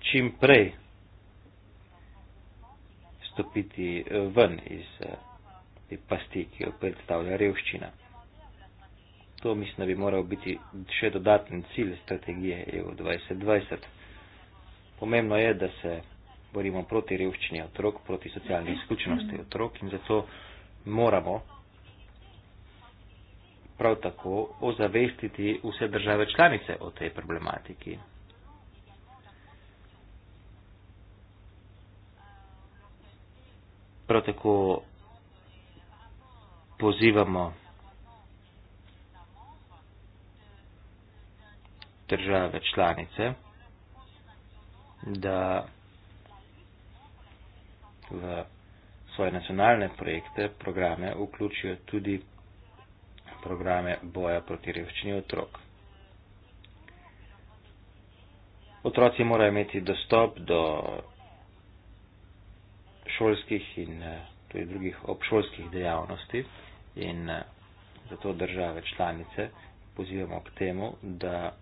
čim prej stopiti ven iz eh, te pasti, ki jo predstavlja revščina. To mislim, da bi moral biti še dodaten cilj strategije EU 2020. Pomembno je, da se borimo proti revščini otrok, proti socialni izključenosti otrok in zato moramo prav tako ozavestiti vse države članice o tej problematiki. Prav tako pozivamo države članice, da v svoje nacionalne projekte, programe vključijo tudi programe boja proti revščini otrok. Otroci morajo imeti dostop do šolskih in eh, tudi drugih obšolskih dejavnosti in eh, zato države članice pozivamo k temu, da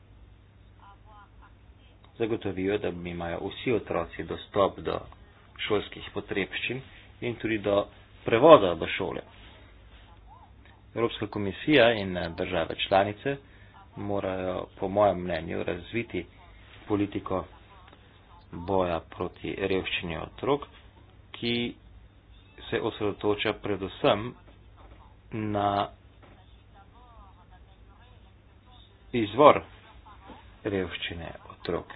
zagotovijo, da imajo vsi otroci dostop do šolskih potrebščin in tudi do prevoda do šole. Evropska komisija in eh, države članice morajo, po mojem mnenju, razviti politiko boja proti revščini otrok, ki se osredotoča predvsem na izvor revščine otrok.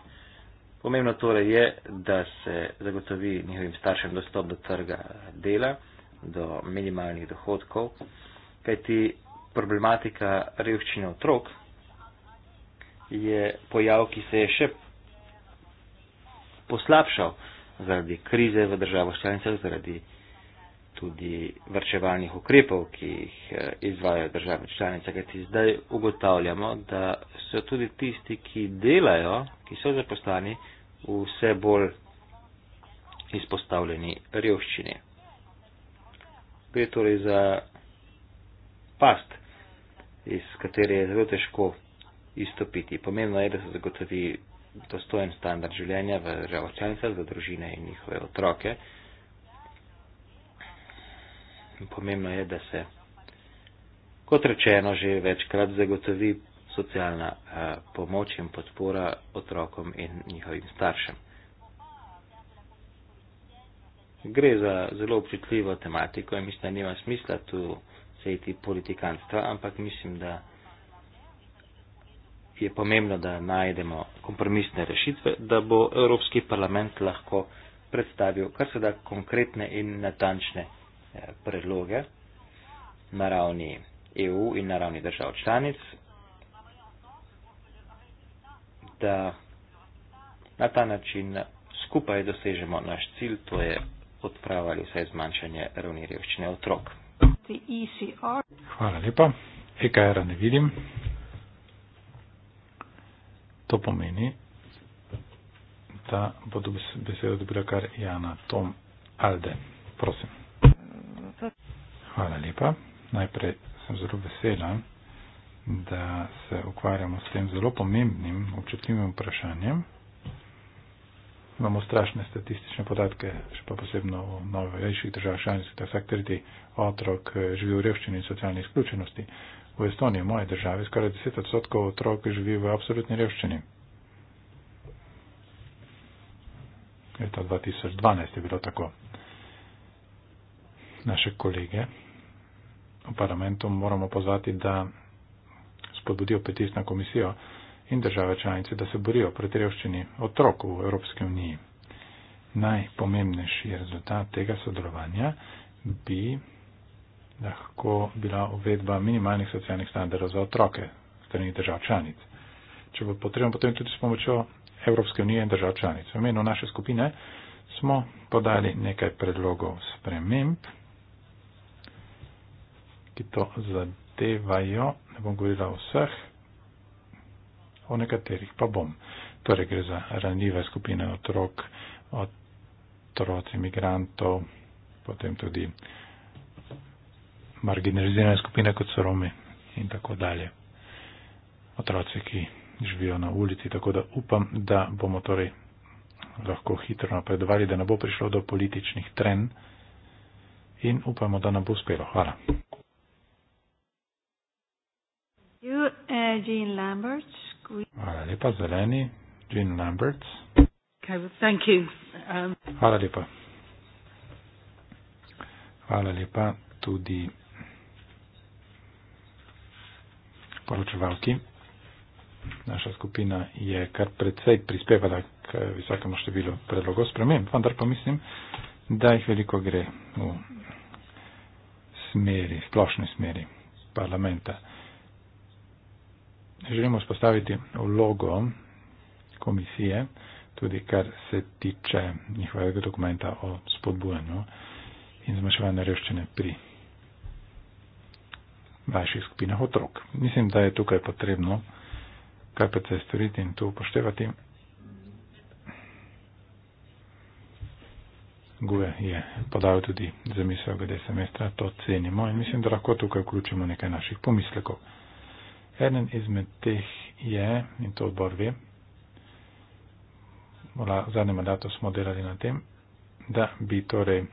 Pomembno torej je, da se zagotovi njihovim staršem dostop do trga dela, do minimalnih dohodkov, kajti problematika revščine otrok je pojav, ki se je še poslabšal zaradi krize v državo članicah, zaradi tudi vrčevalnih ukrepov, ki jih eh, izvajajo države članice, kajti zdaj ugotavljamo, da so tudi tisti, ki delajo, ki so zaposlani, vse bolj izpostavljeni revščini. Gre torej za past, iz katere je zelo težko izstopiti. Pomembno je, da se zagotovi dostojen standard življenja v državah članicah za družine in njihove otroke pomembno je, da se, kot rečeno, že večkrat zagotovi socialna eh, pomoč in podpora otrokom in njihovim staršem. Gre za zelo občutljivo tematiko in mislim, da nima smisla tu sejti politikantstva, ampak mislim, da je pomembno, da najdemo kompromisne rešitve, da bo Evropski parlament lahko predstavil kar se da konkretne in natančne predloge na ravni EU in na ravni držav članic, da na ta način skupaj dosežemo naš cilj, to je odprava ali vsaj zmanjšanje ravni revščine otrok. Hvala lepa. EKR-a ne vidim. To pomeni, da bodo besedo dobila kar Jana Tom Alde. Prosim. Hvala lepa. Najprej sem zelo vesela, da se ukvarjamo s tem zelo pomembnim, občutljivim vprašanjem. Imamo strašne statistične podatke, še pa posebno v novejših državah članicah, da vsak tretji otrok živi v revščini in socialni izključenosti. V Estoniji, moje države, skoraj 10 odstotkov otrok živi v absolutni revščini. Leta 2012 je bilo tako. Naše kolege, parlamentom moramo pozvati, da spodbudijo pritisk na komisijo in države članice, da se borijo proti revščini otrok v Evropski uniji. Najpomembnejši rezultat tega sodelovanja bi lahko bila uvedba minimalnih socialnih standardov za otroke strani držav članic. Če bo potrebno, potem tudi s pomočjo Evropske unije in držav članic. V imenu naše skupine smo podali nekaj predlogov sprememb ki to zadevajo, ne bom govorila o vseh, o nekaterih pa bom. Torej gre za ranljive skupine otrok, otroci imigrantov, potem tudi marginalizirane skupine kot so Romi in tako dalje. Otroci, ki živijo na ulici, tako da upam, da bomo torej lahko hitro napredovali, da ne bo prišlo do političnih tren in upamo, da nam bo uspelo. Hvala. Eh, Jean Lambert. Hvala lepa, zeleni. Jean Lambert. Okay, well, thank you. Um, Hvala lepa. Hvala lepa tudi poročevalki. Naša skupina je kar predvsej prispevala k visokemu številu predlogov sprememb, vendar pa mislim, da jih veliko gre v smeri, splošni smeri parlamenta želimo spostaviti vlogo komisije, tudi kar se tiče njihovega dokumenta o spodbujanju in zmanjševanju revščine pri vaših skupinah otrok. Mislim, da je tukaj potrebno kar precej storiti in to upoštevati. Gue je podal tudi zamisel glede semestra, to cenimo in mislim, da lahko tukaj vključimo nekaj naših pomislekov. Eden izmed teh je, in to odbor ve, v zadnjem mandatu smo delali na tem, da bi torej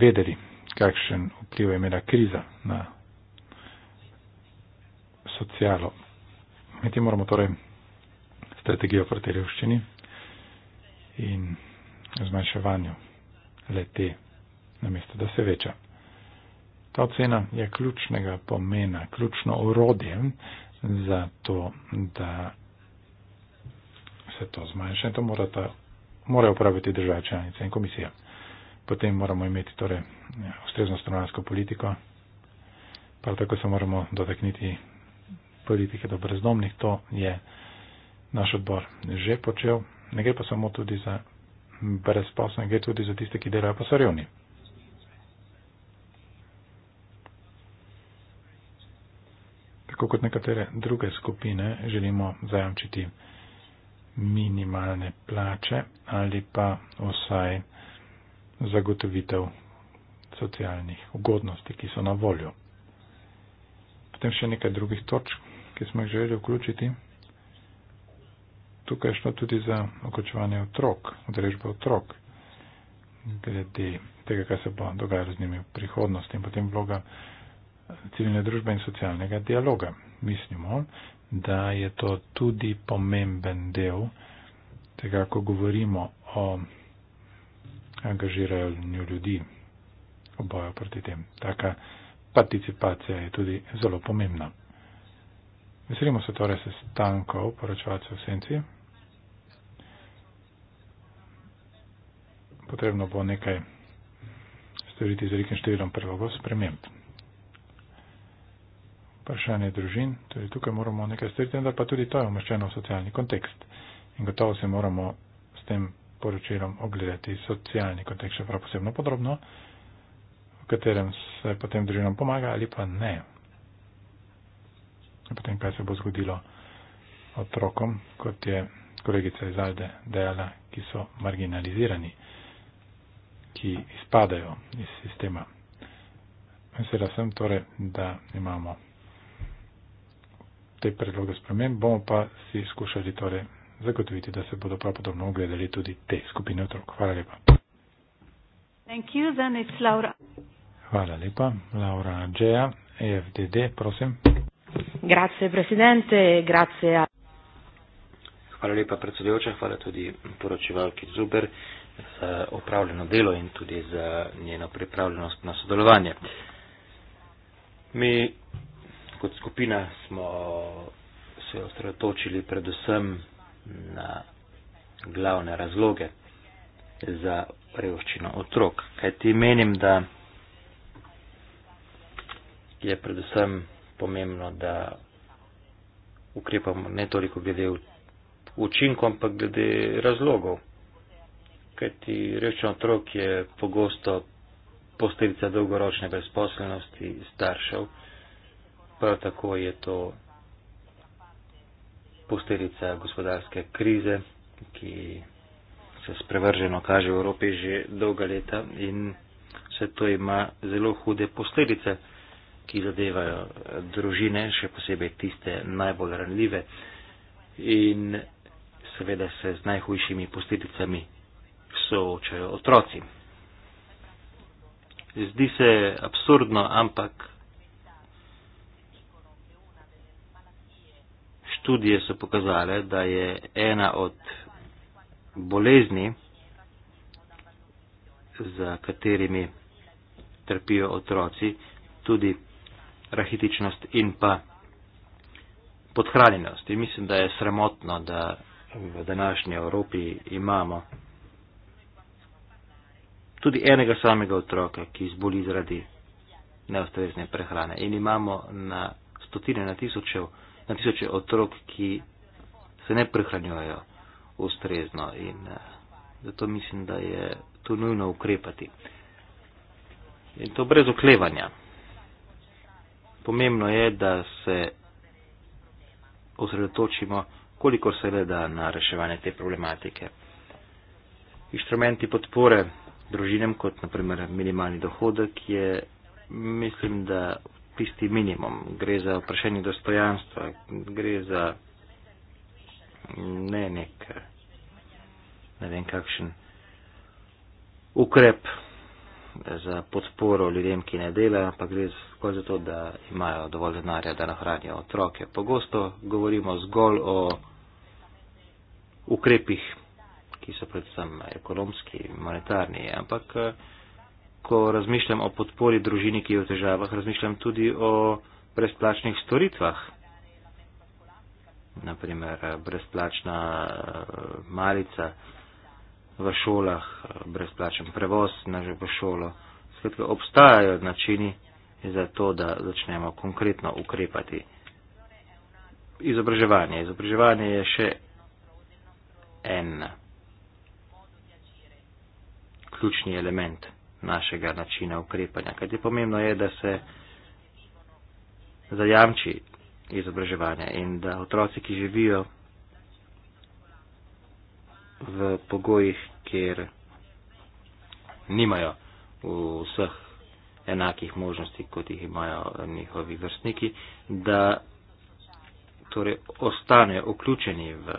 vedeli, kakšen vpliv je imela kriza na socialo. Medtem moramo torej strategijo proti revščini in zmanjševanju le te, namesto da se veča. Ta ocena je ključnega pomena, ključno orodje za to, da se to zmanjša in to morajo upraviti države članice in komisija. Potem moramo imeti torej ja, ustrezno stranansko politiko, prav tako se moramo dotakniti politike do brezdomnih, to je naš odbor že počel, ne gre pa samo tudi za brezposlene, gre tudi za tiste, ki delajo pa so revni. tako kot nekatere druge skupine, želimo zajamčiti minimalne plače ali pa vsaj zagotovitev socialnih ugodnosti, ki so na voljo. Potem še nekaj drugih točk, ki smo jih želeli vključiti. Tukaj je šlo tudi za okočevanje otrok, odrežbo otrok, glede tega, kaj se bo dogajalo z njimi v prihodnosti in potem vloga civilne družbe in socialnega dialoga. Mislimo, da je to tudi pomemben del tega, ko govorimo o angažiranju ljudi v boju proti tem. Taka participacija je tudi zelo pomembna. Veselimo se torej sestankov poročevalcev v senci. Potrebno bo nekaj storiti z velikim številom prilogov sprememb vprašanje družin, tudi tukaj moramo nekaj storiti, vendar pa tudi to je umeščeno v socialni kontekst. In gotovo se moramo s tem poročilom ogledati socialni kontekst, še prav posebno podrobno, v katerem se potem družinam pomaga ali pa ne. In potem, kaj se bo zgodilo otrokom, kot je kolegica iz Alde dejala, ki so marginalizirani, ki izpadajo iz sistema. Mislila sem torej, da imamo te predloge sprememb, bomo pa si skušali torej zagotoviti, da se bodo prav podobno ogledali tudi te skupine otrok. Hvala lepa. You, Laura. Hvala lepa. Laura Džeja, EFDD, prosim. Grazie, presidente, grazie. Hvala lepa, predsedujoča. Hvala tudi poročevalki Zuber za opravljeno delo in tudi za njeno pripravljenost na sodelovanje. Mi kot skupina smo se osredotočili predvsem na glavne razloge za revščino otrok. Kaj ti menim, da je predvsem pomembno, da ukrepamo ne toliko glede učinkov, ampak glede razlogov. Kaj ti revščina otrok je pogosto posledica dolgoročne brezposelnosti staršev Prav tako je to posledica gospodarske krize, ki se sprevrženo kaže v Evropi že dolga leta in vse to ima zelo hude posledice, ki zadevajo družine, še posebej tiste najbolj ranljive in seveda se z najhujšimi posledicami soočajo otroci. Zdi se absurdno, ampak študije so pokazale, da je ena od bolezni, za katerimi trpijo otroci, tudi rahitičnost in pa podhranjenost. In mislim, da je sramotno, da v današnji Evropi imamo tudi enega samega otroka, ki izboli zaradi neustrezne prehrane. In imamo na stotine, na tisočev na tisoče otrok, ki se ne prehranjujejo ustrezno in eh, zato mislim, da je to nujno ukrepati. In to brez oklevanja. Pomembno je, da se osredotočimo, koliko se le da na reševanje te problematike. Inštrumenti podpore družinem, kot naprimer minimalni dohodek, je mislim, da v tisti minimum. Gre za vprašanje dostojanstva, gre za ne nek, ne vem kakšen ukrep za podporo ljudem, ki ne delajo, ampak gre zgolj za to, da imajo dovolj denarja, da nahranijo otroke. Pogosto govorimo zgolj o ukrepih, ki so predvsem ekonomski, monetarni, ampak ko razmišljam o podpori družini, ki je v težavah, razmišljam tudi o brezplačnih storitvah. Naprimer, eh, brezplačna eh, malica v šolah, eh, brezplačen prevoz na že v šolo. Svetko obstajajo načini za to, da začnemo konkretno ukrepati. Izobraževanje. Izobraževanje je še en ključni element našega načina ukrepanja. Kaj je pomembno je, da se zajamči izobraževanje in da otroci, ki živijo v pogojih, kjer nimajo vseh enakih možnosti, kot jih imajo njihovi vrstniki, da torej ostanejo vključeni v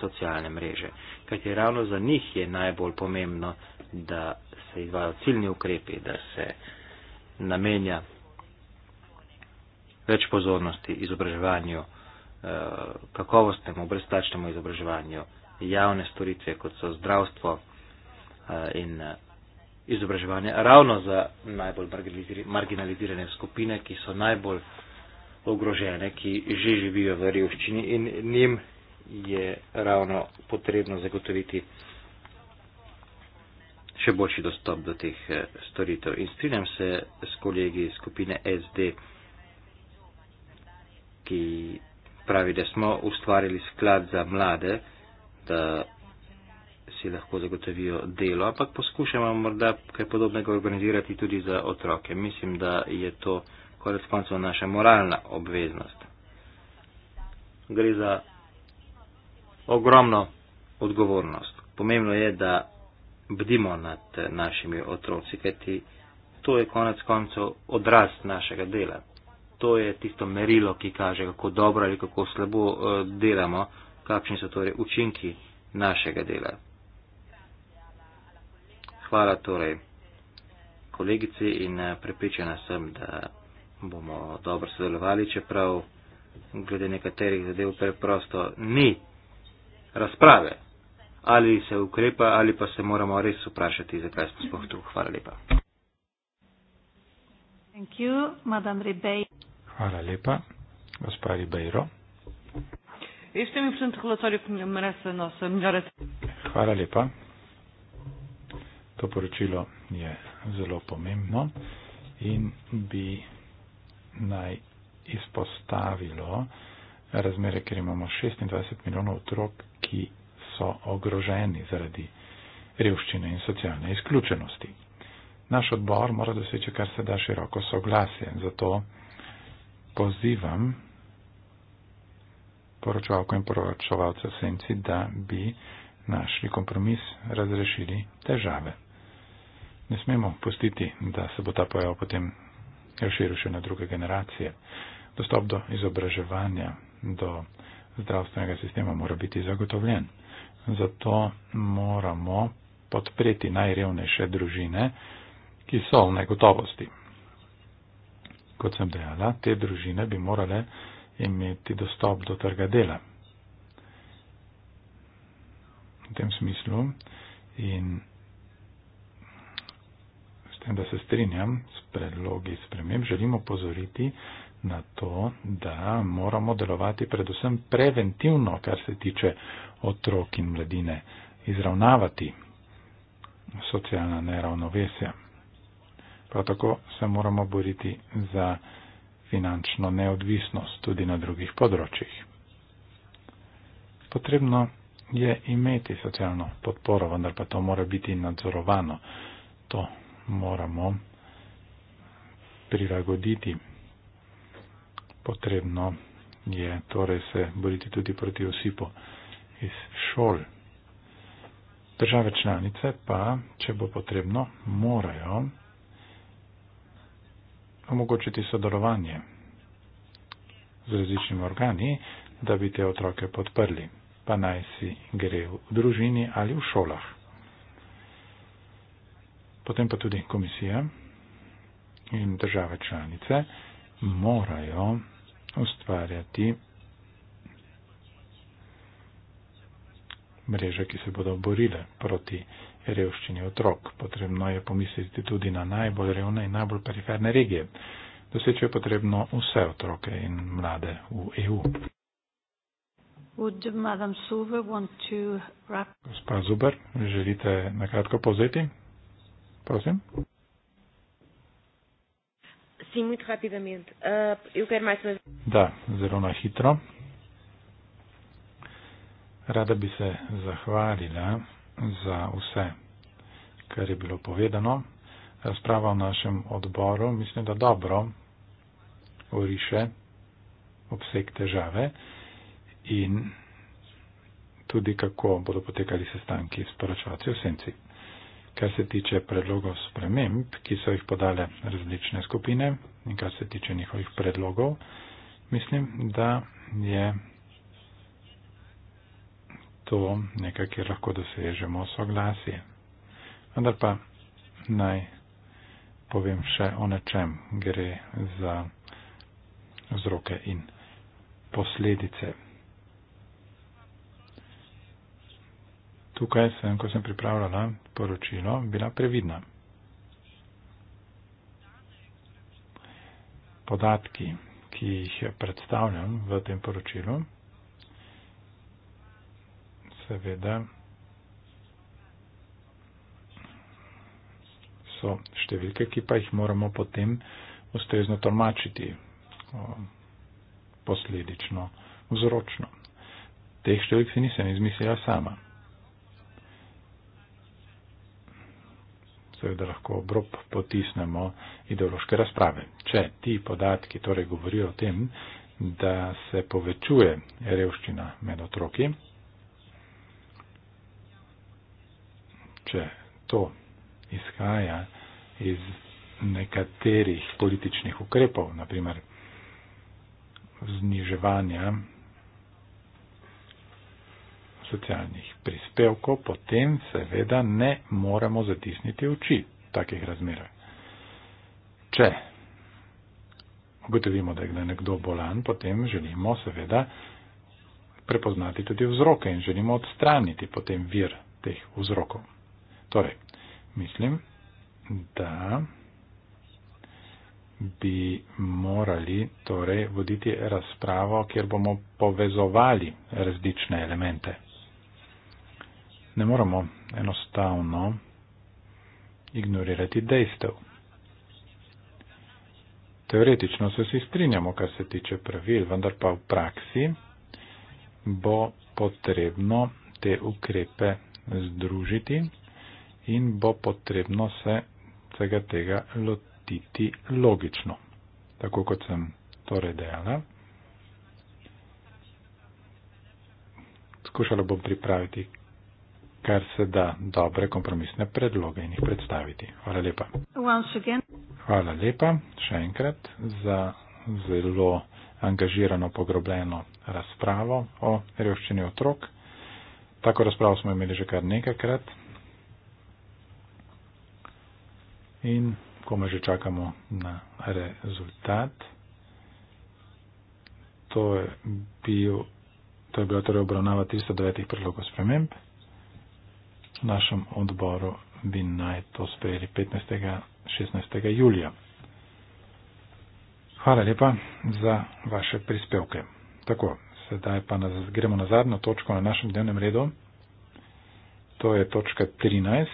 socialne mreže. Kajti ravno za njih je najbolj pomembno, da se izvajo ciljni ukrepi, da se namenja več pozornosti izobraževanju, eh, kakovostnemu, brezplačnemu izobraževanju, javne storitve, kot so zdravstvo eh, in eh, izobraževanje, ravno za najbolj marginalizirane skupine, ki so najbolj ogrožene, ki že živijo v revščini in njim je ravno potrebno zagotoviti še boljši dostop do teh eh, storitev. In strinjam se s kolegi skupine SD, ki pravi, da smo ustvarili sklad za mlade, da si lahko zagotovijo delo, ampak poskušamo morda kaj podobnega organizirati tudi za otroke. Mislim, da je to konec koncev naša moralna obveznost. Gre za ogromno odgovornost. Pomembno je, da bdimo nad našimi otroci, kajti to je konec koncev odrast našega dela. To je tisto merilo, ki kaže, kako dobro ali kako slabo eh, delamo, kakšni so torej učinki našega dela. Hvala torej kolegici in eh, prepričana sem, da bomo dobro sodelovali, čeprav glede nekaterih zadev preprosto ni razprave ali se ukrepa, ali pa se moramo res vprašati, zakaj smo sploh tu. Hvala lepa. You, Hvala lepa, gospa Ribeiro. No, Hvala lepa. To poročilo je zelo pomembno in bi naj izpostavilo razmere, ker imamo 26 milijonov otrok, ki so ogroženi zaradi revščine in socialne izključenosti. Naš odbor mora doseči kar se da široko soglasje in zato pozivam poročevalko in poročevalca Senci, da bi našli kompromis, razrešili težave. Ne smemo pustiti, da se bo ta pojav potem razširil še na druge generacije. Dostop do izobraževanja, do zdravstvenega sistema mora biti zagotovljen. Zato moramo podpreti najrevnejše družine, ki so v negotovosti. Kot sem dejala, te družine bi morale imeti dostop do trga dela. V tem smislu in s tem, da se strinjam s predlogi sprememb, želimo pozoriti, na to, da moramo delovati predvsem preventivno, kar se tiče otrok in mladine, izravnavati socialna neravnovesja. Prav tako se moramo boriti za finančno neodvisnost tudi na drugih področjih. Potrebno je imeti socialno podporo, vendar pa to mora biti nadzorovano. To moramo prilagoditi potrebno je torej se boriti tudi proti osipu iz šol. Države članice pa, če bo potrebno, morajo omogočiti sodelovanje z različnimi organi, da bi te otroke podprli, pa naj si gre v družini ali v šolah. Potem pa tudi komisija in države članice morajo ustvarjati mreže, ki se bodo borile proti revščini otrok. Potrebno je pomisliti tudi na najbolj revne in najbolj periferne regije. Doseči je potrebno vse otroke in mlade v EU. Gospa Zuber, želite nakratko povzeti? Prosim. Sim, muito rapidamente. Uh, eu quero mais uma vez. Da, zelo na hitro. Rada bi se zahvalila za vse, kar je bilo povedano. Razprava v našem odboru mislim, da dobro oriše obseg težave in tudi kako bodo potekali sestanki s poročevalci v senci kar se tiče predlogov sprememb, ki so jih podale različne skupine in kar se tiče njihovih predlogov, mislim, da je to nekaj, kjer lahko dosežemo soglasje. Vendar pa naj povem še o nečem, gre za vzroke in posledice. Tukaj sem, ko sem pripravljala priporočilo, bila previdna. Podatki, ki jih predstavljam v tem poročilu, seveda so številke, ki pa jih moramo potem ustrezno tolmačiti posledično, vzročno. Teh številk si nisem izmislila sama. seveda lahko obrob potisnemo ideološke razprave. Če ti podatki torej govorijo o tem, da se povečuje revščina med otroki, če to izhaja iz nekaterih političnih ukrepov, naprimer zniževanja socialnih prispevkov, potem seveda ne moremo zatisniti oči v takih razmerah. Če ugotovimo, da je nekdo bolan, potem želimo seveda prepoznati tudi vzroke in želimo odstraniti potem vir teh vzrokov. Torej, mislim, da bi morali torej voditi razpravo, kjer bomo povezovali različne elemente ne moramo enostavno ignorirati dejstev. Teoretično se vsi strinjamo, kar se tiče pravil, vendar pa v praksi bo potrebno te ukrepe združiti in bo potrebno se vsega tega lotiti logično, tako kot sem torej dejala. Skušala bom pripraviti kar se da dobre kompromisne predloge in jih predstaviti. Hvala lepa. Hvala lepa še enkrat za zelo angažirano, pogrobljeno razpravo o revščini otrok. Tako razpravo smo imeli že kar nekajkrat. In komaj že čakamo na rezultat. To je, bil, to je bila torej obravnava 309 predlogov sprememb našem odboru bi naj to sprejeli 15. 16. julija. Hvala lepa za vaše prispevke. Tako, sedaj pa na, gremo na zadnjo točko na našem dnevnem redu. To je točka 13.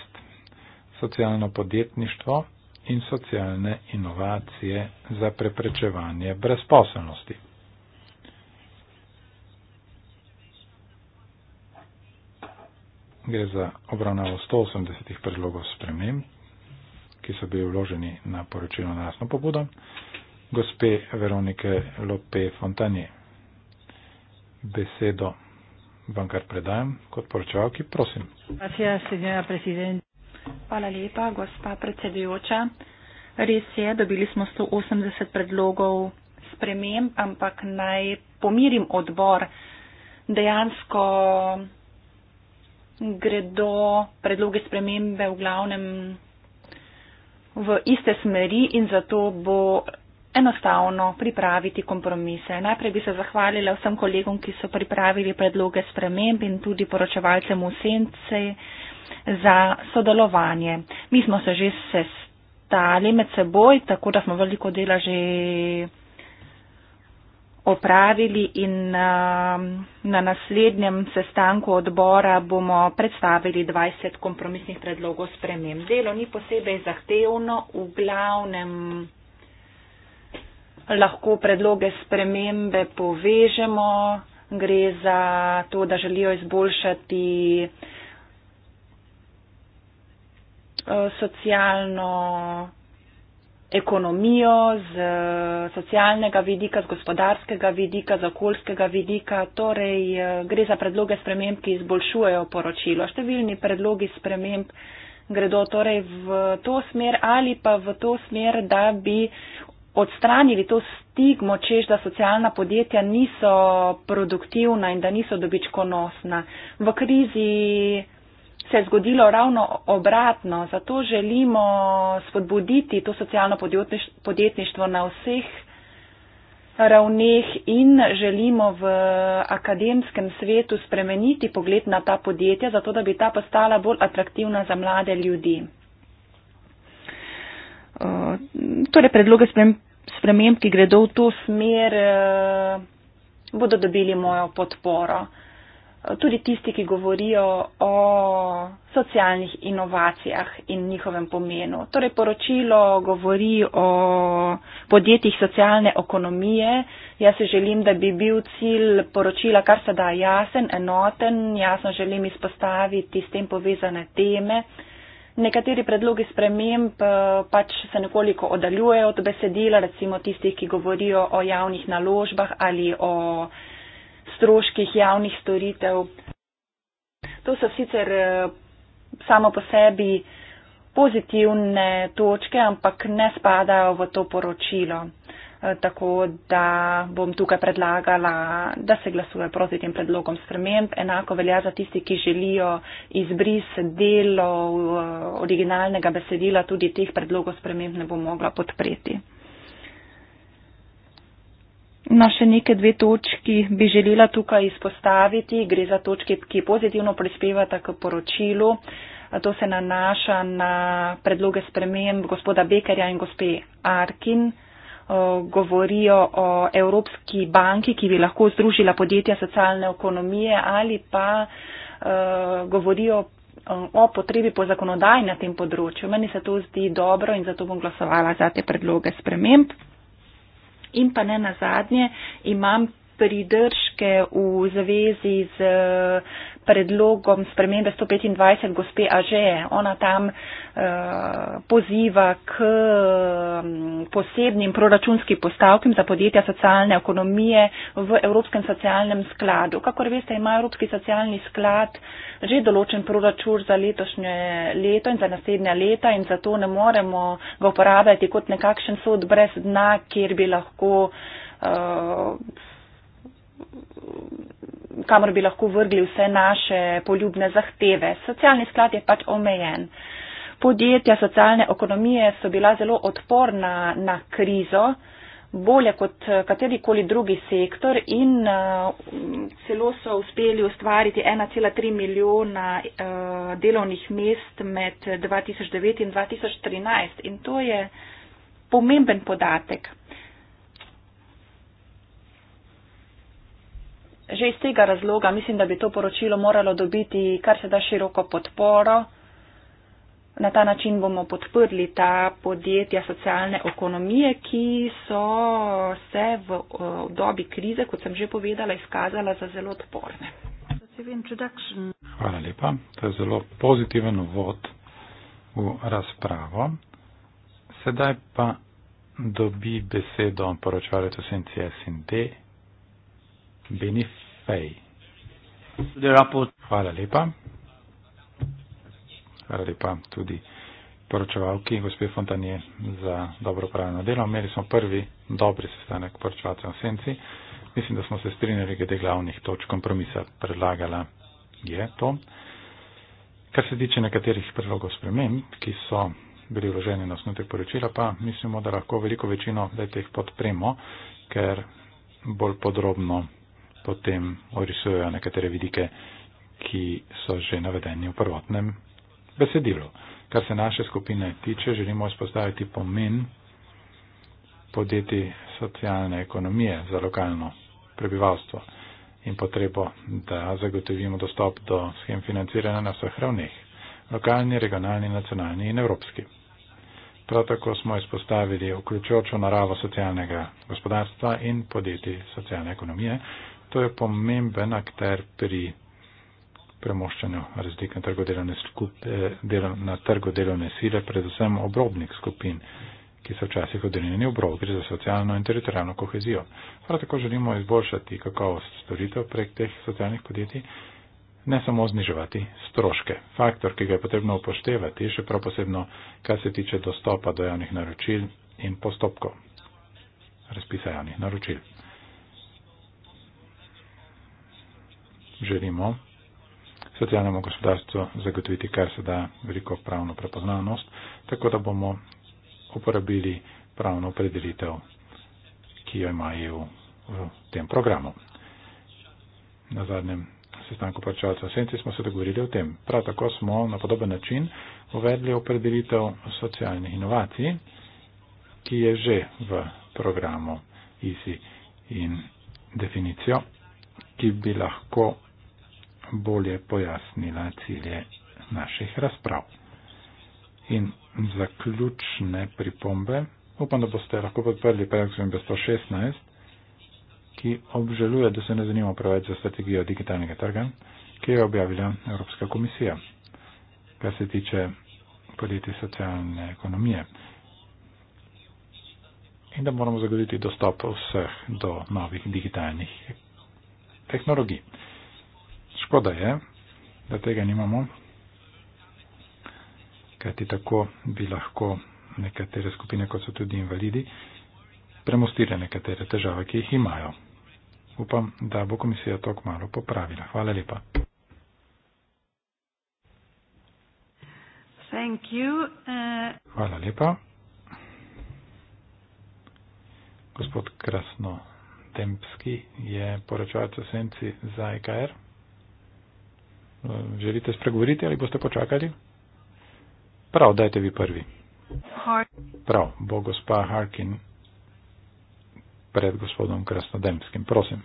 Socialno podjetništvo in socialne inovacije za preprečevanje brezposelnosti. gre za obravnavo 180 predlogov sprememb, ki so bili vloženi na poročilo na jasno pobudo gospe Veronike Lope Fontanje. Besedo vam kar predajam kot poročevalki, prosim. Hvala lepa, gospa predsedujoča. Res je, dobili smo 180 predlogov sprememb, ampak naj pomirim odbor. Dejansko gredo predloge spremembe v glavnem v iste smeri in zato bo enostavno pripraviti kompromise. Najprej bi se zahvalila vsem kolegom, ki so pripravili predloge sprememb in tudi poročevalcem v sence za sodelovanje. Mi smo se že sestali med seboj, tako da smo veliko dela že opravili in na, um, na naslednjem sestanku odbora bomo predstavili 20 kompromisnih predlogov sprememb. Delo ni posebej zahtevno, v glavnem lahko predloge spremembe povežemo, gre za to, da želijo izboljšati uh, socialno ekonomijo, z eh, socialnega vidika, z gospodarskega vidika, z okoljskega vidika. Torej, eh, gre za predloge sprememb, ki izboljšujejo poročilo. Številni predlogi sprememb gredo torej v to smer ali pa v to smer, da bi odstranili to stigmo, čež da socialna podjetja niso produktivna in da niso dobičkonosna. V krizi se je zgodilo ravno obratno. Zato želimo spodbuditi to socialno podjetništvo na vseh ravneh in želimo v akademskem svetu spremeniti pogled na ta podjetja, zato da bi ta postala bolj atraktivna za mlade ljudi. Uh, torej, predloge sprememb, ki gredo v to smer, uh, bodo dobili mojo podporo tudi tisti, ki govorijo o socialnih inovacijah in njihovem pomenu. Torej, poročilo govori o podjetjih socialne ekonomije. Jaz se želim, da bi bil cilj poročila kar se da jasen, enoten, jasno želim izpostaviti s tem povezane teme. Nekateri predlogi sprememb eh, pač se nekoliko oddaljujejo od besedila, recimo tistih, ki govorijo o javnih naložbah ali o stroških javnih storitev. To so sicer eh, samo po sebi pozitivne točke, ampak ne spadajo v to poročilo. Eh, tako da bom tukaj predlagala, da se glasuje proti tem predlogom sprememb. Enako velja za tisti, ki želijo izbris delov eh, originalnega besedila, tudi teh predlogov sprememb ne bom mogla podpreti. No, še neke dve točki bi želela tukaj izpostaviti. Gre za točke, ki pozitivno prispevata k poročilu. To se nanaša na predloge sprememb gospoda Bekerja in gospe Arkin. Govorijo o Evropski banki, ki bi lahko združila podjetja socialne ekonomije ali pa govorijo o potrebi po zakonodaji na tem področju. Meni se to zdi dobro in zato bom glasovala za te predloge sprememb in pa ne nazadnje imam pridržke v zavezi z uh, predlogom spremembe 125 gospe Ažeje. Ona tam uh, poziva k mm, posebnim proračunskim postavkim za podjetja socialne ekonomije v Evropskem socialnem skladu. Kakor veste, ima Evropski socialni sklad že določen proračun za letošnje leto in za naslednja leta in zato ne moremo ga uporabljati kot nekakšen sod brez dna, kjer bi lahko uh, kamor bi lahko vrgli vse naše poljubne zahteve. Socialni sklad je pač omejen. Podjetja socialne ekonomije so bila zelo odporna na krizo, bolje kot eh, katerikoli drugi sektor in uh, celo so uspeli ustvariti 1,3 milijona uh, delovnih mest med 2009 in 2013 in to je pomemben podatek. Že iz tega razloga mislim, da bi to poročilo moralo dobiti kar se da široko podporo. Na ta način bomo podprli ta podjetja socialne ekonomije, ki so se v, eh, v dobi krize, kot sem že povedala, izkazala za zelo odporne. Hvala lepa. To je zelo pozitiven vod v razpravo. Sedaj pa dobi besedo poročvalec SNCS in D. Benifej. Hvala lepa. Hvala lepa tudi poročevalki, gospe Fontanje, za dobro pravilno delo. Imeli smo prvi dobri sestanek poročevalcev v Senci. Mislim, da smo se strinjali glede glavnih točk kompromisa. Predlagala je to. Kar se tiče nekaterih predlogov sprememb, ki so bili vloženi na osnutek poročila, pa mislimo, da lahko veliko večino, da jih podpremo, ker bolj podrobno potem orisujejo nekatere vidike, ki so že navedeni v prvotnem besedilu. Kar se naše skupine tiče, želimo izpostaviti pomen podjetij socialne ekonomije za lokalno prebivalstvo in potrebo, da zagotovimo dostop do schem financiranja na vseh ravneh - lokalni, regionalni, nacionalni in evropski. Prav tako smo izpostavili vključujočo naravo socialnega gospodarstva in podjetij socialne ekonomije, To je pomemben akter pri premoščanju razlik na trgu delovne, eh, delo, na trgu delovne sile, predvsem obrobnih skupin, ki so včasih odrejeni obrob, gre za socialno in teritorijalno kohezijo. Prav tako želimo izboljšati kakovost storitev prek teh socialnih podjetij, ne samo zniževati stroške. Faktor, ki ga je potrebno upoštevati, še prav posebno, kar se tiče dostopa do javnih naročil in postopkov razpisa javnih naročil. želimo socialnemu gospodarstvu zagotoviti kar se da veliko pravno prepoznanost, tako da bomo uporabili pravno opredelitev, ki jo imajo v, e v tem programu. Na zadnjem sestanku plačevalcev senci smo se dogovorili o tem. Prav tako smo na podoben način uvedli opredelitev socialnih inovacij, ki je že v programu ISI in definicijo, ki bi lahko bolje pojasnila cilje naših razprav. In zaključne pripombe, upam, da boste lahko podprli projekt ZMB 116, ki obžaluje, da se ne zanima preveč za strategijo digitalnega trga, ki je objavila Evropska komisija, kar se tiče podjetij socialne ekonomije. In da moramo zagoditi dostop vseh do novih digitalnih tehnologij škoda je, da tega nimamo, kajti tako bi lahko nekatere skupine, kot so tudi invalidi, premostile nekatere težave, ki jih imajo. Upam, da bo komisija to kmalo popravila. Hvala lepa. Thank you. Uh... Hvala lepa. Gospod Krasno Dembski je poročevalec v senci za IKR. E Eh, želite spregovoriti ali boste počakali? Prav, dajte vi prvi. Prav, bo gospa Harkin pred gospodom Krasnodemskim. Prosim.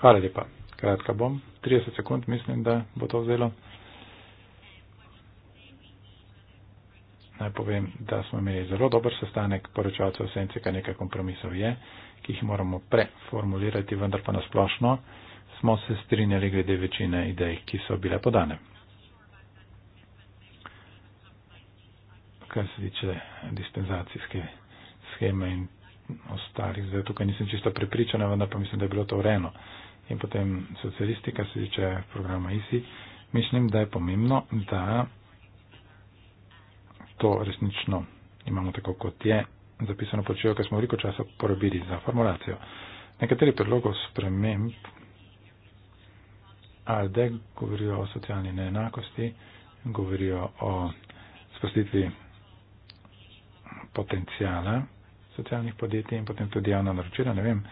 Hvala lepa. Kratka bom. 30 sekund mislim, da bo to vzelo. Naj povem, da smo imeli zelo dober sestanek poročavcev v senci, kaj nekaj kompromisov je, ki jih moramo preformulirati, vendar pa nasplošno smo se strinjali glede večine idej, ki so bile podane. Kar se tiče dispenzacijske scheme in ostalih, zdaj tukaj nisem čisto prepričana, vendar pa mislim, da je bilo to urejeno. In potem socialisti, kar se tiče programa ISI, mislim, da je pomembno, da to resnično imamo tako, kot je zapisano počejo, ker smo veliko časa porabili za formulacijo. Nekateri predlogov sprememb Alde govorijo o socialni neenakosti, govorijo o spustitvi potencijala socialnih podjetij in potem tudi javna naročila. Ne vem,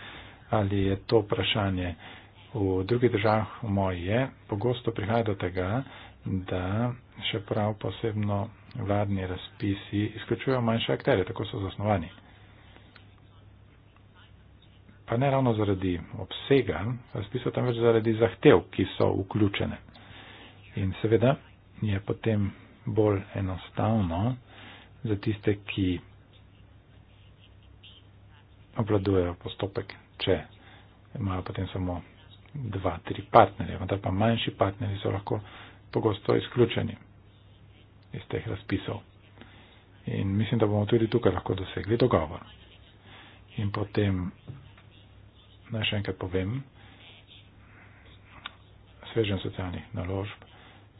ali je to vprašanje v drugih državah moje. Pogosto prihaja do tega, da še prav posebno vladni razpisi izključujejo manjše akterje, tako so zasnovani pa ne ravno zaradi obsega razpisa, temveč zaradi zahtev, ki so vključene. In seveda je potem bolj enostavno za tiste, ki obvladujejo postopek, če imajo potem samo dva, tri partnerje, vendar pa manjši partnerji so lahko pogosto izključeni iz teh razpisov. In mislim, da bomo tudi tukaj lahko dosegli dogovor. In potem naj še enkrat povem, svežen socialnih naložb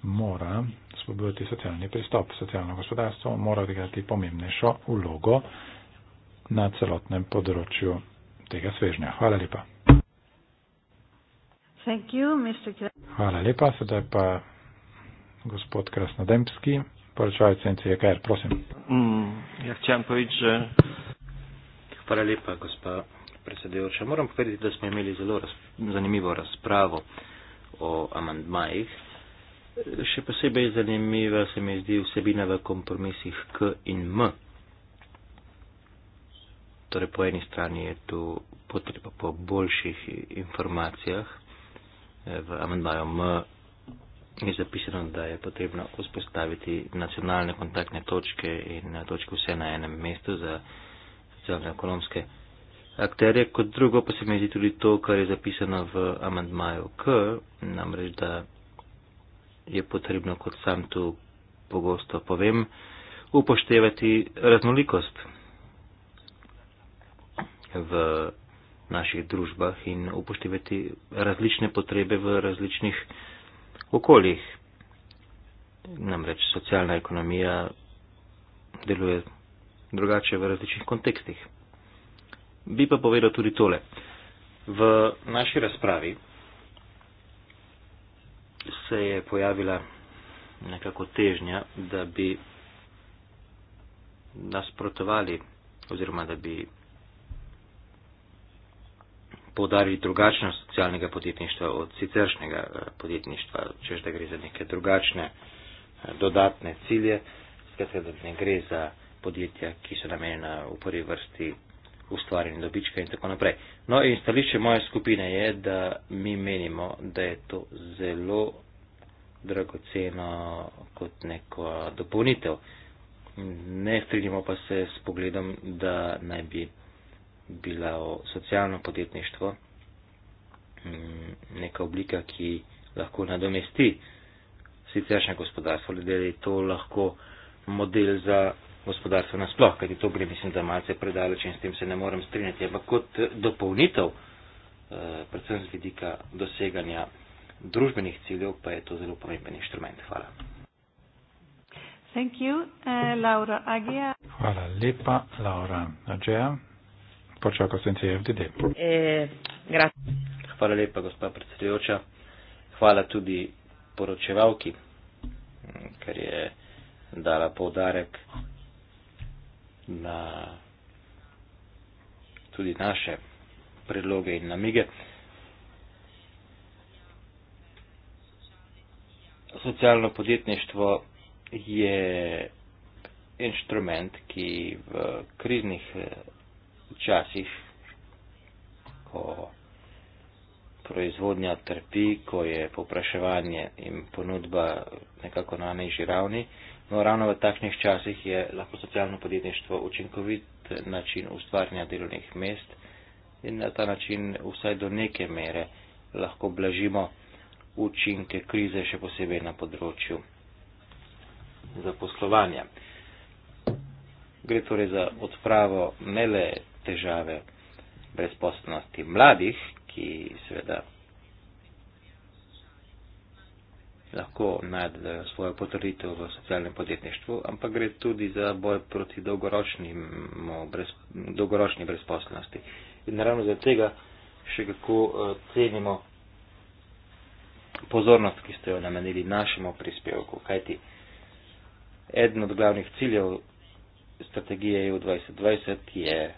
mora spodbujati socialni pristop. Socialno gospodarstvo mora odigrati pomembnejšo vlogo na celotnem področju tega svežnja. Hvala lepa. Thank you, Mr. Hvala lepa. Sedaj pa gospod Krasnodemski, poročevalec NCJKR, prosim. Mm, ja, povedi, že... Hvala lepa, gospod predsedevča. Moram povedati, da smo imeli zelo raz, zanimivo razpravo o amandmajih. Še posebej zanimiva se mi zdi vsebina v kompromisih K in M. Torej, po eni strani je tu potreba po boljših informacijah. V amandmaju M je zapisano, da je potrebno vzpostaviti nacionalne kontaktne točke in točke vse na enem mestu za socialno-ekonomske akterje, kot drugo pa se mi zdi tudi to, kar je zapisano v amantmaju K, namreč da je potrebno, kot sam tu pogosto povem, upoštevati raznolikost v naših družbah in upoštevati različne potrebe v različnih okoljih. Namreč socialna ekonomija deluje drugače v različnih kontekstih bi pa povedal tudi tole. V naši razpravi se je pojavila nekako težnja, da bi nasprotovali oziroma da bi podarili drugačnost socialnega podjetništva od siceršnjega eh, podjetništva, čež da gre za neke drugačne eh, dodatne cilje, skratka, da ne gre za podjetja, ki so namenjena v prvi vrsti ustvarjanje dobička in tako naprej. No in stališče moje skupine je, da mi menimo, da je to zelo dragoceno kot neko dopolnitev. Ne strinjamo pa se s pogledom, da naj bi bila socialno podjetništvo mm, neka oblika, ki lahko nadomesti siceršnje gospodarstvo, da je to lahko model za gospodarstva nasploh, kajti to gre, mislim, da malce predaleč in s tem se ne morem strinjati, ampak kot eh, dopolnitev, eh, predvsem z vidika doseganja družbenih ciljev, pa je to zelo pomemben inštrument. Hvala. You, uh, Hvala lepa, Laura Ađeja. Počakal sem se FDD. Hvala lepa, gospa predsedujoča. Hvala tudi poročevalki, hm, ker je dala poudarek na tudi naše predloge in namige. Socialno podjetništvo je inštrument, ki v kriznih eh, časih, ko proizvodnja trpi, ko je popraševanje in ponudba nekako na najnižji ravni, No, ravno v takšnih časih je lahko socialno podjetništvo učinkovit način ustvarjanja delovnih mest in na ta način vsaj do neke mere lahko blažimo učinke krize, še posebej na področju zaposlovanja. Gre torej za odpravo ne le težave brezposobnosti mladih, ki seveda lahko najdejo svojo potrditev v socialnem podjetništvu, ampak gre tudi za boj proti brez, dolgoročni brezposlenosti. In naravno zaradi tega še kako eh, cenimo pozornost, ki ste jo namenili našemu prispevku, kajti eden od glavnih ciljev strategije EU 2020 je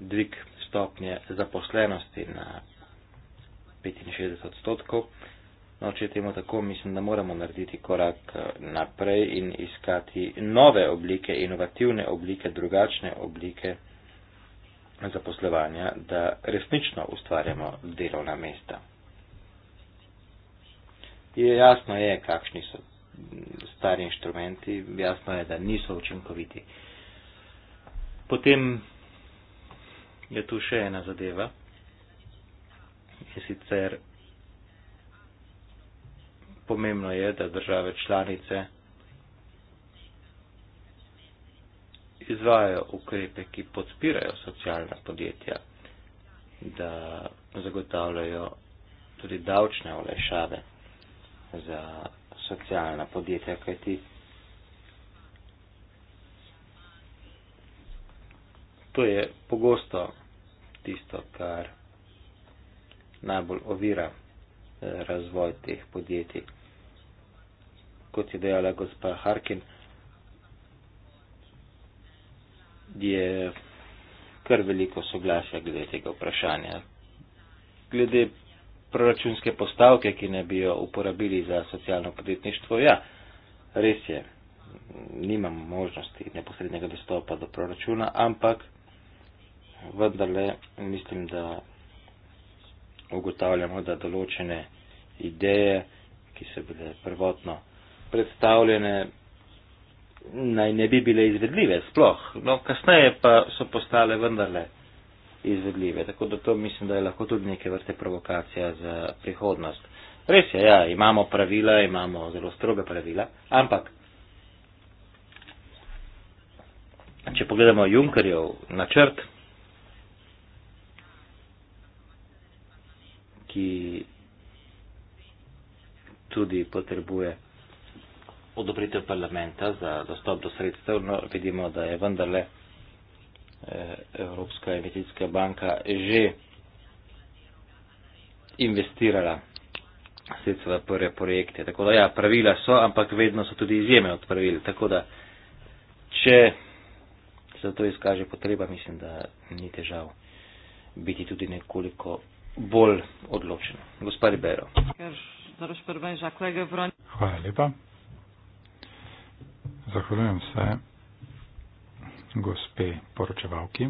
dvig stopnje zaposlenosti na 65 odstotkov. No, če je temu tako, mislim, da moramo narediti korak eh, naprej in iskati nove oblike, inovativne oblike, drugačne oblike zaposlovanja, da resnično ustvarjamo delovna mesta. Je, jasno je, kakšni so stari inštrumenti, jasno je, da niso učinkoviti. Potem je tu še ena zadeva. In sicer pomembno je, da države članice izvajajo ukrepe, ki podpirajo socialna podjetja, da zagotavljajo tudi davčne olajšave za socialna podjetja, kajti To je pogosto tisto, kar najbolj ovira eh, razvoj teh podjetij. Kot je dejala gospa Harkin, je kar veliko soglasja glede tega vprašanja. Glede proračunske postavke, ki ne bi jo uporabili za socialno podjetništvo, ja, res je, nimam možnosti neposrednega dostopa do proračuna, ampak vendarle mislim, da ugotavljamo, da določene ideje, ki so bile prvotno predstavljene, naj ne bi bile izvedljive sploh, no kasneje pa so postale vendarle izvedljive. Tako da to mislim, da je lahko tudi neke vrste provokacija za prihodnost. Res je, ja, imamo pravila, imamo zelo stroge pravila, ampak če pogledamo Junkerjev načrt, ki tudi potrebuje odobritev parlamenta za dostop do sredstev. No, vidimo, da je vendarle eh, Evropska investicijska banka že investirala sredstva v prve projekte. Tako da ja, pravila so, ampak vedno so tudi izjeme od pravil. Tako da, če se to izkaže potreba, mislim, da ni težav biti tudi nekoliko bolj odločeno. Gospod Ribero. Hvala lepa. Zahvaljujem se gospe poročevalki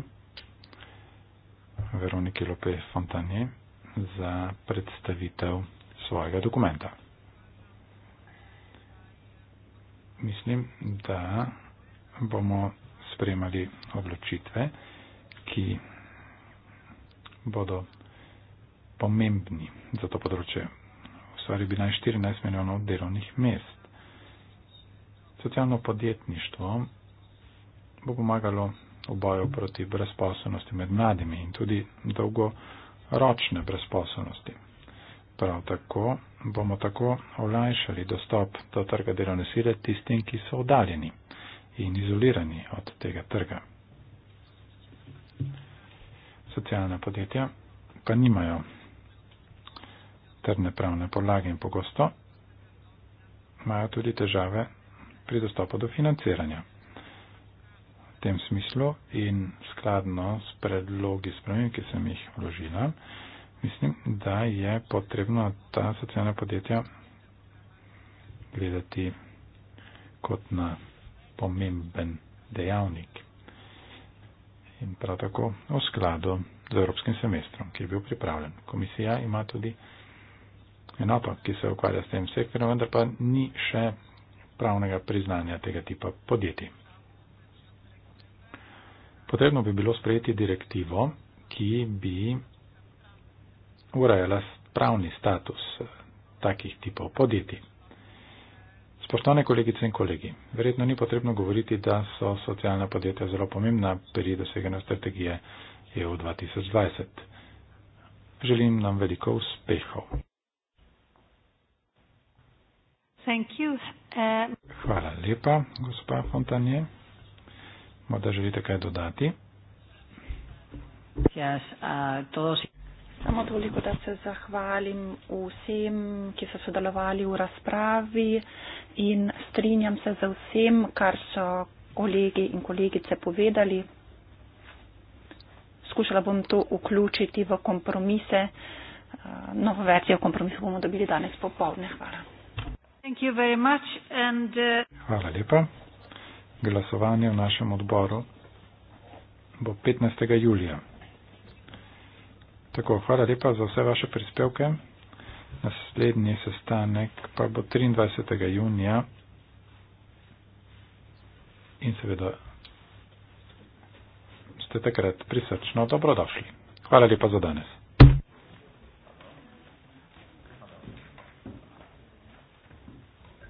Veroniki Lopez Fontanje za predstavitev svojega dokumenta. Mislim, da bomo spremali odločitve, ki bodo pomembni za to področje. Ustvari bi naj 14 milijonov delovnih mest. Socialno podjetništvo bo pomagalo v boju proti brezposobnosti med mladimi in tudi dolgoročne brezposobnosti. Prav tako bomo tako olajšali dostop do trga delovne sile tistim, ki so oddaljeni in izolirani od tega trga. Socialna podjetja pa nimajo trdne pravne podlage in pogosto imajo tudi težave pri dostopu do financiranja. V tem smislu in skladno s predlogi spremenj, ki sem jih vložila, mislim, da je potrebno ta socialna podjetja gledati kot na pomemben dejavnik in prav tako v skladu z evropskim semestrom, ki je bil pripravljen. Komisija ima tudi enoto, ki se ukvarja s tem sektorjem, vendar pa ni še pravnega priznanja tega tipa podjetij. Potrebno bi bilo sprejeti direktivo, ki bi urejala pravni status eh, takih tipov podjetij. Spoštovane kolegice in kolegi, verjetno ni potrebno govoriti, da so socialna podjetja zelo pomembna pri doseganju strategije EU 2020. Želim nam veliko uspehov. Thank you. Um, Hvala lepa, gospa Fontanje. Morda želite kaj dodati? Yes, uh, to... Samo toliko, da se zahvalim vsem, ki so sodelovali v razpravi in strinjam se z vsem, kar so kolegi in kolegice povedali. Skušala bom to vključiti v kompromise. Uh, novo verzijo kompromisu bomo dobili danes popovdne. Hvala. Thank you very much and, uh... Hvala lepa. Glasovanje v našem odboru bo 15. julija. Tako, hvala lepa za vse vaše prispevke. Naslednji sestanek pa bo 23. junija in seveda ste takrat prisrčno dobrodošli. Hvala lepa za danes.